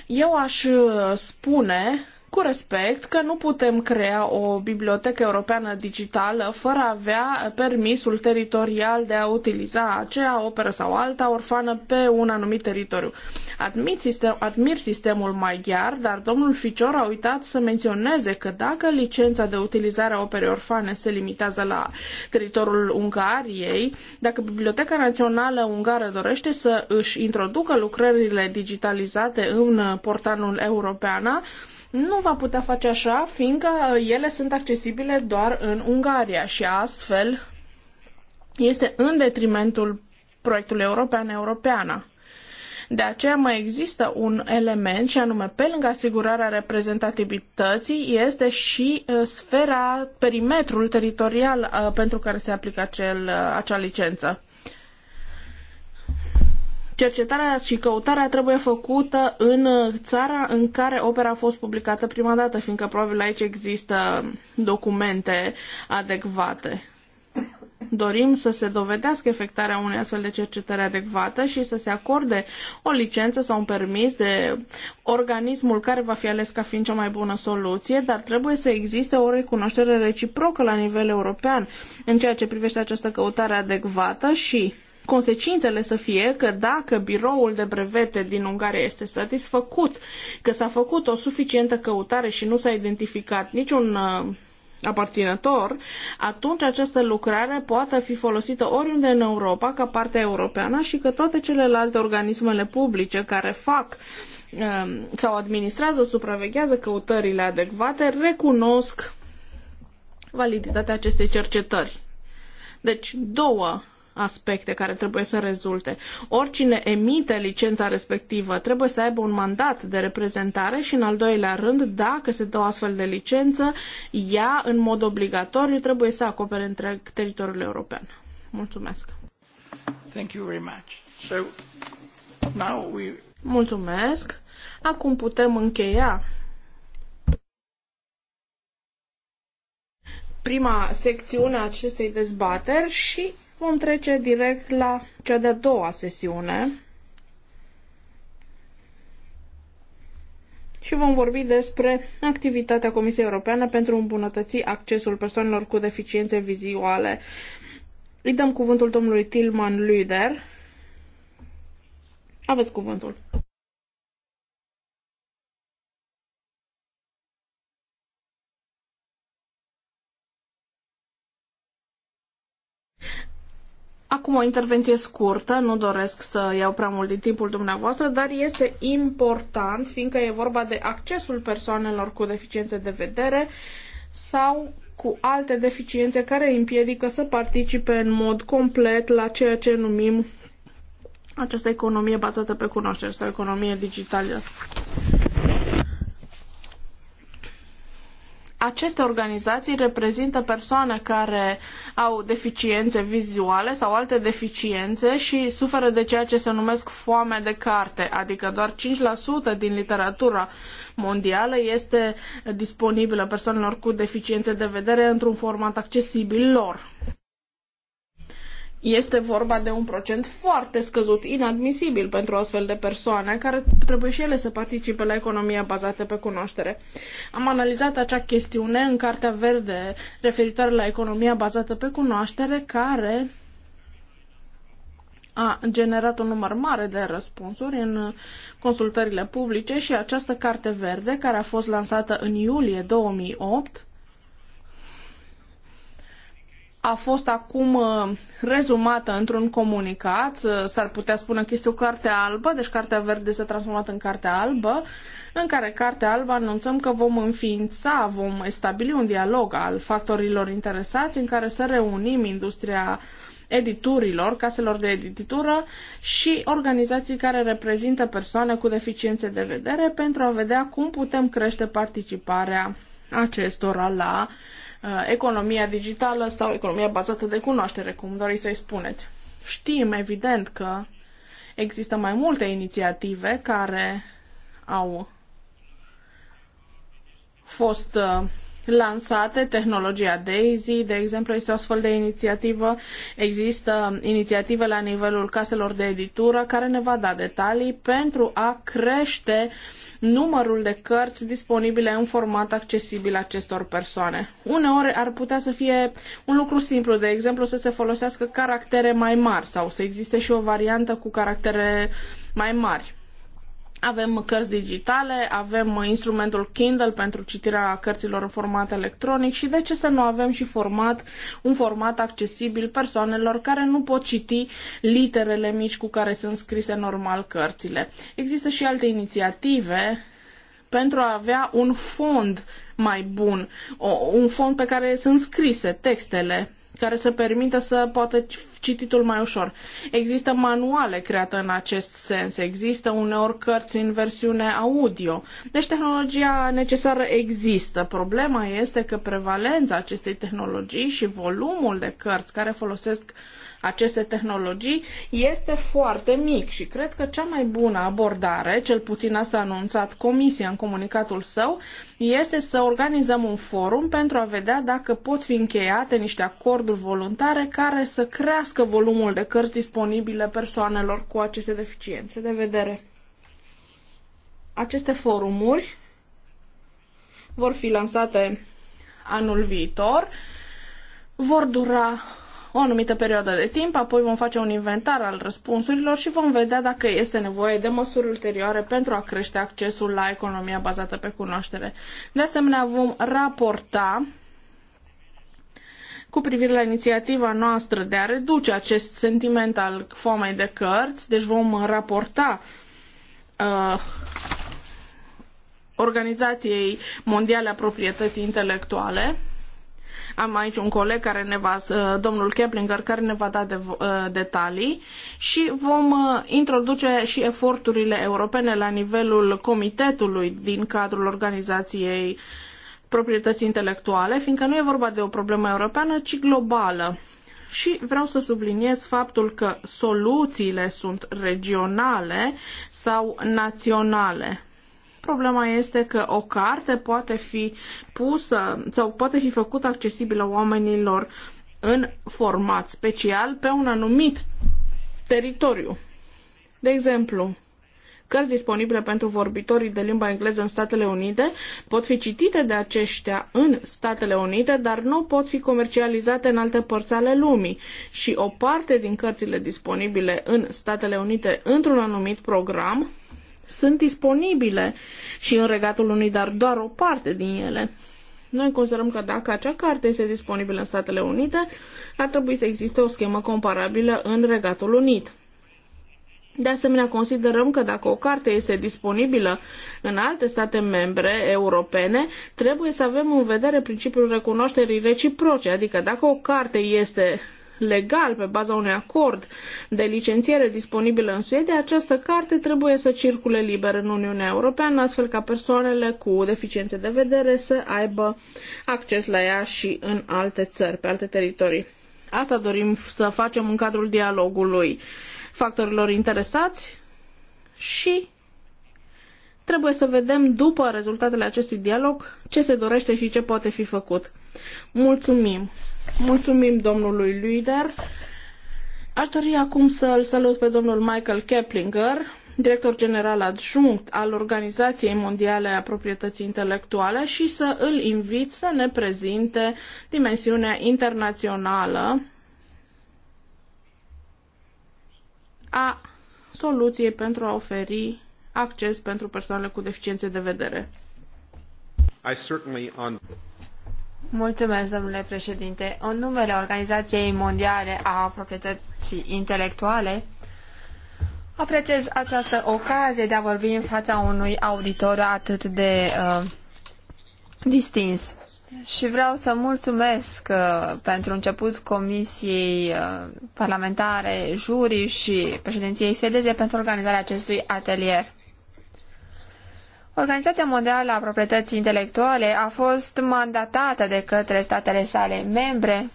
Eu aș uh, spune cu respect că nu putem crea o bibliotecă europeană digitală fără a avea permisul teritorial de a utiliza acea operă sau alta orfană pe un anumit teritoriu. Admit sistem, admir sistemul maghiar, dar domnul Ficior a uitat să menționeze că dacă licența de utilizare a operei orfane se limitează la teritoriul Ungariei, dacă Biblioteca Națională Ungară dorește să își introducă lucrările digitalizate în portalul Europeana, nu va putea face așa, fiindcă uh, ele sunt accesibile doar în Ungaria și astfel este în detrimentul proiectului european europeană De aceea mai există un element și anume, pe lângă asigurarea reprezentativității, este și uh, sfera, perimetrul teritorial uh, pentru care se aplică acel, acea licență. Cercetarea și căutarea trebuie făcută în uh, țara în care opera a fost publicată prima dată, fiindcă probabil aici există documente adecvate. Dorim să se dovedească efectarea unei astfel de cercetări adecvată și să se acorde o licență sau un permis de organismul care va fi ales ca fiind cea mai bună soluție, dar trebuie să existe o recunoaștere reciprocă la nivel european în ceea ce privește această căutare adecvată și consecințele să fie că dacă biroul de brevete din Ungaria este satisfăcut că s-a făcut o suficientă căutare și nu s-a identificat niciun uh, aparținător, atunci această lucrare poate fi folosită oriunde în Europa ca parte europeană și că toate celelalte organismele publice care fac uh, sau administrează, supraveghează căutările adecvate, recunosc validitatea acestei cercetări. Deci, două aspecte care trebuie să rezulte. Oricine emite licența respectivă trebuie să aibă un mandat de reprezentare și, în al doilea rând, dacă se dă o astfel de licență, ea, în mod obligatoriu, trebuie să acopere întreg teritoriul european. Mulțumesc! Thank you very much. So, now we... Mulțumesc! Acum putem încheia prima secțiune a acestei dezbateri și Vom trece direct la cea de-a doua sesiune și vom vorbi despre activitatea Comisiei Europeană pentru îmbunătăți accesul persoanelor cu deficiențe vizuale. Îi dăm cuvântul domnului Tilman Lüder. Aveți cuvântul. Acum o intervenție scurtă, nu doresc să iau prea mult din timpul dumneavoastră, dar este important, fiindcă e vorba de accesul persoanelor cu deficiențe de vedere sau cu alte deficiențe care împiedică să participe în mod complet la ceea ce numim această economie bazată pe cunoaștere sau economie digitală. aceste organizații reprezintă persoane care au deficiențe vizuale sau alte deficiențe și suferă de ceea ce se numesc foame de carte, adică doar 5% din literatura mondială este disponibilă persoanelor cu deficiențe de vedere într-un format accesibil lor. Este vorba de un procent foarte scăzut, inadmisibil pentru astfel de persoane, care trebuie și ele să participe la economia bazată pe cunoaștere. Am analizat acea chestiune în Cartea Verde referitoare la economia bazată pe cunoaștere, care a generat un număr mare de răspunsuri în consultările publice și această carte verde, care a fost lansată în iulie 2008, a fost acum uh, rezumată într-un comunicat, uh, s-ar putea spune că este o carte albă, deci cartea verde s-a transformat în cartea albă, în care cartea albă anunțăm că vom înființa, vom stabili un dialog al factorilor interesați în care să reunim industria editurilor, caselor de editură și organizații care reprezintă persoane cu deficiențe de vedere pentru a vedea cum putem crește participarea acestora la uh, Uh, economia digitală sau economia bazată de cunoaștere, cum doriți să-i spuneți. Știm, evident, că există mai multe inițiative care au fost uh, lansate. Tehnologia DAISY, de exemplu, este o astfel de inițiativă. Există inițiative la nivelul caselor de editură care ne va da detalii pentru a crește numărul de cărți disponibile în format accesibil acestor persoane. Uneori ar putea să fie un lucru simplu, de exemplu să se folosească caractere mai mari sau să existe și o variantă cu caractere mai mari. Avem cărți digitale, avem instrumentul Kindle pentru citirea cărților în format electronic și de ce să nu avem și format, un format accesibil persoanelor care nu pot citi literele mici cu care sunt scrise normal cărțile. Există și alte inițiative pentru a avea un fond mai bun, un fond pe care sunt scrise textele care să permită să poată cititul mai ușor. Există manuale create în acest sens, există uneori cărți în versiune audio. Deci tehnologia necesară există. Problema este că prevalența acestei tehnologii și volumul de cărți care folosesc aceste tehnologii este foarte mic și cred că cea mai bună abordare, cel puțin asta a anunțat Comisia în comunicatul său, este să organizăm un forum pentru a vedea dacă pot fi încheiate niște acorduri voluntare care să crească volumul de cărți disponibile persoanelor cu aceste deficiențe de vedere. Aceste forumuri vor fi lansate anul viitor, vor dura o anumită perioadă de timp, apoi vom face un inventar al răspunsurilor și vom vedea dacă este nevoie de măsuri ulterioare pentru a crește accesul la economia bazată pe cunoaștere. De asemenea, vom raporta cu privire la inițiativa noastră de a reduce acest sentiment al foamei de cărți, deci vom raporta uh, Organizației Mondiale a Proprietății Intelectuale am aici un coleg care ne va, uh, domnul Keplinger, care ne va da de, uh, detalii și vom uh, introduce și eforturile europene la nivelul comitetului din cadrul organizației proprietății intelectuale, fiindcă nu e vorba de o problemă europeană, ci globală. Și vreau să subliniez faptul că soluțiile sunt regionale sau naționale. Problema este că o carte poate fi pusă sau poate fi făcută accesibilă oamenilor în format special pe un anumit teritoriu. De exemplu, cărți disponibile pentru vorbitorii de limba engleză în Statele Unite pot fi citite de aceștia în Statele Unite, dar nu pot fi comercializate în alte părți ale lumii. Și o parte din cărțile disponibile în Statele Unite într-un anumit program sunt disponibile și în Regatul Unit, dar doar o parte din ele. Noi considerăm că dacă acea carte este disponibilă în Statele Unite, ar trebui să existe o schemă comparabilă în Regatul Unit. De asemenea, considerăm că dacă o carte este disponibilă în alte state membre europene, trebuie să avem în vedere principiul recunoașterii reciproce, adică dacă o carte este legal pe baza unui acord de licențiere disponibilă în Suedia, această carte trebuie să circule liber în Uniunea Europeană, astfel ca persoanele cu deficiențe de vedere să aibă acces la ea și în alte țări, pe alte teritorii. Asta dorim să facem în cadrul dialogului factorilor interesați și trebuie să vedem după rezultatele acestui dialog ce se dorește și ce poate fi făcut. Mulțumim! Mulțumim domnului Luider. Aș dori acum să-l salut pe domnul Michael Keplinger, director general adjunct al Organizației Mondiale a Proprietății Intelectuale și să îl invit să ne prezinte dimensiunea internațională a soluției pentru a oferi acces pentru persoanele cu deficiențe de vedere. Mulțumesc, domnule președinte. În numele Organizației Mondiale a Proprietății Intelectuale, apreciez această ocazie de a vorbi în fața unui auditor atât de uh, distins. Și vreau să mulțumesc uh, pentru început Comisiei uh, Parlamentare, Juri și președinției suedeze pentru organizarea acestui atelier. Organizația Mondială a Proprietății Intelectuale a fost mandatată de către statele sale membre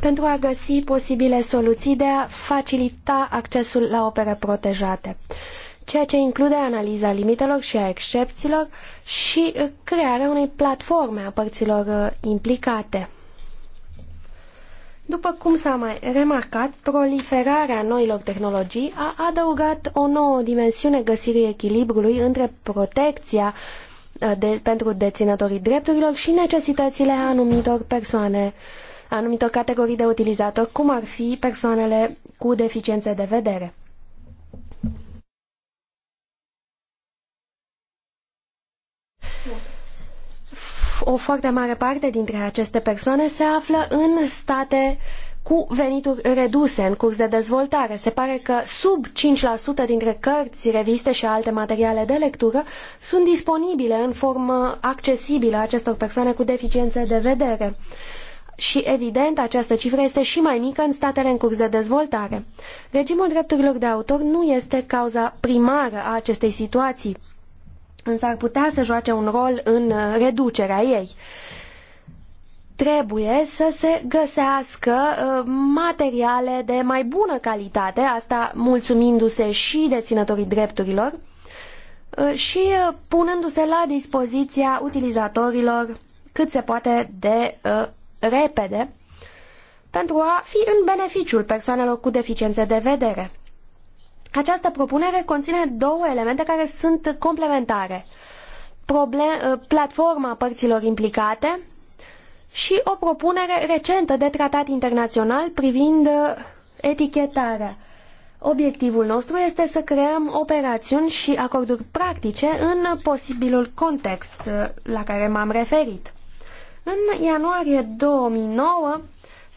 pentru a găsi posibile soluții de a facilita accesul la opere protejate, ceea ce include analiza limitelor și a excepțiilor și crearea unei platforme a părților uh, implicate. După cum s-a mai remarcat, proliferarea noilor tehnologii a adăugat o nouă dimensiune găsirii echilibrului între protecția uh, de, pentru deținătorii drepturilor și necesitățile anumitor persoane, anumitor categorii de utilizatori, cum ar fi persoanele cu deficiențe de vedere. o foarte mare parte dintre aceste persoane se află în state cu venituri reduse în curs de dezvoltare. Se pare că sub 5% dintre cărți, reviste și alte materiale de lectură sunt disponibile în formă accesibilă acestor persoane cu deficiențe de vedere. Și evident, această cifră este și mai mică în statele în curs de dezvoltare. Regimul drepturilor de autor nu este cauza primară a acestei situații însă ar putea să joace un rol în uh, reducerea ei. Trebuie să se găsească uh, materiale de mai bună calitate, asta mulțumindu-se și deținătorii drepturilor uh, și punându-se la dispoziția utilizatorilor cât se poate de repede pentru a fi în beneficiul persoanelor cu deficiențe de vedere. Această propunere conține două elemente care sunt complementare. Problem, uh, platforma părților implicate și o propunere recentă de tratat internațional privind uh, etichetarea. Obiectivul nostru este să creăm operațiuni și acorduri practice în posibilul context uh, la care m-am referit. În ianuarie 2009,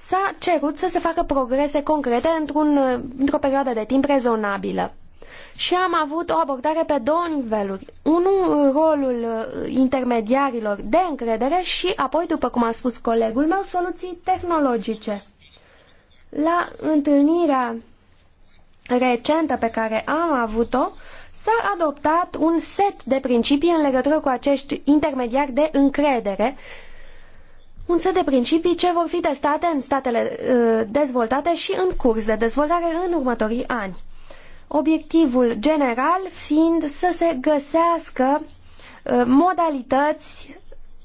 s-a cerut să se facă progrese concrete într-un, uh, într-o perioadă de timp rezonabilă. Și am avut o abordare pe două niveluri. Unul, rolul uh, intermediarilor de încredere și apoi, după cum a spus colegul meu, soluții tehnologice. La întâlnirea recentă pe care am avut-o, s-a adoptat un set de principii în legătură cu acești intermediari de încredere un set de principii ce vor fi testate în statele uh, dezvoltate și în curs de dezvoltare în următorii ani. Obiectivul general fiind să se găsească uh, modalități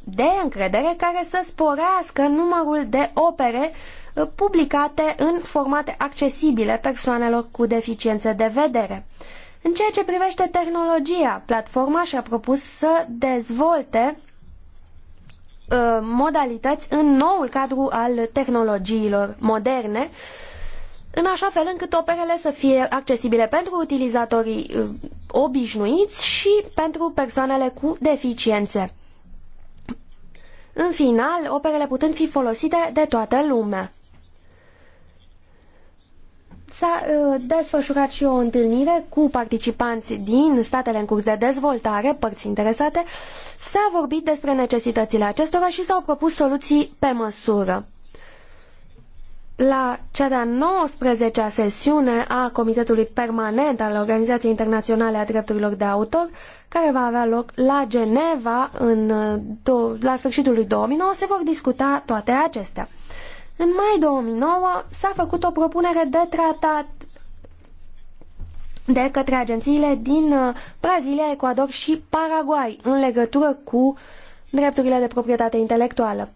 de încredere care să sporească numărul de opere uh, publicate în formate accesibile persoanelor cu deficiențe de vedere. În ceea ce privește tehnologia, platforma și-a propus să dezvolte Uh, modalități în noul cadru al tehnologiilor moderne, în așa fel încât operele să fie accesibile pentru utilizatorii uh, obișnuiți și pentru persoanele cu deficiențe. În final, operele putând fi folosite de toată lumea. S-a uh, desfășurat și o întâlnire cu participanți din statele în curs de dezvoltare, părți interesate. S-a vorbit despre necesitățile acestora și s-au propus soluții pe măsură. La cea de-a 19-a sesiune a Comitetului Permanent al Organizației Internaționale a Drepturilor de Autor, care va avea loc la Geneva în, uh, la sfârșitul lui 2009, se vor discuta toate acestea. În mai 2009 s-a făcut o propunere de tratat de către agențiile din uh, Brazilia, Ecuador și Paraguay în legătură cu drepturile de proprietate intelectuală.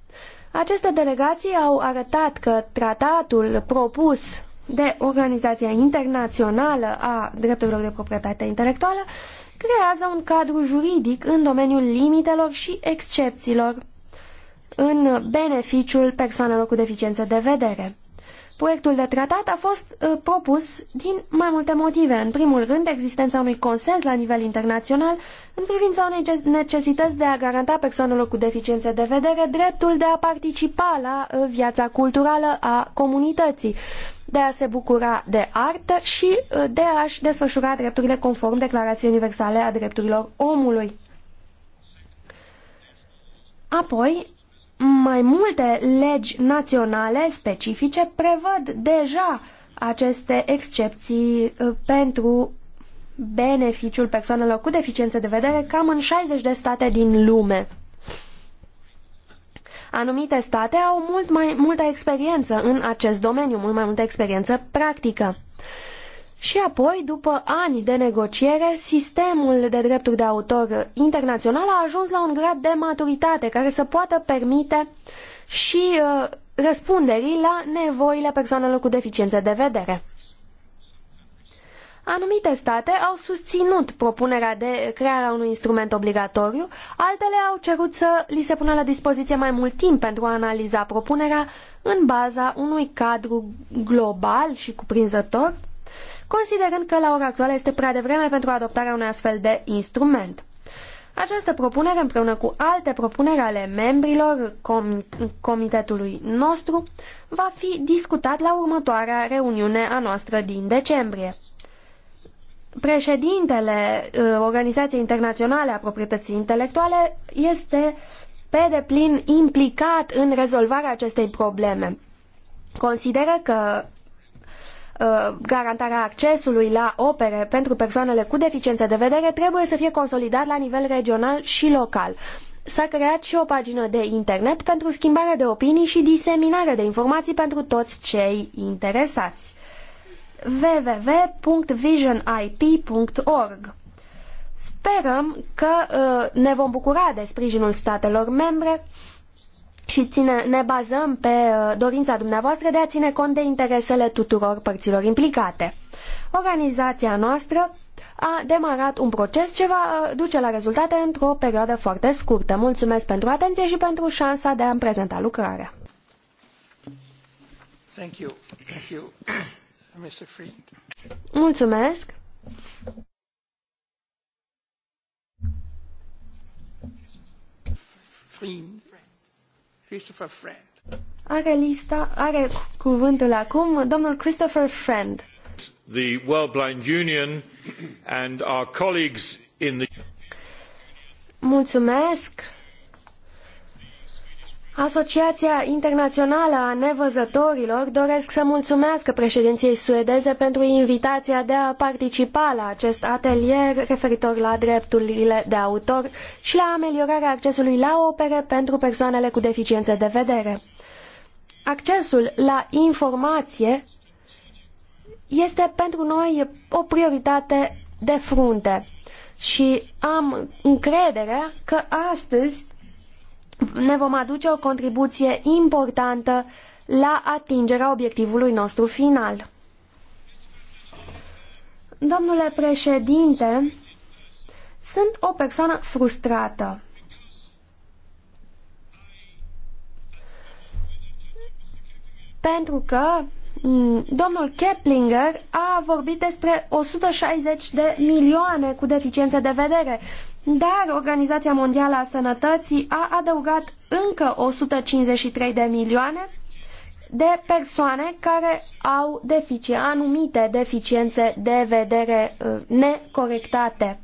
Aceste delegații au arătat că tratatul propus de Organizația Internațională a Drepturilor de Proprietate Intelectuală creează un cadru juridic în domeniul limitelor și excepțiilor în beneficiul persoanelor cu deficiențe de vedere. Proiectul de tratat a fost uh, propus din mai multe motive. În primul rând, existența unui consens la nivel internațional în privința unei necesități de a garanta persoanelor cu deficiențe de vedere dreptul de a participa la uh, viața culturală a comunității, de a se bucura de artă și uh, de a-și desfășura drepturile conform Declarației Universale a Drepturilor Omului. Apoi, mai multe legi naționale specifice prevăd deja aceste excepții uh, pentru beneficiul persoanelor cu deficiențe de vedere cam în 60 de state din lume. Anumite state au mult mai multă experiență în acest domeniu, mult mai multă experiență practică. Și apoi, după ani de negociere, sistemul de drepturi de autor internațional a ajuns la un grad de maturitate care să poată permite și uh, răspunderii la nevoile persoanelor cu deficiențe de vedere. Anumite state au susținut propunerea de crearea unui instrument obligatoriu, altele au cerut să li se pună la dispoziție mai mult timp pentru a analiza propunerea în baza unui cadru global și cuprinzător considerând că la ora actuală este prea devreme pentru adoptarea unui astfel de instrument. Această propunere, împreună cu alte propuneri ale membrilor com comitetului nostru, va fi discutat la următoarea reuniune a noastră din decembrie. Președintele uh, Organizației Internaționale a Proprietății Intelectuale este pe deplin implicat în rezolvarea acestei probleme. Consideră că Uh, garantarea accesului la opere pentru persoanele cu deficiențe de vedere trebuie să fie consolidat la nivel regional și local. S-a creat și o pagină de internet pentru schimbare de opinii și diseminarea de informații pentru toți cei interesați www.visionip.org Sperăm că uh, ne vom bucura de sprijinul statelor membre și ține, ne bazăm pe uh, dorința dumneavoastră de a ține cont de interesele tuturor părților implicate. Organizația noastră a demarat un proces ce va uh, duce la rezultate într-o perioadă foarte scurtă. Mulțumesc pentru atenție și pentru șansa de a-mi prezenta lucrarea. Thank you. Thank you. Mr. Friend. Mulțumesc. Friend. Christopher Friend. Are, lista, are cuvântul acum domnul Christopher Friend. The World Blind Union and our colleagues in the Mulțumesc. Asociația Internațională a Nevăzătorilor doresc să mulțumească președinției suedeze pentru invitația de a participa la acest atelier referitor la drepturile de autor și la ameliorarea accesului la opere pentru persoanele cu deficiențe de vedere. Accesul la informație este pentru noi o prioritate de frunte și am încredere că astăzi ne vom aduce o contribuție importantă la atingerea obiectivului nostru final. Domnule președinte, sunt o persoană frustrată. Pentru că mm, domnul Keplinger a vorbit despre 160 de milioane cu deficiențe de vedere, dar Organizația Mondială a Sănătății a adăugat încă 153 de milioane de persoane care au defici, anumite deficiențe de vedere uh, necorectate.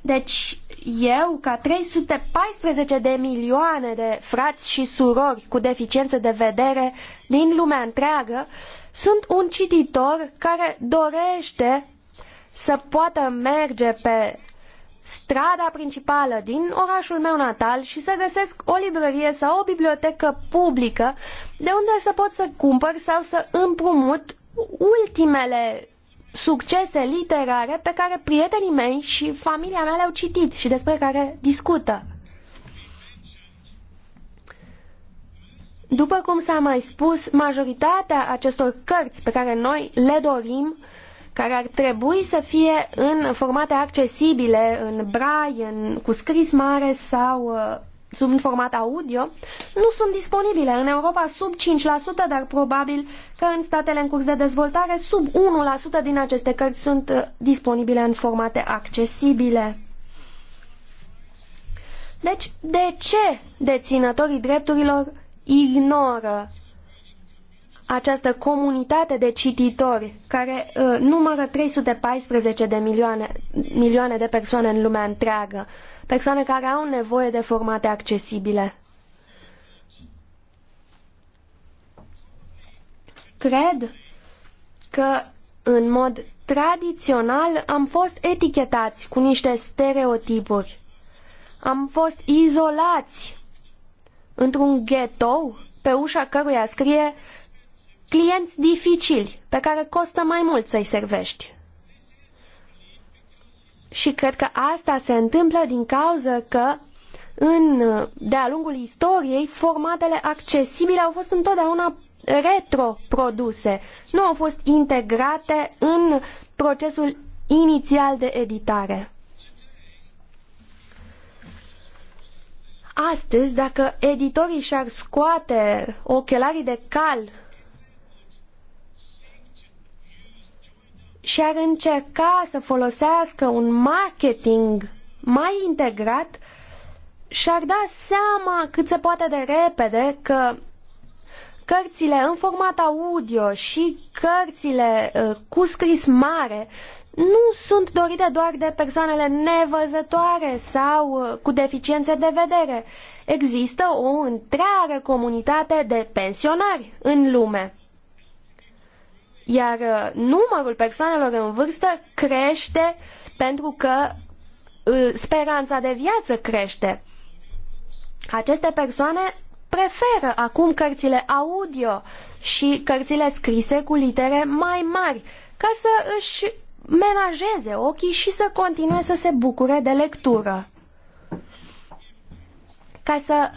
Deci eu, ca 314 de milioane de frați și surori cu deficiențe de vedere din lumea întreagă, sunt un cititor care dorește să poată merge pe strada principală din orașul meu natal și să găsesc o librărie sau o bibliotecă publică de unde să pot să cumpăr sau să împrumut ultimele succese literare pe care prietenii mei și familia mea le-au citit și despre care discută. După cum s-a mai spus, majoritatea acestor cărți pe care noi le dorim care ar trebui să fie în formate accesibile, în braille, în, cu scris mare sau uh, sub un format audio, nu sunt disponibile. În Europa sub 5%, dar probabil că în statele în curs de dezvoltare sub 1% din aceste cărți sunt uh, disponibile în formate accesibile. Deci, de ce deținătorii drepturilor ignoră această comunitate de cititori care uh, numără 314 de milioane, milioane de persoane în lumea întreagă, persoane care au nevoie de formate accesibile. Cred că în mod tradițional am fost etichetați cu niște stereotipuri. Am fost izolați într-un ghetto pe ușa căruia scrie clienți dificili, pe care costă mai mult să-i servești. Și cred că asta se întâmplă din cauza că în, de-a lungul istoriei, formatele accesibile au fost întotdeauna retroproduse, nu au fost integrate în procesul inițial de editare. Astăzi, dacă editorii și-ar scoate ochelarii de cal și ar încerca să folosească un marketing mai integrat și-ar da seama cât se poate de repede că cărțile în format audio și cărțile uh, cu scris mare nu sunt dorite doar de persoanele nevăzătoare sau uh, cu deficiențe de vedere. Există o întreagă comunitate de pensionari în lume. Iar uh, numărul persoanelor în vârstă crește pentru că uh, speranța de viață crește. Aceste persoane preferă acum cărțile audio și cărțile scrise cu litere mai mari ca să își menajeze ochii și să continue să se bucure de lectură. Ca să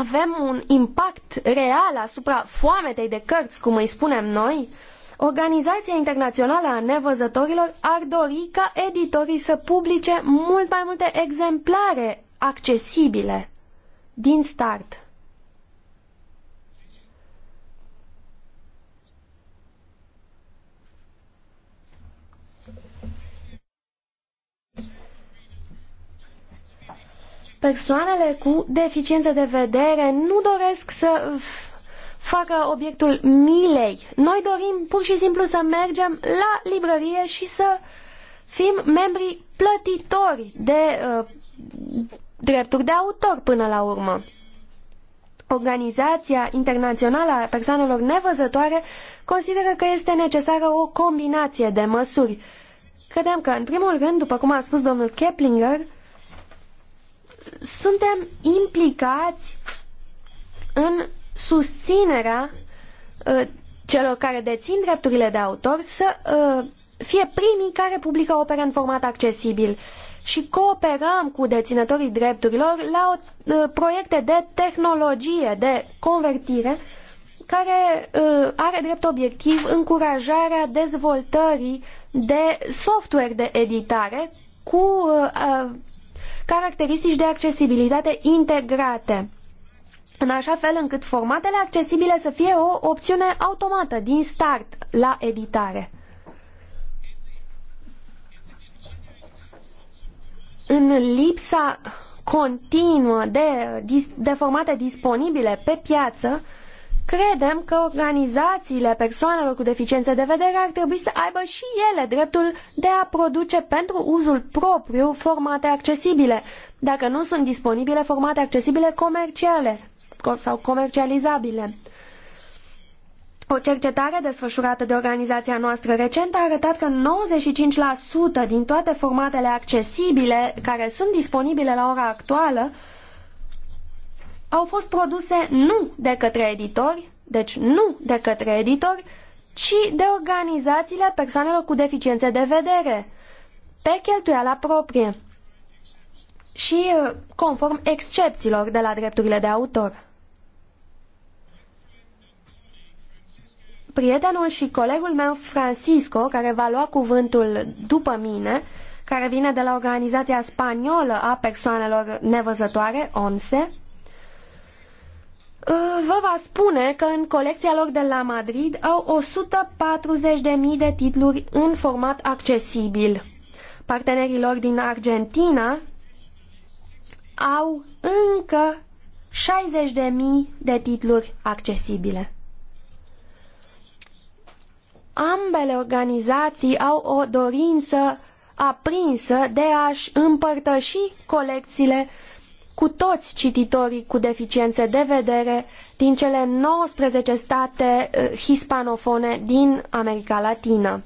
avem un impact real asupra foametei de cărți, cum îi spunem noi, Organizația Internațională a Nevăzătorilor ar dori ca editorii să publice mult mai multe exemplare accesibile din start. Persoanele cu deficiențe de vedere nu doresc să facă obiectul milei. Noi dorim pur și simplu să mergem la librărie și să fim membri plătitori de uh, drepturi de autor până la urmă. Organizația Internațională a Persoanelor Nevăzătoare consideră că este necesară o combinație de măsuri. Credem că, în primul rând, după cum a spus domnul Keplinger, suntem implicați în susținerea uh, celor care dețin drepturile de autor să uh, fie primii care publică opere în format accesibil și cooperăm cu deținătorii drepturilor la o, uh, proiecte de tehnologie, de convertire, care uh, are drept obiectiv încurajarea dezvoltării de software de editare cu uh, uh caracteristici de accesibilitate integrate, în așa fel încât formatele accesibile să fie o opțiune automată din start la editare. În lipsa continuă de, de formate disponibile pe piață, Credem că organizațiile persoanelor cu deficiențe de vedere ar trebui să aibă și ele dreptul de a produce pentru uzul propriu formate accesibile, dacă nu sunt disponibile formate accesibile comerciale sau comercializabile. O cercetare desfășurată de organizația noastră recent a arătat că 95% din toate formatele accesibile care sunt disponibile la ora actuală au fost produse nu de către editori, deci nu de către editori, ci de organizațiile persoanelor cu deficiențe de vedere, pe cheltuiala proprie și uh, conform excepțiilor de la drepturile de autor. Prietenul și colegul meu, Francisco, care va lua cuvântul după mine, care vine de la organizația spaniolă a persoanelor nevăzătoare, ONSE, Uh, vă va spune că în colecția lor de la Madrid au 140.000 de titluri în format accesibil. Partenerii lor din Argentina au încă 60.000 de titluri accesibile. Ambele organizații au o dorință aprinsă de a-și împărtăși colecțiile cu toți cititorii cu deficiențe de vedere din cele 19 state eh, hispanofone din America Latină.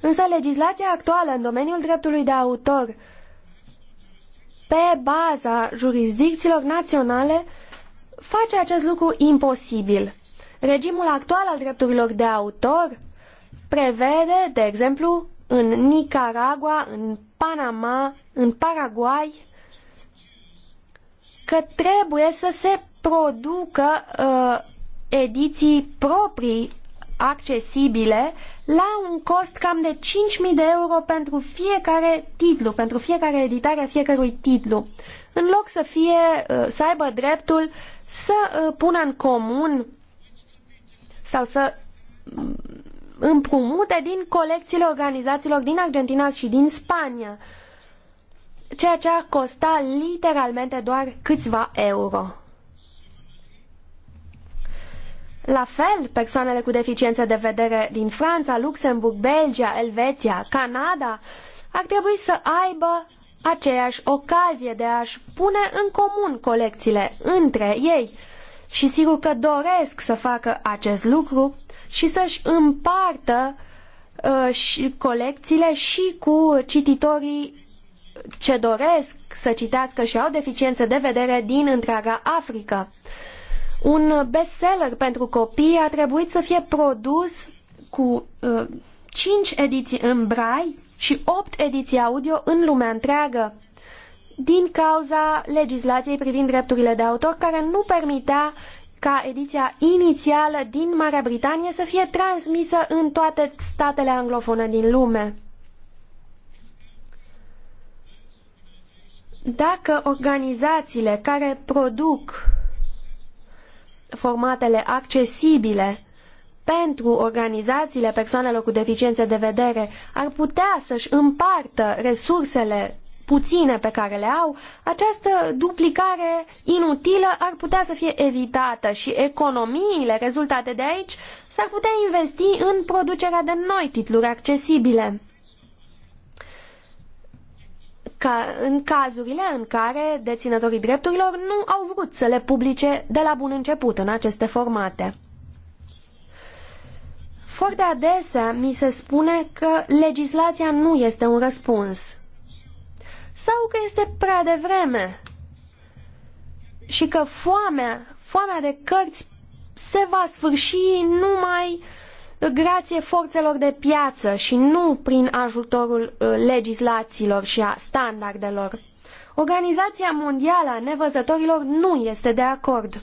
Însă legislația actuală în domeniul dreptului de autor, pe baza jurisdicțiilor naționale, face acest lucru imposibil. Regimul actual al drepturilor de autor prevede, de exemplu, în Nicaragua, în Panama, în Paraguay, că trebuie să se producă uh, ediții proprii accesibile la un cost cam de 5.000 de euro pentru fiecare titlu, pentru fiecare editare a fiecărui titlu. În loc să fie, uh, să aibă dreptul să uh, pună în comun sau să mm, împrumute din colecțiile organizațiilor din Argentina și din Spania ceea ce ar costa literalmente doar câțiva euro. La fel, persoanele cu deficiențe de vedere din Franța, Luxemburg, Belgia, Elveția, Canada ar trebui să aibă aceeași ocazie de a-și pune în comun colecțiile între ei și sigur că doresc să facă acest lucru și să-și împartă uh, și colecțiile și cu cititorii ce doresc să citească și au deficiențe de vedere din întreaga Africa. Un bestseller pentru copii a trebuit să fie produs cu uh, cinci uh, ediții în brai și opt ediții audio în lumea întreagă din cauza legislației privind drepturile de autor care nu permitea ca ediția inițială din Marea Britanie să fie transmisă în toate statele anglofone din lume. Dacă organizațiile care produc formatele accesibile pentru organizațiile persoanelor cu deficiențe de vedere ar putea să-și împartă resursele puține pe care le au, această duplicare inutilă ar putea să fie evitată și economiile rezultate de aici s-ar putea investi în producerea de noi titluri accesibile ca, în cazurile în care deținătorii drepturilor nu au vrut să le publice de la bun început în aceste formate. Foarte adesea mi se spune că legislația nu este un răspuns sau că este prea devreme și că foamea, foamea de cărți se va sfârși numai uh, grație forțelor de piață și nu prin ajutorul uh, legislațiilor și a standardelor. Organizația Mondială a Nevăzătorilor nu este de acord.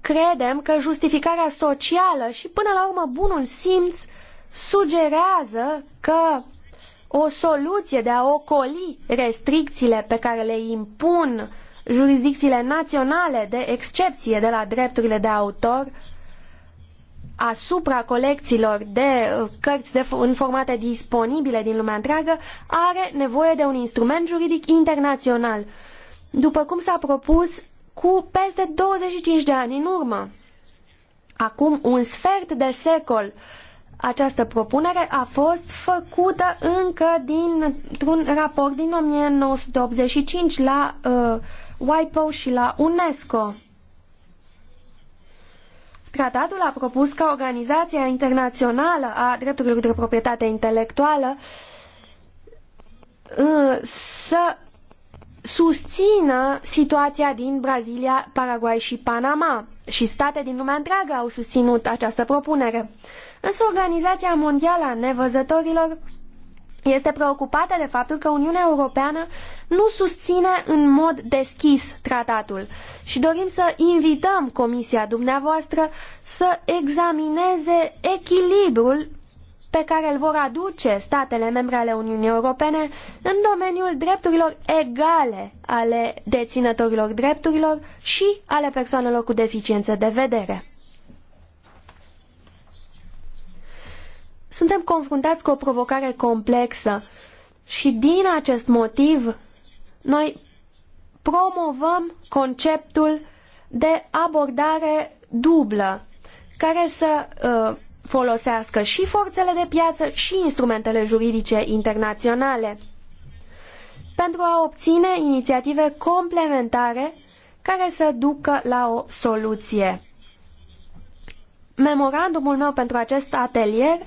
Credem că justificarea socială și până la urmă bunul simț sugerează că o soluție de a ocoli restricțiile pe care le impun jurisdicțiile naționale de excepție de la drepturile de autor asupra colecțiilor de uh, cărți de, în formate disponibile din lumea întreagă are nevoie de un instrument juridic internațional, după cum s-a propus cu peste 25 de ani în urmă. Acum un sfert de secol această propunere a fost făcută încă dintr-un raport din 1985 la uh, WIPO și la UNESCO. Tratatul a propus ca Organizația Internațională a Drepturilor de Proprietate Intelectuală uh, să susțină situația din Brazilia, Paraguay și Panama. Și state din lumea întreagă au susținut această propunere. Însă Organizația Mondială a Nevăzătorilor este preocupată de faptul că Uniunea Europeană nu susține în mod deschis tratatul și dorim să invităm Comisia dumneavoastră să examineze echilibrul pe care îl vor aduce statele membre ale Uniunii Europene în domeniul drepturilor egale ale deținătorilor drepturilor și ale persoanelor cu deficiențe de vedere. suntem confruntați cu o provocare complexă și din acest motiv noi promovăm conceptul de abordare dublă care să uh, folosească și forțele de piață și instrumentele juridice internaționale pentru a obține inițiative complementare care să ducă la o soluție. Memorandumul meu pentru acest atelier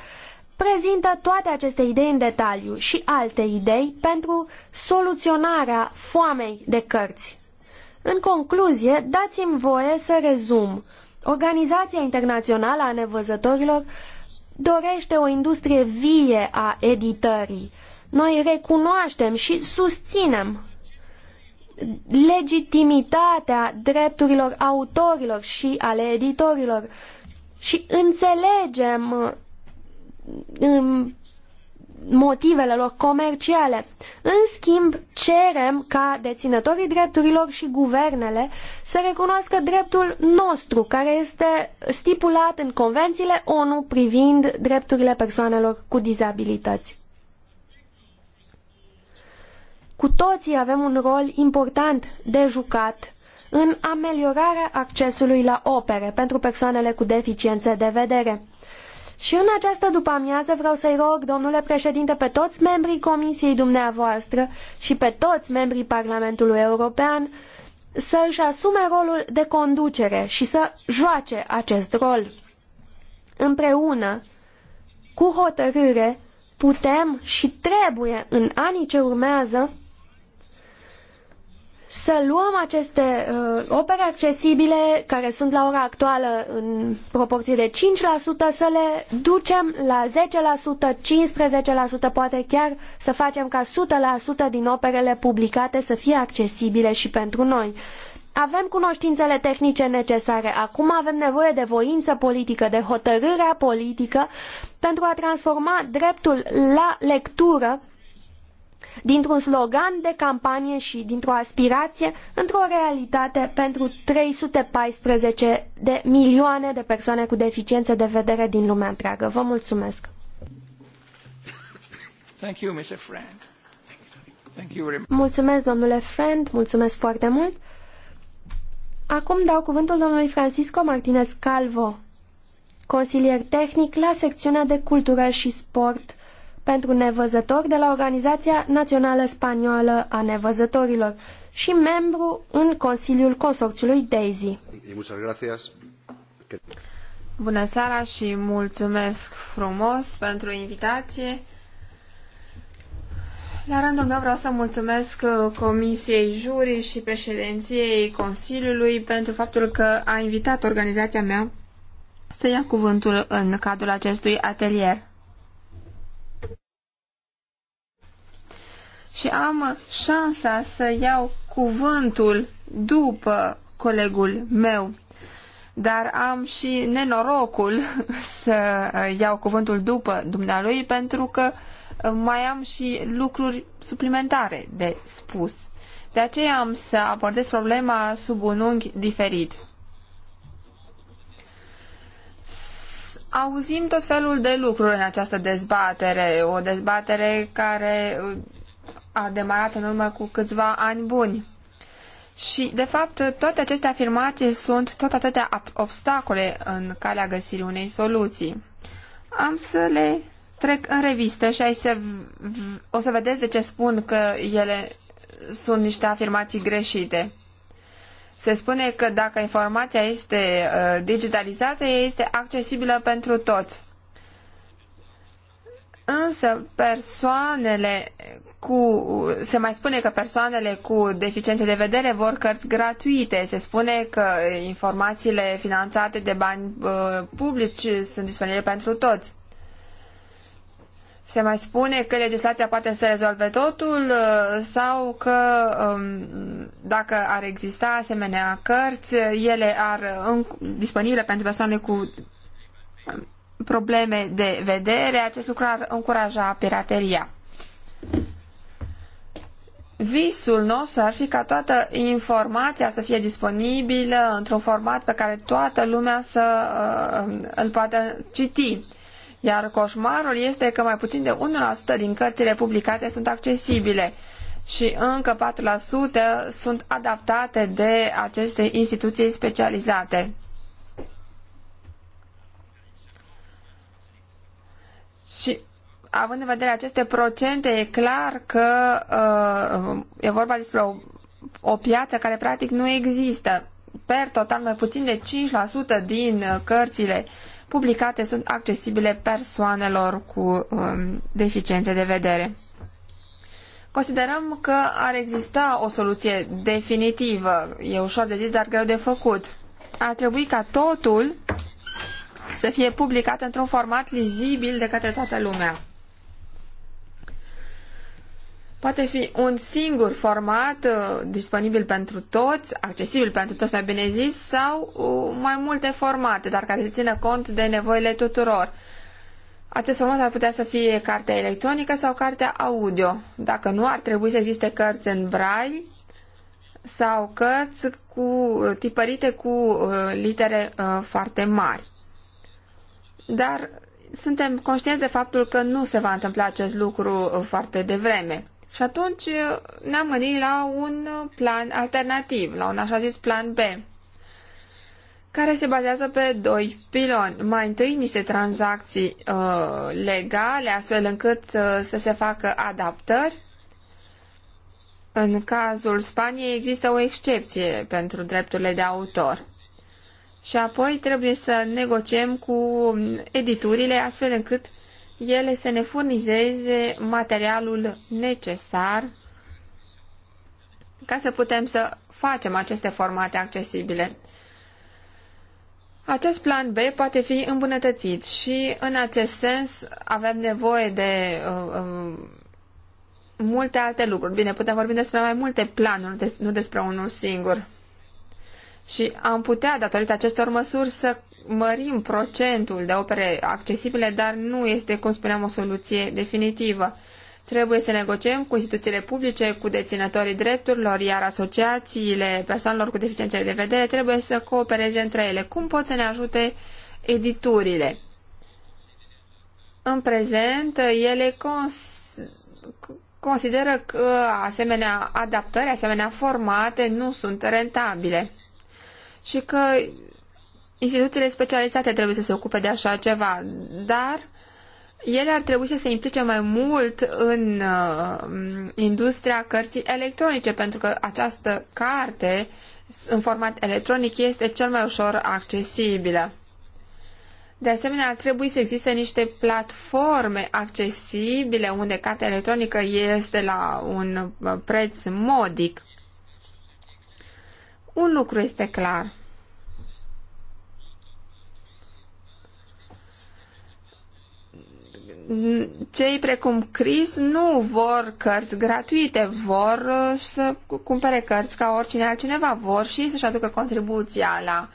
prezintă toate aceste idei în detaliu și alte idei pentru soluționarea foamei de cărți. În concluzie, dați-mi voie să rezum. Organizația Internațională a Nevăzătorilor dorește o industrie vie a editării. Noi recunoaștem și susținem legitimitatea drepturilor autorilor și ale editorilor și înțelegem motivele lor comerciale. În schimb, cerem ca deținătorii drepturilor și guvernele să recunoască dreptul nostru, care este stipulat în convențiile ONU privind drepturile persoanelor cu dizabilități. Cu toții avem un rol important de jucat în ameliorarea accesului la opere pentru persoanele cu deficiențe de vedere și în această după-amiază vreau să-i rog, domnule președinte, pe toți membrii comisiei dumneavoastră și pe toți membrii Parlamentului European să își asume rolul de conducere și să joace acest rol. Împreună, cu hotărâre, putem și trebuie în anii ce urmează să luăm aceste uh, opere accesibile, care sunt la ora actuală în proporție de 5%, să le ducem la 10%, 15%, poate chiar să facem ca 100% din operele publicate să fie accesibile și pentru noi. Avem cunoștințele tehnice necesare. Acum avem nevoie de voință politică, de hotărârea politică pentru a transforma dreptul la lectură dintr-un slogan de campanie și dintr-o aspirație într-o realitate pentru 314 de milioane de persoane cu deficiențe de vedere din lumea întreagă. Vă mulțumesc! Thank you, Mr. Friend. Thank you very much. Mulțumesc, domnule Friend, mulțumesc foarte mult. Acum dau cuvântul domnului Francisco Martinez Calvo, consilier tehnic la secțiunea de cultură și sport pentru nevăzători de la Organizația Națională Spaniolă a Nevăzătorilor și membru în Consiliul Consorțiului DAISY. Bună seara și mulțumesc frumos pentru invitație. La rândul meu vreau să mulțumesc uh, Comisiei Juri și președinției Consiliului pentru faptul că a invitat organizația mea să ia cuvântul în cadrul acestui atelier. și am șansa să iau cuvântul după colegul meu. Dar am și nenorocul să iau cuvântul după dumnealui pentru că mai am și lucruri suplimentare de spus. De aceea am să abordez problema sub un unghi diferit. Auzim tot felul de lucruri în această dezbatere, o dezbatere care a demarat în urmă cu câțiva ani buni. Și, de fapt, toate aceste afirmații sunt tot atâtea obstacole în calea găsirii unei soluții. Am să le trec în revistă și ai să, o să vedeți de ce spun că ele sunt niște afirmații greșite. Se spune că dacă informația este uh, digitalizată, ea este accesibilă pentru toți. Însă persoanele cu, se mai spune că persoanele cu deficiențe de vedere vor cărți gratuite. Se spune că informațiile finanțate de bani uh, publici sunt disponibile pentru toți. Se mai spune că legislația poate să rezolve totul uh, sau că um, dacă ar exista asemenea cărți, ele ar disponibile pentru persoane cu um, probleme de vedere, acest lucru ar încuraja pirateria. Visul nostru ar fi ca toată informația să fie disponibilă într-un format pe care toată lumea să uh, îl poată citi. Iar coșmarul este că mai puțin de 1% din cărțile publicate sunt accesibile și încă 4% sunt adaptate de aceste instituții specializate. Și având în vedere aceste procente, e clar că uh, e vorba despre o, o piață care practic nu există. Per total, mai puțin de 5% din cărțile publicate sunt accesibile persoanelor cu um, deficiențe de vedere. Considerăm că ar exista o soluție definitivă. E ușor de zis, dar greu de făcut. Ar trebui ca totul să fie publicat într-un format lizibil de către toată lumea poate fi un singur format uh, disponibil pentru toți, accesibil pentru toți, mai bine zis, sau uh, mai multe formate, dar care se țină cont de nevoile tuturor. Acest format ar putea să fie cartea electronică sau cartea audio. Dacă nu, ar trebui să existe cărți în braille sau cărți cu, uh, tipărite cu litere foarte mari. Dar suntem conștienți de faptul că nu se va întâmpla acest lucru foarte devreme. Și atunci uh, ne-am gândit la un uh, plan alternativ, la un așa zis plan B, care se bazează pe doi piloni. Mai întâi niște tranzacții uh, legale, astfel încât uh, să se facă adaptări. În cazul Spaniei există o excepție pentru drepturile de autor. Și apoi trebuie să negociem cu um, editurile astfel încât ele să ne furnizeze materialul necesar ca să putem să facem aceste formate accesibile. Acest plan B poate fi îmbunătățit și în acest sens avem nevoie de uh, um, multe alte lucruri. Bine, putem vorbi despre mai multe planuri, de, nu despre unul singur. Și am putea, datorită acestor măsuri, să mărim procentul de opere accesibile, dar nu este, cum spuneam, o soluție definitivă. Trebuie să negociem cu instituțiile publice, cu deținătorii drepturilor, iar asociațiile persoanelor cu deficiențe de vedere trebuie să coopereze între ele. Cum pot să ne ajute editurile? În prezent, ele cons- consideră că asemenea adaptări, asemenea formate nu sunt rentabile și că Instituțiile specializate trebuie să se ocupe de așa ceva, dar ele ar trebui să se implice mai mult în uh, industria cărții electronice, pentru că această carte în format electronic este cel mai ușor accesibilă. De asemenea, ar trebui să existe niște platforme accesibile unde cartea electronică este la un uh, preț modic. Un lucru este clar. cei precum Chris nu vor cărți gratuite, vor uh, să cumpere cărți ca oricine altcineva, vor și să-și aducă contribuția la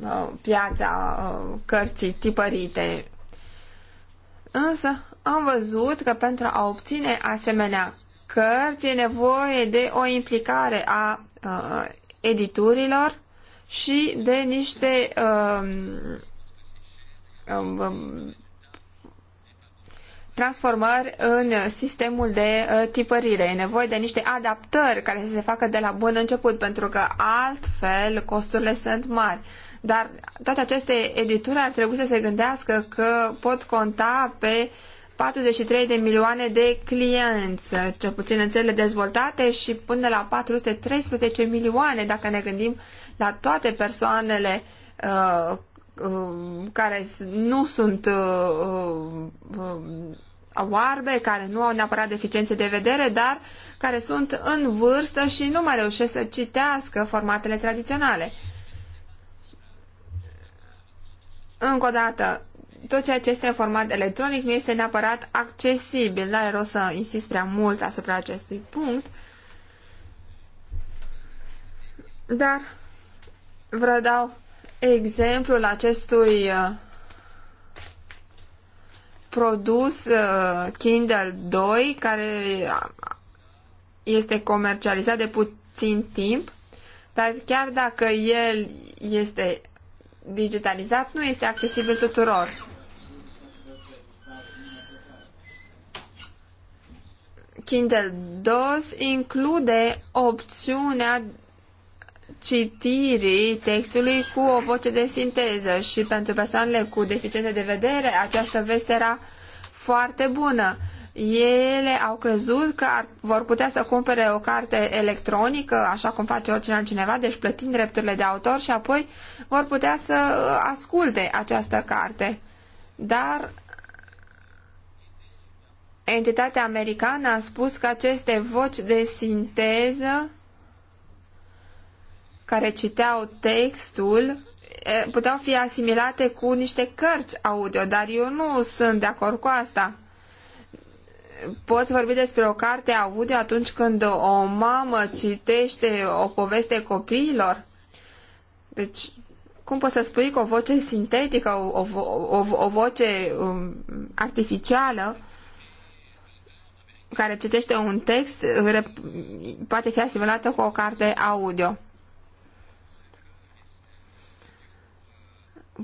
uh, piața uh, cărții tipărite. Însă am văzut că pentru a obține asemenea cărți e nevoie de o implicare a uh, editurilor și de niște um, um, transformări în sistemul de uh, tipărire. E nevoie de niște adaptări care să se facă de la bun început, pentru că altfel costurile sunt mari. Dar toate aceste edituri ar trebui să se gândească că pot conta pe 43 de milioane de clienți, cel puțin în țările dezvoltate, și până la 413 milioane, dacă ne gândim la toate persoanele uh, uh care nu sunt uh, uh, oarbe, care nu au neapărat deficiențe de vedere, dar care sunt în vârstă și nu mai reușesc să citească formatele tradiționale. Încă o dată, tot ceea ce este în format electronic nu este neapărat accesibil. Nu are rost să insist prea mult asupra acestui punct. Dar vă dau exemplul acestui uh, produs uh, Kindle 2 care este comercializat de puțin timp, dar chiar dacă el este digitalizat, nu este accesibil tuturor. Kindle DOS include opțiunea citirii textului cu o voce de sinteză și pentru persoanele cu deficiențe de vedere această veste era foarte bună. Ele au crezut că ar, vor putea să cumpere o carte electronică, așa cum face oricine altcineva, deci plătind drepturile de autor și apoi vor putea să asculte această carte. Dar entitatea americană a spus că aceste voci de sinteză care citeau textul puteau fi asimilate cu niște cărți audio, dar eu nu sunt de acord cu asta. Poți vorbi despre o carte audio atunci când o mamă citește o poveste copiilor? Deci, cum poți să spui că o voce sintetică, o, o, o, o voce um, artificială care citește un text poate fi asimilată cu o carte audio?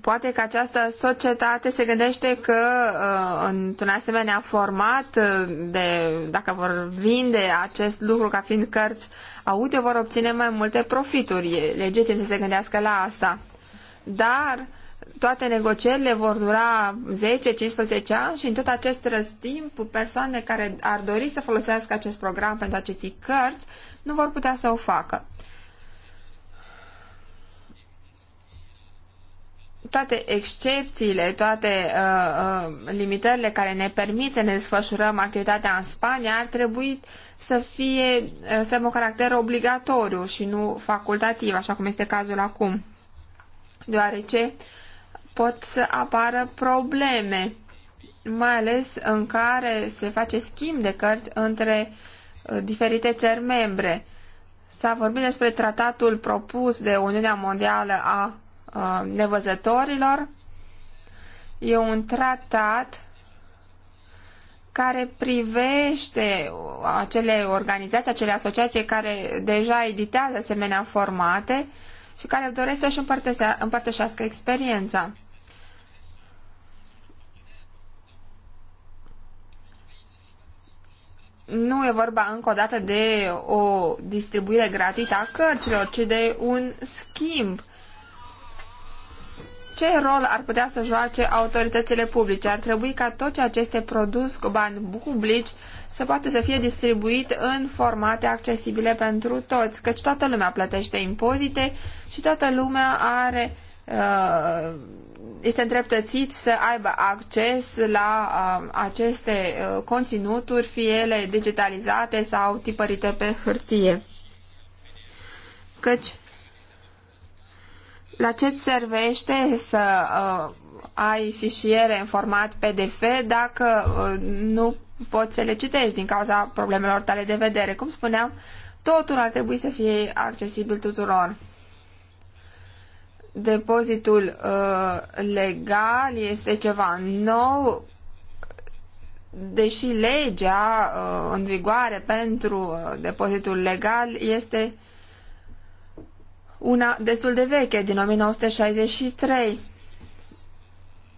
poate că această societate se gândește că uh, într-un asemenea format, uh, de, dacă vor vinde acest lucru ca fiind cărți audio, vor obține mai multe profituri. E legitim să se gândească la asta. Dar toate negocierile vor dura 10-15 ani și în tot acest răstimp persoane care ar dori să folosească acest program pentru a citi cărți nu vor putea să o facă. toate excepțiile, toate uh, uh, limitările care ne permit să ne desfășurăm activitatea în Spania ar trebui să fie uh, să aibă un caracter obligatoriu și nu facultativ, așa cum este cazul acum. Deoarece pot să apară probleme, mai ales în care se face schimb de cărți între uh, diferite țări membre. S-a vorbit despre tratatul propus de Uniunea Mondială a Uh, nevăzătorilor. E un tratat care privește acele organizații, acele asociații care deja editează asemenea formate și care doresc să-și împărtășească experiența. nu e vorba încă o dată de o distribuire gratuită a cărților, ci de un schimb ce rol ar putea să joace autoritățile publice? Ar trebui ca tot ceea ce este produs cu bani publici să poată să fie distribuit în formate accesibile pentru toți, căci toată lumea plătește impozite și toată lumea are uh, este îndreptățit să aibă acces la uh, aceste uh, conținuturi, fie ele digitalizate sau tipărite pe hârtie. Căci la ce servește să uh, ai fișiere în format PDF dacă uh, nu poți să le citești din cauza problemelor tale de vedere? Cum spuneam, totul ar trebui să fie accesibil tuturor. Depozitul uh, legal este ceva nou, deși legea uh, în vigoare pentru uh, depozitul legal este uh, una destul de veche, din 1963.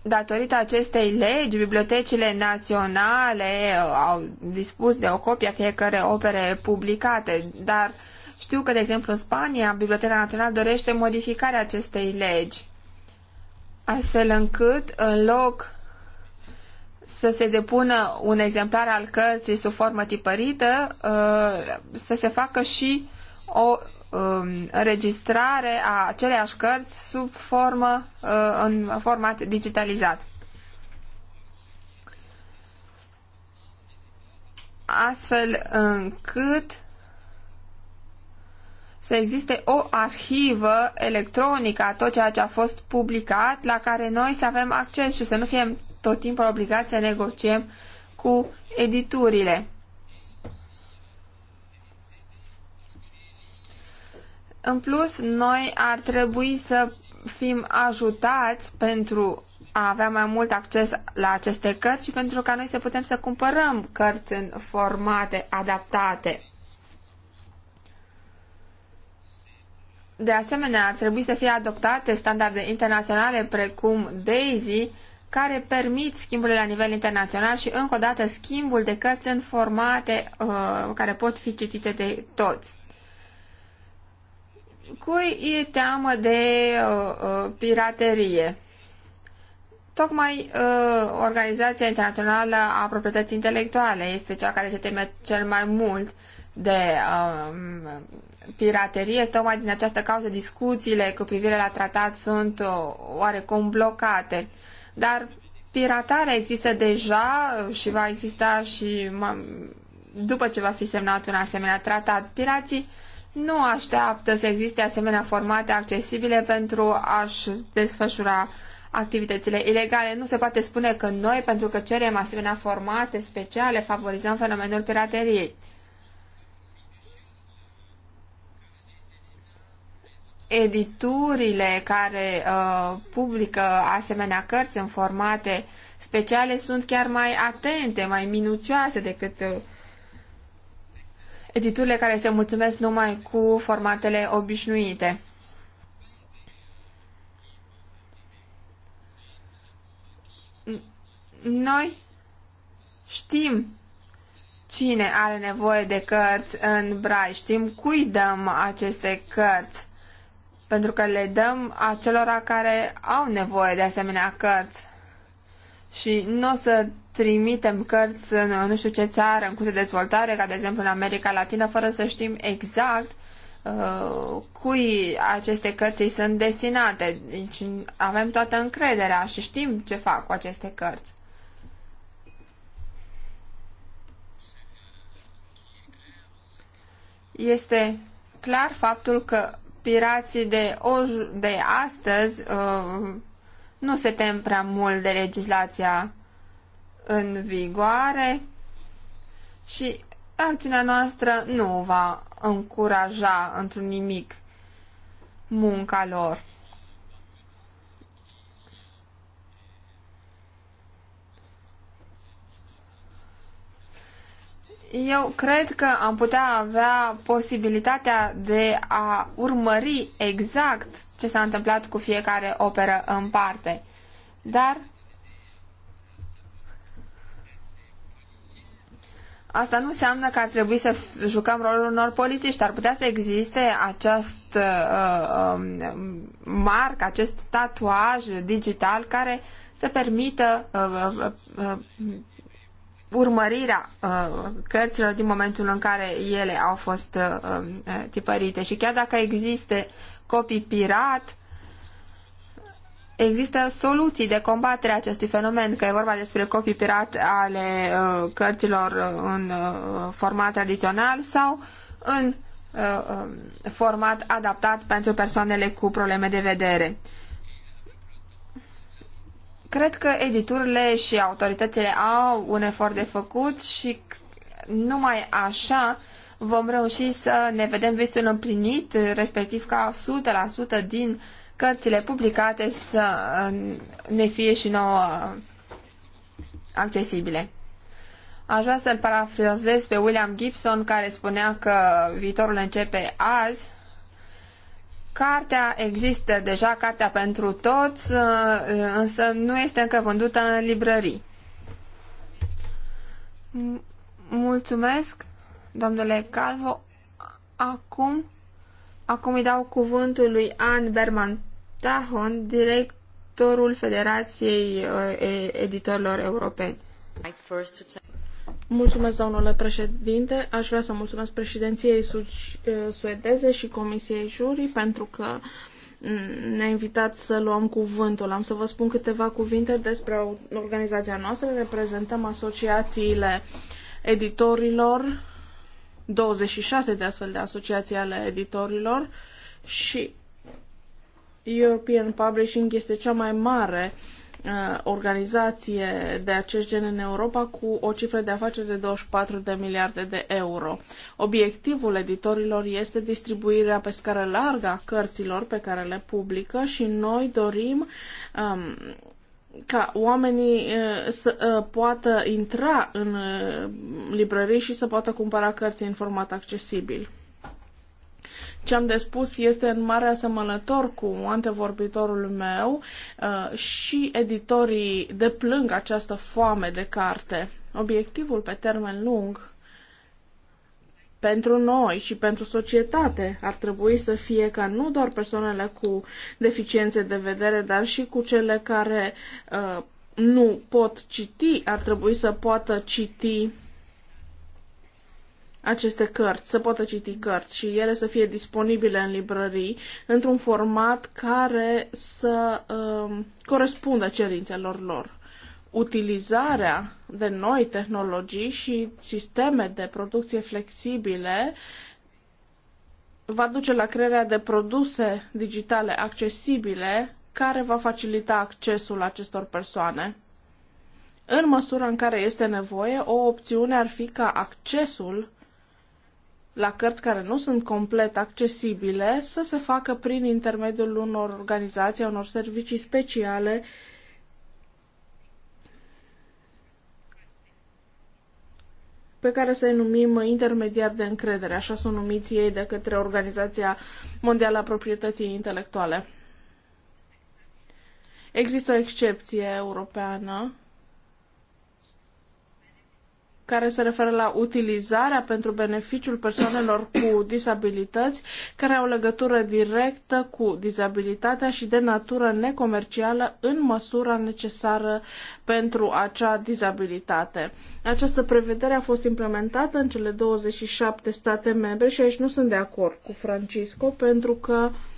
Datorită acestei legi, bibliotecile naționale uh, au dispus de o copie a fiecare opere publicate, dar știu că, de exemplu, în Spania, Biblioteca Națională dorește modificarea acestei legi, astfel încât, în loc să se depună un exemplar al cărții sub formă tipărită, uh, să se facă și o Um, înregistrare a aceleiași cărți sub formă, uh, în format digitalizat. Astfel încât să existe o arhivă electronică a tot ceea ce a fost publicat, la care noi să avem acces și să nu fim tot timpul obligați să negociem cu editurile. În plus, noi ar trebui să fim ajutați pentru a avea mai mult acces la aceste cărți și pentru ca noi să putem să cumpărăm cărți în formate adaptate. De asemenea, ar trebui să fie adoptate standarde internaționale precum DAISY, care permit schimbul la nivel internațional și, încă o dată, schimbul de cărți în formate uh, care pot fi citite de toți. Cui e teamă de uh, uh, piraterie? Tocmai uh, Organizația Internațională a Proprietății Intelectuale este cea care se teme cel mai mult de uh, piraterie. Tocmai din această cauză discuțiile cu privire la tratat sunt uh, oarecum blocate. Dar piratarea există deja uh, și va exista și după ce va fi semnat un asemenea tratat. Pirații uh, nu așteaptă să existe asemenea formate accesibile pentru a-și desfășura activitățile ilegale. Nu se poate spune că noi, pentru că cerem asemenea formate speciale, favorizăm fenomenul pirateriei. editurile care uh, publică asemenea cărți în formate speciale sunt chiar mai atente, mai minucioase decât uh, editurile care se mulțumesc numai cu formatele obișnuite. Noi știm cine are nevoie de cărți în brai, știm cui dăm aceste cărți, pentru că le dăm acelora care au nevoie de asemenea cărți. Și nu o să trimitem cărți în nu știu ce țară în curs de dezvoltare, ca de exemplu în America Latină, fără să știm exact uh, cui aceste cărți sunt destinate. Deci avem toată încrederea și știm ce fac cu aceste cărți. Este clar faptul că pirații de, o, de astăzi uh, nu se tem prea mult de legislația în vigoare și acțiunea noastră nu va încuraja într-un nimic munca lor. Eu cred că am putea avea posibilitatea de a urmări exact ce s-a întâmplat cu fiecare operă în parte. Dar Asta nu înseamnă că ar trebui să jucăm rolul unor polițiști. Ar putea să existe acest uh, uh, marc, acest tatuaj digital care să permită uh, uh, uh, urmărirea uh, cărților din momentul în care ele au fost uh, uh tipărite. Și chiar dacă există copii pirat, Există soluții de combatere a acestui fenomen, că e vorba despre copii pirat ale uh, cărților în uh, format tradițional sau în uh, um, format adaptat pentru persoanele cu probleme de vedere. Cred că editurile și autoritățile au un efort de făcut și numai așa vom reuși să ne vedem visul împlinit, respectiv ca 100% din uh, cărțile publicate să uh, ne fie și nouă accesibile. Aș vrea să-l parafrazez pe William Gibson care spunea că viitorul începe azi. Cartea există deja, cartea pentru toți, uh, însă nu este încă vândută în librării. Mulțumesc, domnule Calvo. Acum, acum îi dau cuvântul lui Anne Berman Stahon, directorul Federației uh, Editorilor Europeni. Mulțumesc, domnule președinte. Aș vrea să mulțumesc președinției uh, suedeze și Comisiei Juri pentru că mm, ne-a invitat să luăm cuvântul. Am să vă spun câteva cuvinte despre organizația noastră. Reprezentăm asociațiile editorilor, 26 de astfel de asociații ale editorilor și European Publishing este cea mai mare uh, organizație de acest gen în Europa cu o cifră de afaceri de 24 de miliarde de euro. Obiectivul editorilor este distribuirea pe scară largă a cărților pe care le publică și noi dorim um, ca oamenii uh, să uh, poată intra în uh, librării și să poată cumpăra cărți în format accesibil. Ce am de spus este în mare asemănător cu antevorbitorul meu uh, și editorii deplâng această foame de carte. Obiectivul pe termen lung pentru noi și pentru societate ar trebui să fie ca nu doar persoanele cu deficiențe de vedere, dar și cu cele care uh, nu pot citi, ar trebui să poată citi aceste cărți, să poată citi cărți și ele să fie disponibile în librării într-un format care să uh, corespundă cerințelor lor. Utilizarea de noi tehnologii și sisteme de producție flexibile va duce la crearea de produse digitale accesibile care va facilita accesul acestor persoane. În măsura în care este nevoie, o opțiune ar fi ca accesul la cărți care nu sunt complet accesibile să se facă prin intermediul unor organizații, unor servicii speciale pe care să-i numim intermediar de încredere, așa sunt numiți ei de către Organizația Mondială a Proprietății Intelectuale. Există o excepție europeană care se referă la utilizarea pentru beneficiul persoanelor cu disabilități care au legătură directă cu dizabilitatea și de natură necomercială în măsura necesară pentru acea dizabilitate. Această prevedere a fost implementată în cele 27 state membre și aici nu sunt de acord cu Francisco pentru că uh,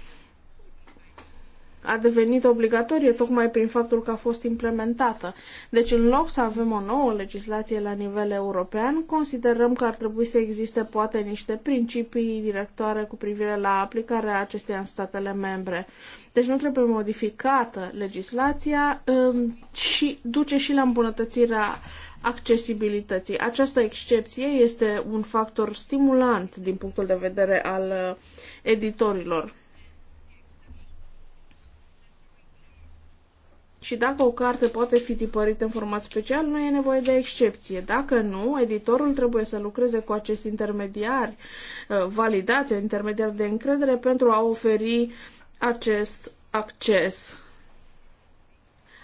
a devenit obligatorie tocmai prin faptul că a fost implementată. Deci, în loc să avem o nouă legislație la nivel european, considerăm că ar trebui să existe poate niște principii directoare cu privire la aplicarea acesteia în statele membre. Deci nu trebuie modificată legislația um, și duce și la îmbunătățirea accesibilității. Această excepție este un factor stimulant din punctul de vedere al uh, editorilor. și dacă o carte poate fi tipărită în format special, nu e nevoie de excepție. Dacă nu, editorul trebuie să lucreze cu acest intermediar, uh, validație, intermediar de încredere pentru a oferi acest acces.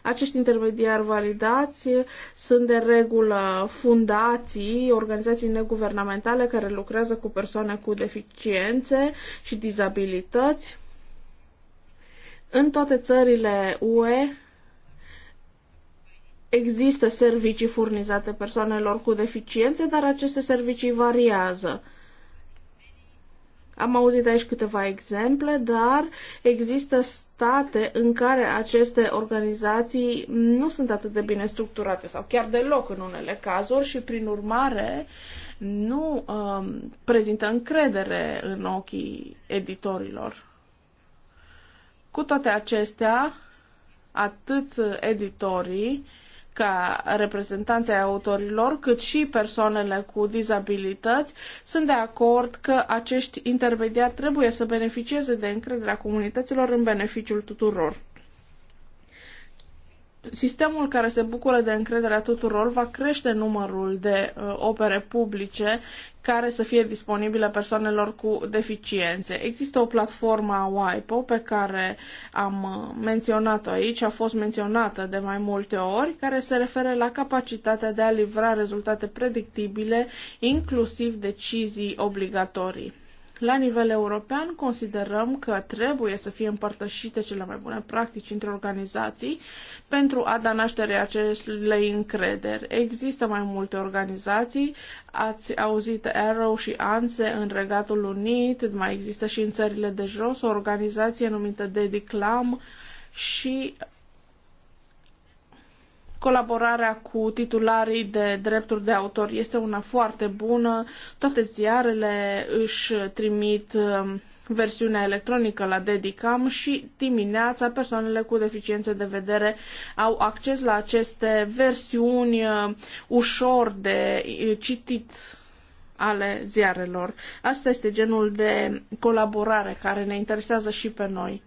Acești intermediari validați sunt de regulă fundații, organizații neguvernamentale care lucrează cu persoane cu deficiențe și dizabilități. În toate țările UE Există servicii furnizate persoanelor cu deficiențe, dar aceste servicii variază. Am auzit aici câteva exemple, dar există state în care aceste organizații nu sunt atât de bine structurate sau chiar deloc în unele cazuri și, prin urmare, nu um, prezintă încredere în ochii editorilor. Cu toate acestea, atât editorii ca reprezentanții autorilor, cât și persoanele cu dizabilități, sunt de acord că acești intermediari trebuie să beneficieze de încrederea comunităților în beneficiul tuturor sistemul care se bucură de încrederea tuturor va crește numărul de uh, opere publice care să fie disponibile persoanelor cu deficiențe. Există o platformă a WIPO pe care am uh, menționat-o aici, a fost menționată de mai multe ori, care se referă la capacitatea de a livra rezultate predictibile, inclusiv decizii obligatorii. La nivel european, considerăm că trebuie să fie împărtășite cele mai bune practici între organizații pentru a da naștere acestei încrederi. Există mai multe organizații, ați auzit Arrow și ANSE în Regatul Unit, mai există și în țările de jos o organizație numită Dediclam și Colaborarea cu titularii de drepturi de autor este una foarte bună. Toate ziarele își trimit um, versiunea electronică la Dedicam și dimineața persoanele cu deficiențe de vedere au acces la aceste versiuni um, ușor de uh, citit ale ziarelor. Asta este genul de colaborare care ne interesează și pe noi.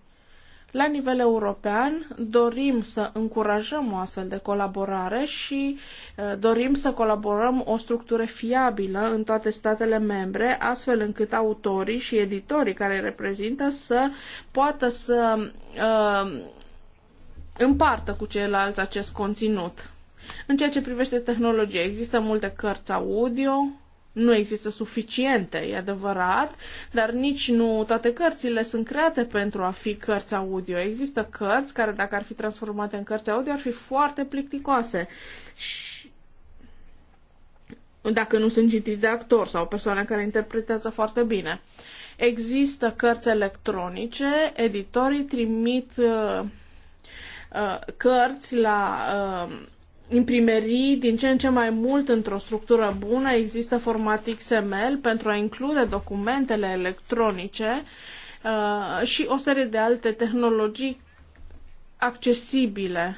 La nivel european dorim să încurajăm o astfel de colaborare și uh, dorim să colaborăm o structură fiabilă în toate statele membre, astfel încât autorii și editorii care reprezintă să poată să uh, împartă cu ceilalți acest conținut. În ceea ce privește tehnologia, există multe cărți audio, nu există suficiente, e adevărat, dar nici nu toate cărțile sunt create pentru a fi cărți audio. Există cărți care, dacă ar fi transformate în cărți audio, ar fi foarte plicticoase. Și dacă nu sunt citiți de actor sau persoane care interpretează foarte bine. Există cărți electronice, editorii trimit uh, uh, cărți la uh, imprimerii din ce în ce mai mult într-o structură bună. Există format XML pentru a include documentele electronice uh, și o serie de alte tehnologii accesibile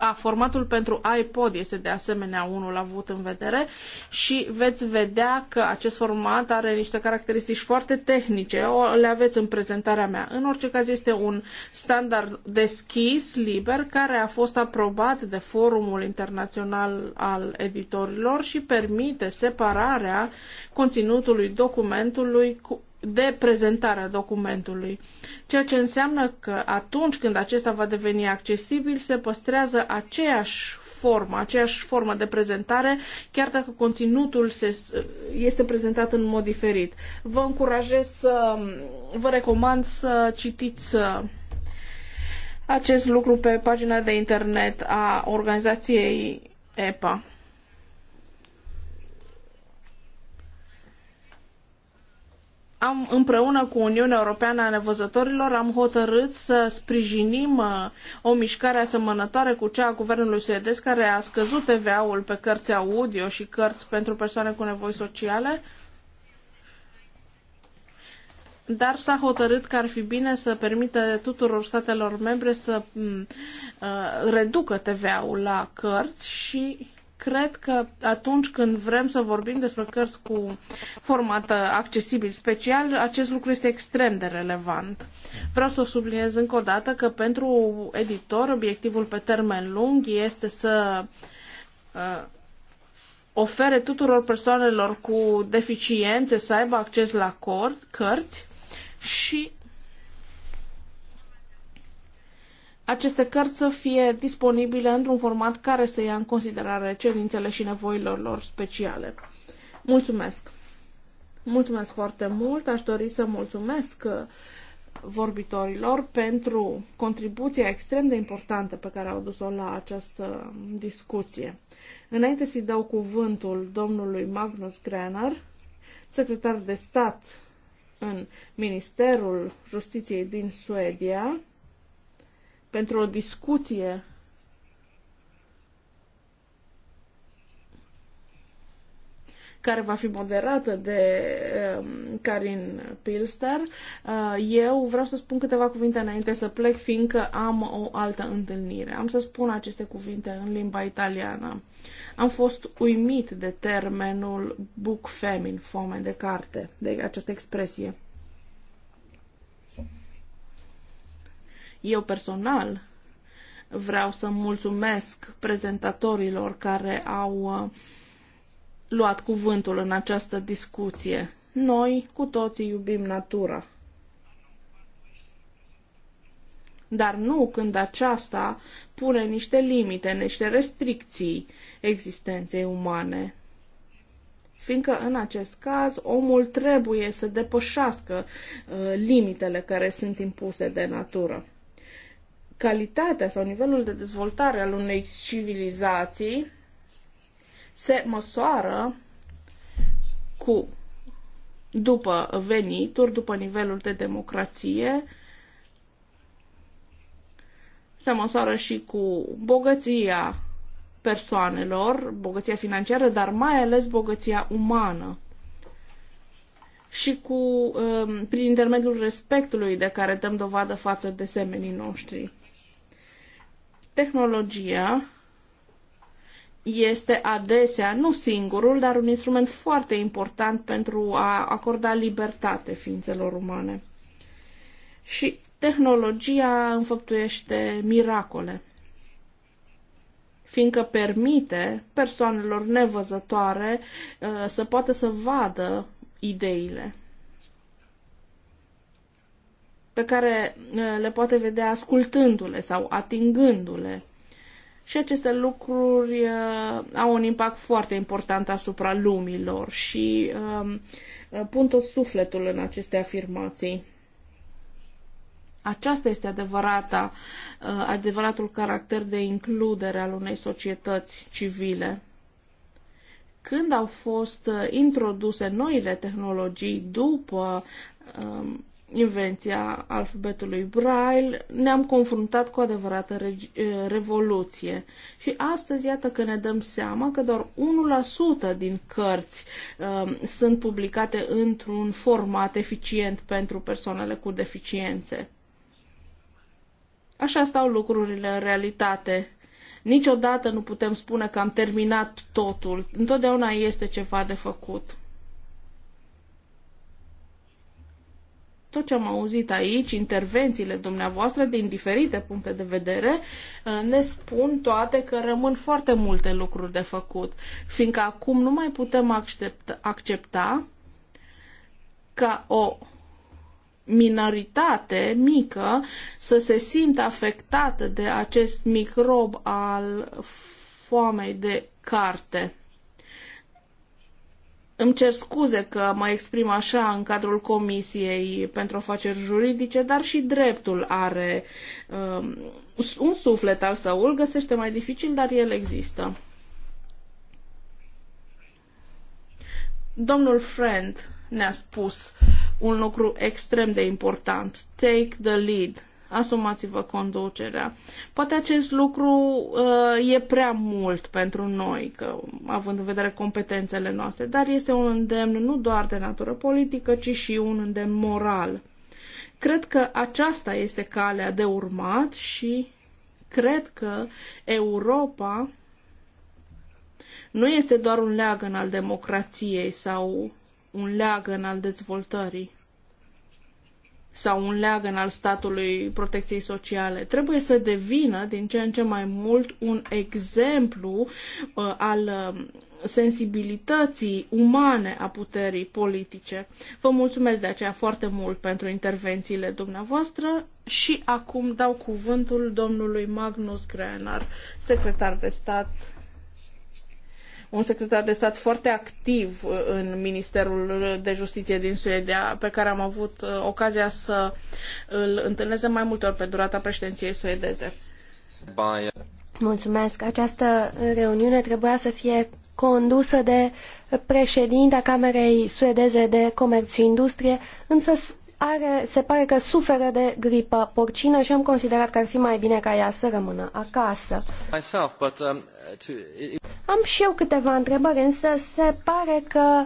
a, formatul pentru iPod este de asemenea unul avut în vedere și veți vedea că acest format are niște caracteristici foarte tehnice, o, le aveți în prezentarea mea. În orice caz este un standard deschis, liber, care a fost aprobat de Forumul Internațional al Editorilor și permite separarea conținutului documentului cu de prezentarea documentului, ceea ce înseamnă că atunci când acesta va deveni accesibil, se păstrează aceeași formă, aceeași formă de prezentare, chiar dacă conținutul se, este prezentat în mod diferit. Vă încurajez să vă recomand să citiți uh, acest lucru pe pagina de internet a organizației EPA. am, împreună cu Uniunea Europeană a Nevăzătorilor am hotărât să sprijinim uh, o mișcare asemănătoare cu cea a guvernului suedez care a scăzut TVA-ul pe cărți audio și cărți pentru persoane cu nevoi sociale. Dar s-a hotărât că ar fi bine să permită tuturor statelor membre să mm, uh, reducă TVA-ul la cărți și cred că atunci când vrem să vorbim despre cărți cu format accesibil special, acest lucru este extrem de relevant. Vreau să subliniez încă o dată că pentru editor obiectivul pe termen lung este să uh, ofere tuturor persoanelor cu deficiențe să aibă acces la cort, cărți și aceste cărți să fie disponibile într-un format care să ia în considerare cerințele și nevoilor lor speciale. Mulțumesc! Mulțumesc foarte mult! Aș dori să mulțumesc uh, vorbitorilor pentru contribuția extrem de importantă pe care au dus o la această discuție. Înainte să-i dau cuvântul domnului Magnus Grenner, secretar de stat în Ministerul Justiției din Suedia, pentru o discuție care va fi moderată de um, Karin Pilster. Uh, eu vreau să spun câteva cuvinte înainte să plec, fiindcă am o altă întâlnire. Am să spun aceste cuvinte în limba italiană. Am fost uimit de termenul book famine, foame de carte, de această expresie. Eu personal vreau să mulțumesc prezentatorilor care au uh, luat cuvântul în această discuție. Noi cu toții iubim natura. Dar nu când aceasta pune niște limite, niște restricții existenței umane fiindcă în acest caz omul trebuie să depășească uh, limitele care sunt impuse de natură calitatea sau nivelul de dezvoltare al unei civilizații se măsoară cu după venituri, după nivelul de democrație, se măsoară și cu bogăția persoanelor, bogăția financiară, dar mai ales bogăția umană și cu, um, prin intermediul respectului de care dăm dovadă față de semenii noștri. Tehnologia este adesea, nu singurul, dar un instrument foarte important pentru a acorda libertate ființelor umane. Și tehnologia înfăptuiește miracole, fiindcă permite persoanelor nevăzătoare uh, să poată să vadă ideile pe care uh, le poate vedea ascultându-le sau atingându-le. Și aceste lucruri uh, au un impact foarte important asupra lumilor și um, uh, pun tot sufletul în aceste afirmații. Aceasta este adevărata, uh, adevăratul caracter de includere al unei societăți civile. Când au fost uh, introduse noile tehnologii după um, invenția alfabetului Braille, ne-am confruntat cu o adevărată re- revoluție. Și astăzi, iată că ne dăm seama că doar 1% din cărți uh, sunt publicate într-un format eficient pentru persoanele cu deficiențe. Așa stau lucrurile în realitate. Niciodată nu putem spune că am terminat totul. Întotdeauna este ceva de făcut. tot ce am auzit aici, intervențiile dumneavoastră din diferite puncte de vedere, uh, ne spun toate că rămân foarte multe lucruri de făcut, fiindcă acum nu mai putem accepta, accepta ca o minoritate mică să se simtă afectată de acest microb al foamei de carte. Îmi cer scuze că mă exprim așa în cadrul Comisiei pentru Afaceri Juridice, dar și dreptul are uh, un suflet al său. Îl găsește mai dificil, dar el există. Domnul Friend ne-a spus un lucru extrem de important. Take the lead asumați-vă conducerea. Poate acest lucru uh, e prea mult pentru noi, că, având în vedere competențele noastre, dar este un îndemn nu doar de natură politică, ci și un îndemn moral. Cred că aceasta este calea de urmat și cred că Europa nu este doar un leagăn al democrației sau un leagăn al dezvoltării sau un leagăn al statului protecției sociale. Trebuie să devină din ce în ce mai mult un exemplu uh, al uh, sensibilității umane a puterii politice. Vă mulțumesc de aceea foarte mult pentru intervențiile dumneavoastră și acum dau cuvântul domnului Magnus Grenar, secretar de stat un secretar de stat foarte activ uh, în Ministerul de Justiție din Suedia, pe care am avut uh, ocazia să îl întâlnesc mai multe ori pe durata președinției suedeze. Bye. Mulțumesc. Această reuniune trebuia să fie condusă de președinta Camerei Suedeze de Comerț și Industrie, însă are, se pare că suferă de gripă porcină și am considerat că ar fi mai bine ca ea să rămână acasă. Um, am și eu câteva întrebări, însă se pare că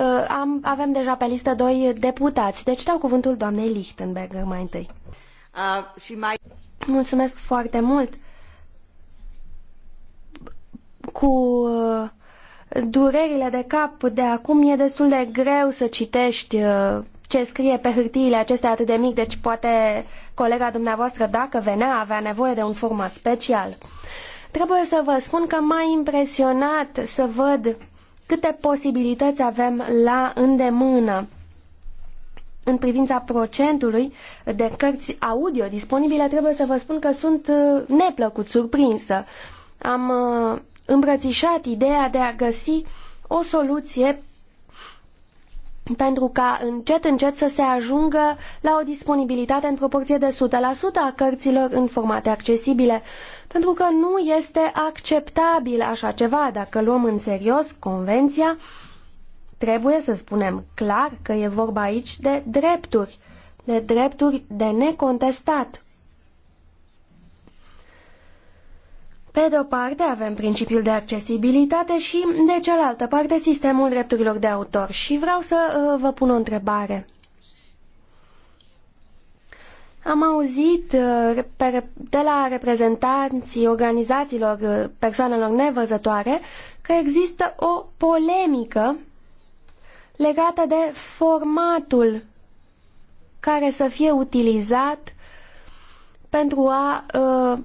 uh, am, avem deja pe listă doi deputați. Deci dau cuvântul doamnei Lichtenberger mai întâi. Uh, și mai... Mulțumesc foarte mult. Cu uh, durerile de cap de acum e destul de greu să citești uh, ce scrie pe hârtiile acestea atât de mic, deci poate colega dumneavoastră, dacă venea, avea nevoie de un format special. Trebuie să vă spun că m-a impresionat să văd câte posibilități avem la îndemână în privința procentului de cărți audio disponibile, trebuie să vă spun că sunt uh, neplăcut surprinsă. Am uh, îmbrățișat ideea de a găsi o soluție pentru ca încet, încet să se ajungă la o disponibilitate în proporție de 100% a cărților în formate accesibile, pentru că nu este acceptabil așa ceva. Dacă luăm în serios convenția, trebuie să spunem clar că e vorba aici de drepturi, de drepturi de necontestat. Pe de o parte avem principiul de accesibilitate și de cealaltă parte sistemul drepturilor de autor și vreau să uh, vă pun o întrebare. Am auzit uh, de la reprezentanții organizațiilor uh, persoanelor nevăzătoare că există o polemică legată de formatul care să fie utilizat pentru a uh,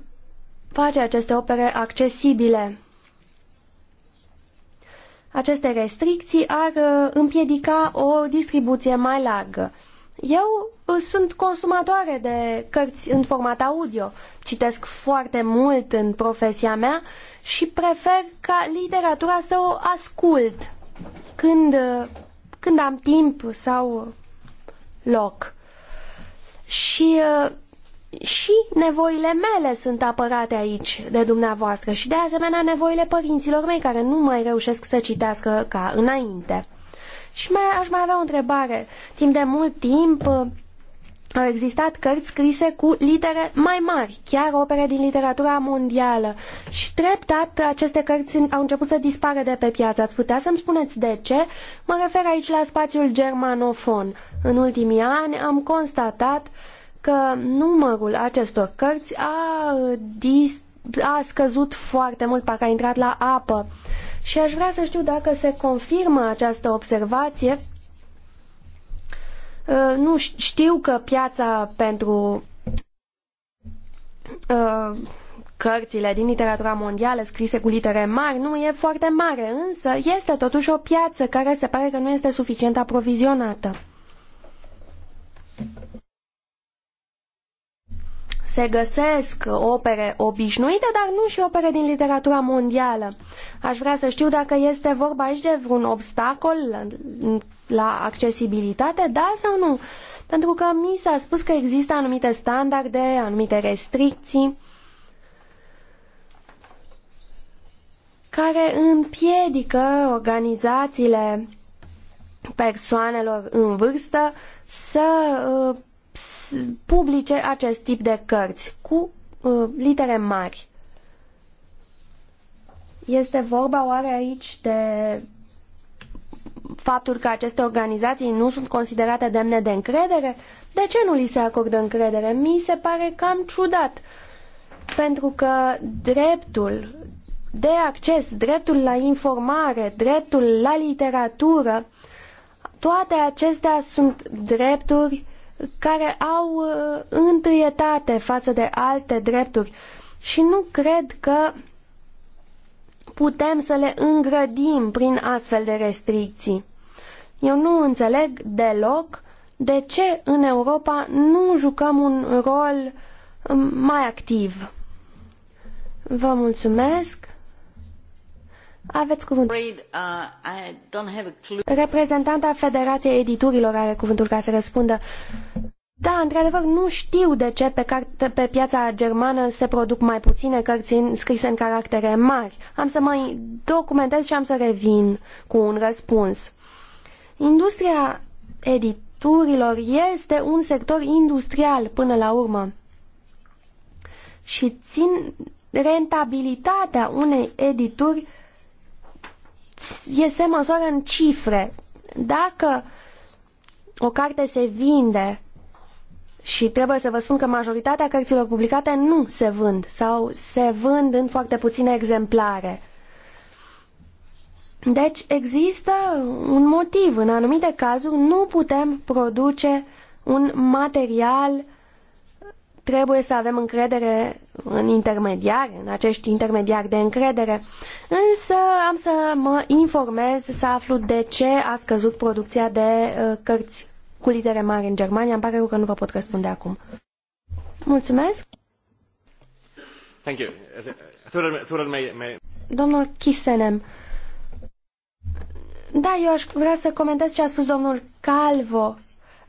face aceste opere accesibile. Aceste restricții ar uh, împiedica o distribuție mai largă. Eu uh, sunt consumatoare de cărți în format audio, citesc foarte mult în profesia mea și prefer ca literatura să o ascult când, uh, când am timp sau loc. Și și nevoile mele sunt apărate aici de dumneavoastră și de asemenea nevoile părinților mei care nu mai reușesc să citească ca înainte. Și mai, aș mai avea o întrebare. Timp de mult timp uh, au existat cărți scrise cu litere mai mari, chiar opere din literatura mondială. Și treptat aceste cărți au început să dispară de pe piață. Ați putea să-mi spuneți de ce? Mă refer aici la spațiul germanofon. În ultimii ani am constatat uh, că numărul acestor cărți a, dis, a scăzut foarte mult, parcă a intrat la apă. Și aș vrea să știu dacă se confirmă această observație. Uh, nu știu că piața pentru uh, cărțile din literatura mondială scrise cu litere mari nu e foarte mare, însă este totuși o piață care se pare că nu este suficient aprovizionată se găsesc opere obișnuite, dar nu și opere din literatura mondială. Aș vrea să știu dacă este vorba aici de vreun obstacol la accesibilitate, da sau nu. Pentru că mi s-a spus că există anumite standarde, anumite restricții care împiedică organizațiile persoanelor în vârstă să uh, publice acest tip de cărți cu uh, litere mari. Este vorba oare aici de faptul că aceste organizații nu sunt considerate demne de încredere? De ce nu li se acordă încredere? Mi se pare cam ciudat. Pentru că dreptul de acces, dreptul la informare, dreptul la literatură, toate acestea sunt drepturi care au uh, întâietate față de alte drepturi și nu cred că putem să le îngrădim prin astfel de restricții. Eu nu înțeleg deloc de ce în Europa nu jucăm un rol um, mai activ. Vă mulțumesc! Aveți cuvântul. Uh, Reprezentanta Federației Editurilor are cuvântul ca să răspundă. Da, într-adevăr, nu știu de ce pe, carte, pe piața germană se produc mai puține cărți scrise în caractere mari. Am să mai documentez și am să revin cu un răspuns. Industria editurilor este un sector industrial până la urmă. Și țin rentabilitatea unei edituri se măsoară în cifre. Dacă o carte se vinde și trebuie să vă spun că majoritatea cărților publicate nu se vând sau se vând în foarte puține exemplare. Deci există un motiv. În anumite cazuri nu putem produce un material. Trebuie să avem încredere în intermediari, în acești intermediari de încredere, însă am să mă informez să aflu de ce a scăzut producția de uh, cărți cu litere mari în Germania. Îmi pare rău că nu vă pot răspunde acum. Mulțumesc! Thank you. Domnul Kisenem, da, eu aș vrea să comentez ce a spus domnul Calvo.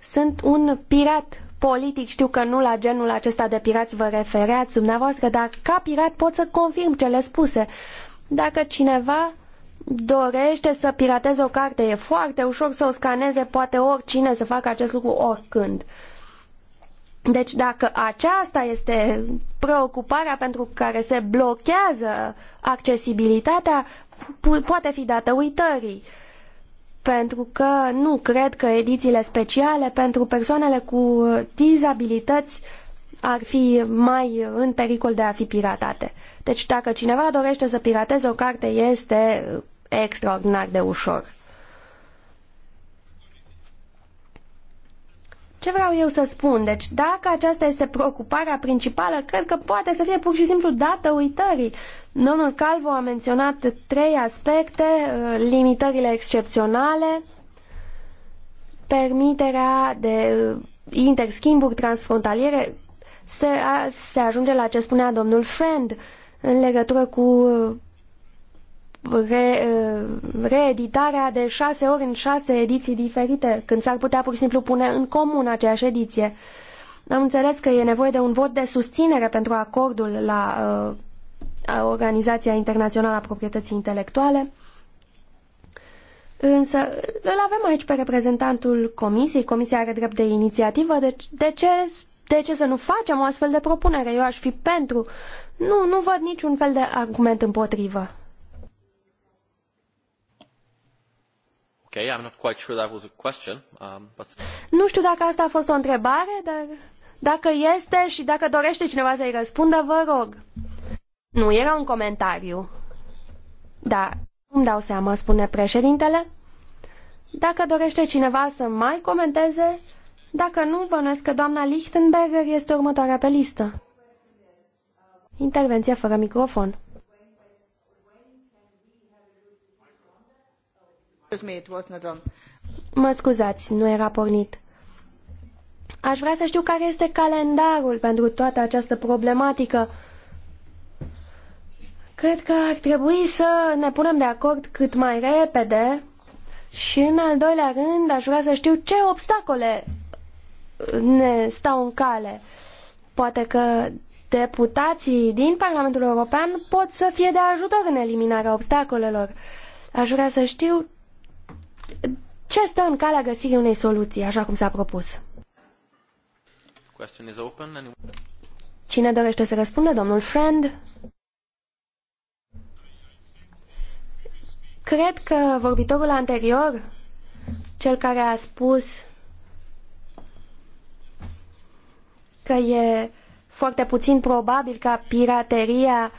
Sunt un pirat politic. Știu că nu la genul acesta de pirați vă refereați dumneavoastră, dar ca pirat pot să confirm cele spuse. Dacă cineva dorește să pirateze o carte, e foarte ușor să o scaneze, poate oricine să facă acest lucru oricând. Deci dacă aceasta este preocuparea pentru care se blochează accesibilitatea, poate fi dată uitării. Uh, pentru că nu cred că edițiile speciale pentru persoanele cu dizabilități ar fi mai în pericol de a fi piratate. Deci dacă cineva dorește să pirateze o carte, este extraordinar de ușor. Ce vreau eu să spun? Deci, dacă aceasta este preocuparea principală, cred că poate să fie pur și simplu dată uitării. Domnul Calvo a menționat trei aspecte, uh, limitările excepționale, permiterea de uh, interschimburi transfrontaliere, se, a, se ajunge la ce spunea domnul Friend în legătură cu uh, re, uh, reeditarea de șase ori în șase ediții diferite, când s-ar putea pur și simplu pune în comun aceeași ediție. Am înțeles că e nevoie de un vot de susținere pentru acordul la uh, Organizația Internațională a Proprietății Intelectuale. Însă îl avem aici pe reprezentantul comisiei, comisia are drept de inițiativă, deci de ce, de ce să nu facem o astfel de propunere? Eu aș fi pentru. Nu, nu văd niciun fel de argument împotrivă. Okay, I'm not quite sure that was a question, um, but... Nu știu dacă asta a fost o întrebare, dar dacă este și dacă dorește cineva să-i răspundă, vă rog. Nu, era un comentariu. Da, îmi dau seama, spune președintele. Dacă dorește cineva să mai comenteze, dacă nu, bănuiesc că doamna Lichtenberger este următoarea pe listă. Intervenție fără microfon. Mă scuzați, nu era pornit. Aș vrea să știu care este calendarul pentru toată această problematică. Cred că ar trebui să ne punem de acord cât mai repede și în al doilea rând aș vrea să știu ce obstacole ne stau în cale. Poate că deputații din Parlamentul European pot să fie de ajutor în eliminarea obstacolelor. Aș vrea să știu ce stă în calea găsirii unei soluții, așa cum s-a propus? Cine dorește să răspundă? Domnul Friend? Cred că vorbitorul anterior, cel care a spus că e foarte puțin probabil ca pirateria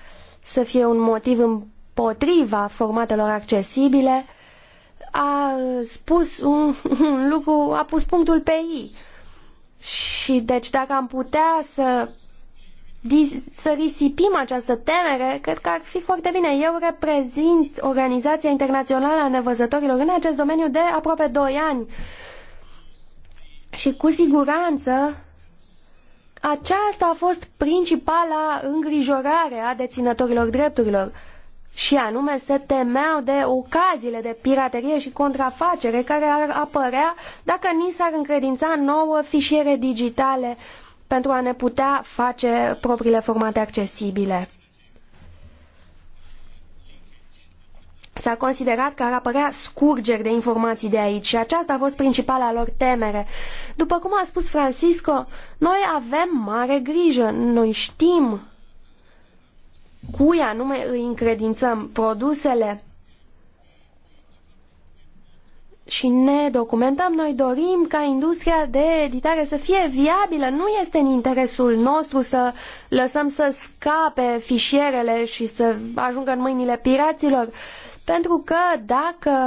să fie un motiv împotriva formatelor accesibile, a spus un, un lucru, a pus punctul pe I. Și deci dacă am putea să să risipim această temere, cred că ar fi foarte bine. Eu reprezint Organizația Internațională a Nevăzătorilor în acest domeniu de aproape 2 ani. Și cu siguranță aceasta a fost principala îngrijorare a deținătorilor drepturilor și anume se temeau de ocaziile de piraterie și contrafacere care ar apărea dacă ni s-ar încredința nouă fișiere digitale pentru a ne putea face propriile formate accesibile. S-a considerat că ar apărea scurgeri de informații de aici și aceasta a fost principala lor temere. După cum a spus Francisco, noi avem mare grijă, noi știm cui anume îi încredințăm produsele și ne documentăm, noi dorim ca industria de editare să fie viabilă. Nu este în interesul nostru să lăsăm să scape fișierele și să ajungă în mâinile piraților, pentru că dacă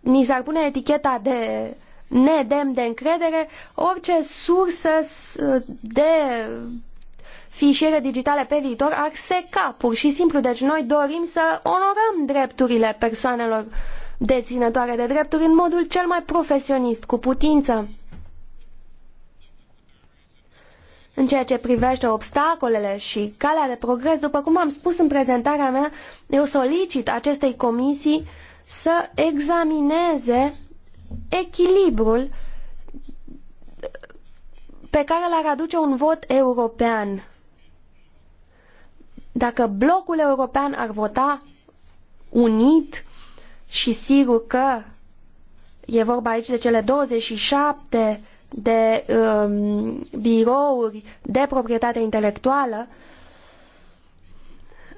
ni s-ar pune eticheta de nedemn de încredere, orice sursă de fișiere digitale pe viitor ar seca pur și simplu. Deci noi dorim să onorăm drepturile persoanelor deținătoare de drepturi în modul cel mai profesionist cu putință. În ceea ce privește obstacolele și calea de progres, după cum am spus în prezentarea mea, eu solicit acestei comisii să examineze echilibrul pe care l-ar aduce un vot european. Dacă blocul european ar vota unit și sigur că e vorba aici de cele 27 de um, birouri de proprietate intelectuală,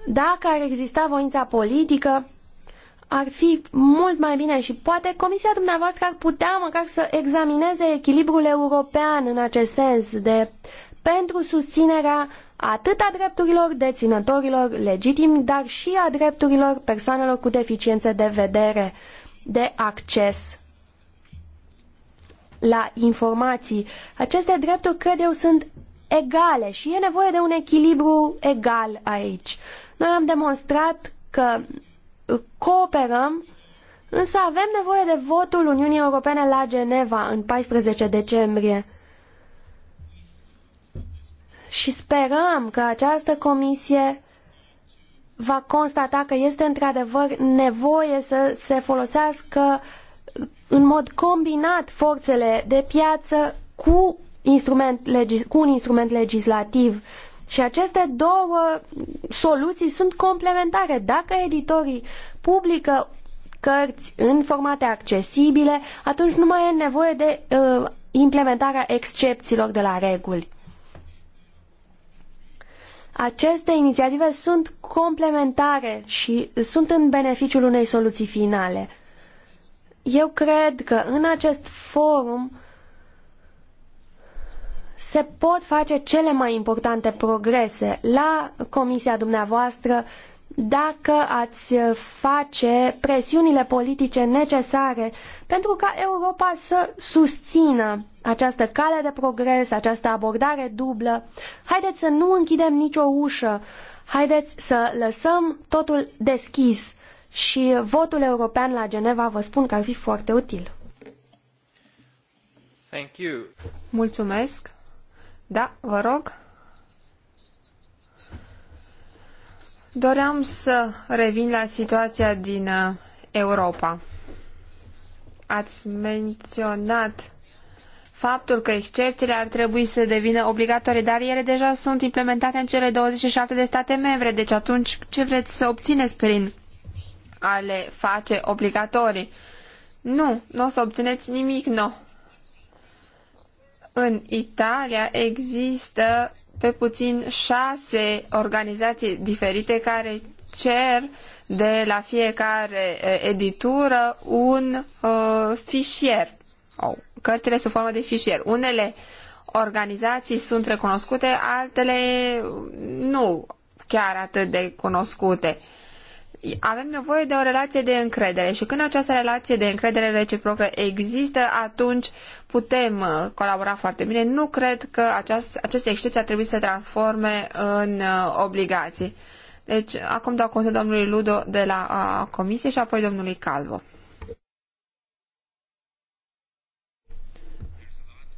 dacă ar exista voința politică, ar fi mult mai bine și poate Comisia dumneavoastră ar putea măcar să examineze echilibrul european în acest sens de pentru susținerea atât a drepturilor deținătorilor legitimi, dar și a drepturilor persoanelor cu deficiențe de vedere, de acces la informații. Aceste drepturi, cred eu, sunt egale și e nevoie de un echilibru egal aici. Noi am demonstrat că cooperăm, însă avem nevoie de votul Uniunii Europene la Geneva în 14 decembrie și sperăm că această comisie va constata că este într-adevăr nevoie să se folosească în mod combinat forțele de piață cu, instrument cu un instrument legislativ. Și aceste două soluții sunt complementare. Dacă editorii publică cărți în formate accesibile, atunci nu mai e nevoie de uh, implementarea excepțiilor de la reguli. Aceste inițiative sunt complementare și sunt în beneficiul unei soluții finale. Eu cred că în acest forum se pot face cele mai importante progrese. La comisia dumneavoastră dacă ați face presiunile politice necesare pentru ca Europa să susțină această cale de progres, această abordare dublă. Haideți să nu închidem nicio ușă, haideți să lăsăm totul deschis și votul european la Geneva vă spun că ar fi foarte util. Mulțumesc. Da, vă rog. Doream să revin la situația din uh, Europa. Ați menționat faptul că excepțiile ar trebui să devină obligatorii, dar ele deja sunt implementate în cele 27 de state membre, deci atunci ce vreți să obțineți prin a le face obligatorii? Nu, nu o să obțineți nimic nou. În Italia există pe puțin șase organizații diferite care cer de la fiecare editură un uh, fișier. Oh, cărțile sub formă de fișier. Unele organizații sunt recunoscute, altele nu chiar atât de cunoscute. Uh, avem nevoie de o relație de încredere și când această relație de încredere reciprocă există, atunci putem uh, colabora foarte bine. Nu cred că aceast, aceste excepții ar trebui să se transforme în uh, obligații. Deci, acum dau consul domnului Ludo de la uh, comisie și apoi domnului Calvo.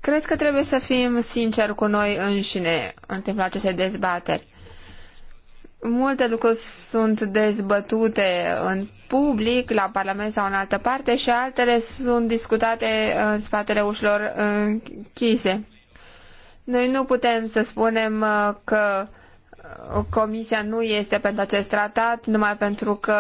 Cred că trebuie să fim sinceri cu noi înșine în timpul acestei dezbateri multe lucruri sunt dezbătute în public, la Parlament sau în altă parte și altele sunt discutate în spatele ușilor închise. Noi nu putem să spunem uh, că uh, Comisia nu este pentru acest tratat numai pentru că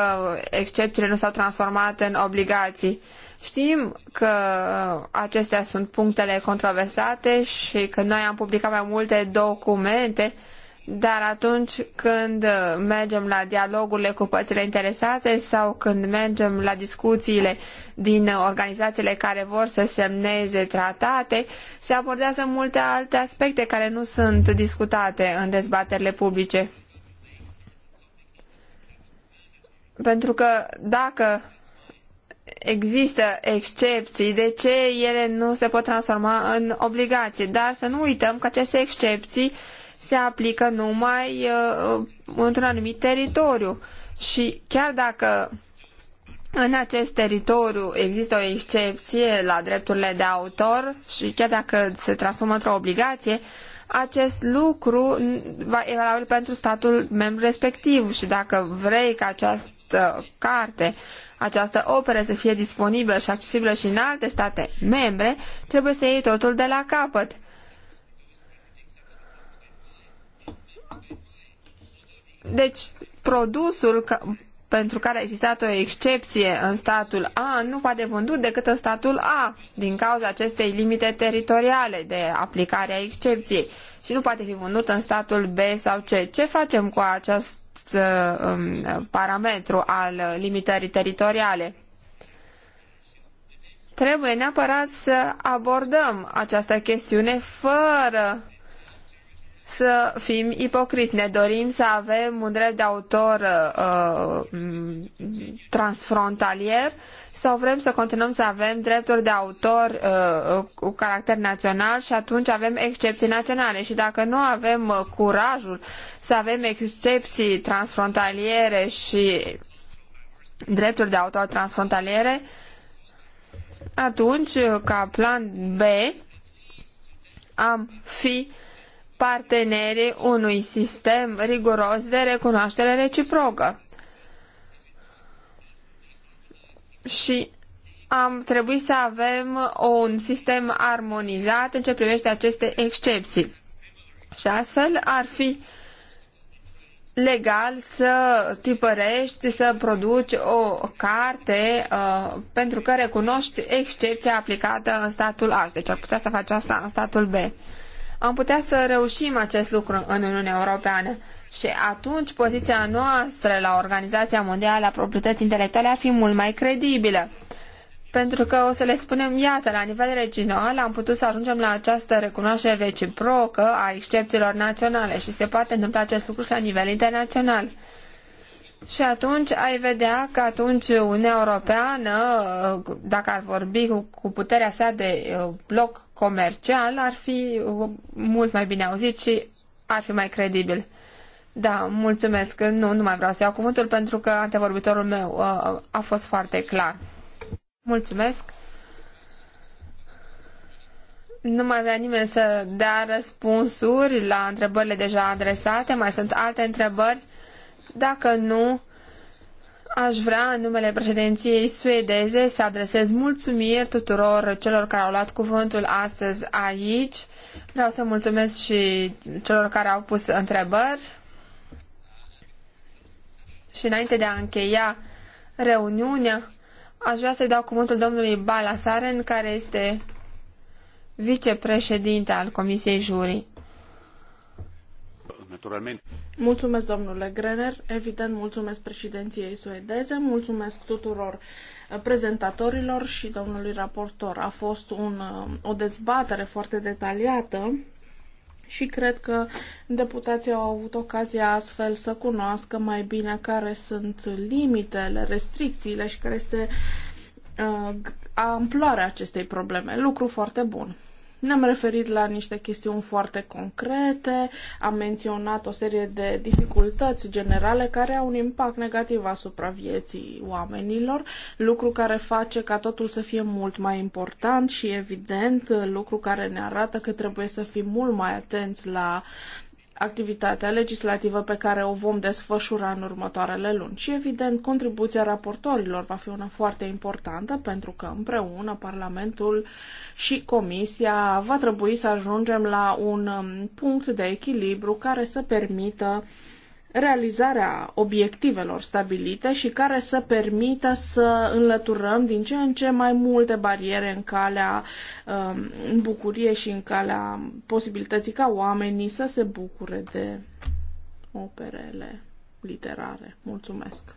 excepțiile nu s-au transformat în obligații. Știm că uh, acestea sunt punctele controversate și că noi am publicat mai multe documente uh, dar atunci când mergem la dialogurile cu părțile interesate sau când mergem la discuțiile din organizațiile care vor să semneze tratate, se abordează multe alte aspecte care nu sunt discutate în dezbaterile publice. Pentru că dacă există excepții, de ce ele nu se pot transforma în obligații? Dar să nu uităm că aceste excepții se aplică numai uh, într-un anumit teritoriu. Și chiar dacă în acest teritoriu există o excepție la drepturile de autor și chiar dacă se transformă într-o obligație, acest lucru va, e valabil pentru statul membru respectiv și dacă vrei ca această carte, această operă să fie disponibilă și accesibilă și în alte state membre, trebuie să iei totul de la capăt. Deci, produsul pentru care a existat o excepție în statul A nu poate vândut decât în statul A, din cauza acestei limite teritoriale de aplicare a excepției și nu poate fi vândut în statul B sau C. Ce facem cu acest uh, um, parametru al limitării teritoriale? Trebuie neapărat să abordăm această chestiune fără să fim ipocriți. Ne dorim să avem un drept de autor uh, transfrontalier sau vrem să continuăm să avem drepturi de autor uh, cu caracter național și atunci avem excepții naționale. Și dacă nu avem uh, curajul să avem excepții transfrontaliere și drepturi de autor transfrontaliere, atunci, uh, ca plan B, am fi uh, partenerii unui sistem riguros de recunoaștere reciprocă. Și am trebuit să avem un sistem armonizat în ce privește aceste excepții. Și astfel ar fi legal să tipărești, să produci o carte uh, pentru că recunoști excepția aplicată în statul A. Deci ar putea să faci asta în statul B am putea să reușim acest lucru în Uniunea Europeană și atunci poziția noastră la Organizația Mondială a Proprietății Intelectuale ar fi mult mai credibilă. Pentru că o să le spunem, iată, la nivel regional am putut să ajungem la această recunoaștere reciprocă a excepțiilor naționale și se poate întâmpla acest lucru și la nivel internațional. Și atunci ai vedea că atunci Uniunea Europeană, dacă ar vorbi cu puterea sa de bloc uh, comercial, ar fi uh, mult mai bine auzit și ar fi mai credibil. Da, mulțumesc. Nu, nu mai vreau să iau cuvântul pentru că antevorbitorul meu uh, a fost foarte clar. Mulțumesc. Nu mai vrea nimeni să dea răspunsuri la întrebările deja adresate. Mai sunt alte întrebări dacă nu, aș vrea, în numele președinției suedeze, să adresez mulțumiri tuturor celor care au luat cuvântul astăzi aici. Vreau să mulțumesc și celor care au pus întrebări. Și înainte de a încheia reuniunea, aș vrea să-i dau cuvântul domnului Balasaren, care este vicepreședinte al Comisiei Jurii. Naturalmente. Mulțumesc, domnule Grener, evident mulțumesc președinției suedeze, mulțumesc tuturor uh, prezentatorilor și domnului raportor. A fost un, uh, o dezbatere foarte detaliată și cred că deputații au avut ocazia astfel să cunoască mai bine care sunt limitele, restricțiile și care este uh, amploarea acestei probleme. Lucru foarte bun. Ne-am referit la niște chestiuni foarte concrete, am menționat o serie de dificultăți generale care au un impact negativ asupra vieții oamenilor, lucru care face ca totul să fie mult mai important și evident, lucru care ne arată că trebuie să fim mult mai atenți la activitatea legislativă pe care o vom desfășura în următoarele luni. Și, evident, contribuția raportorilor va fi una foarte importantă, pentru că împreună Parlamentul și Comisia va trebui să ajungem la un um, punct de echilibru care să permită uh, realizarea obiectivelor stabilite și care să permită să înlăturăm din ce în ce mai multe bariere în calea în um, bucurie și în calea posibilității ca oamenii să se bucure de operele literare. Mulțumesc!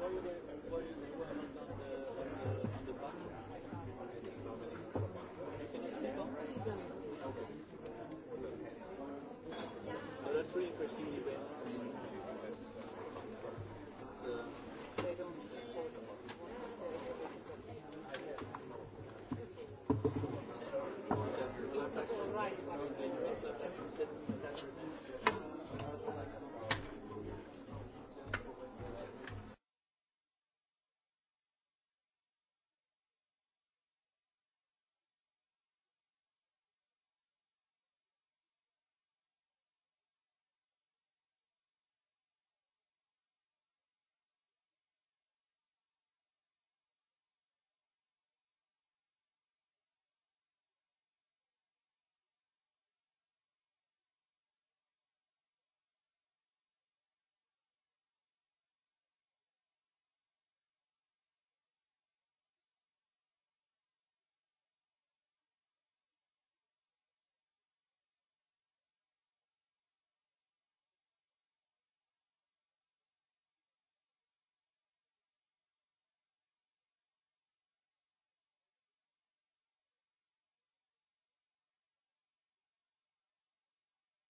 Thank you.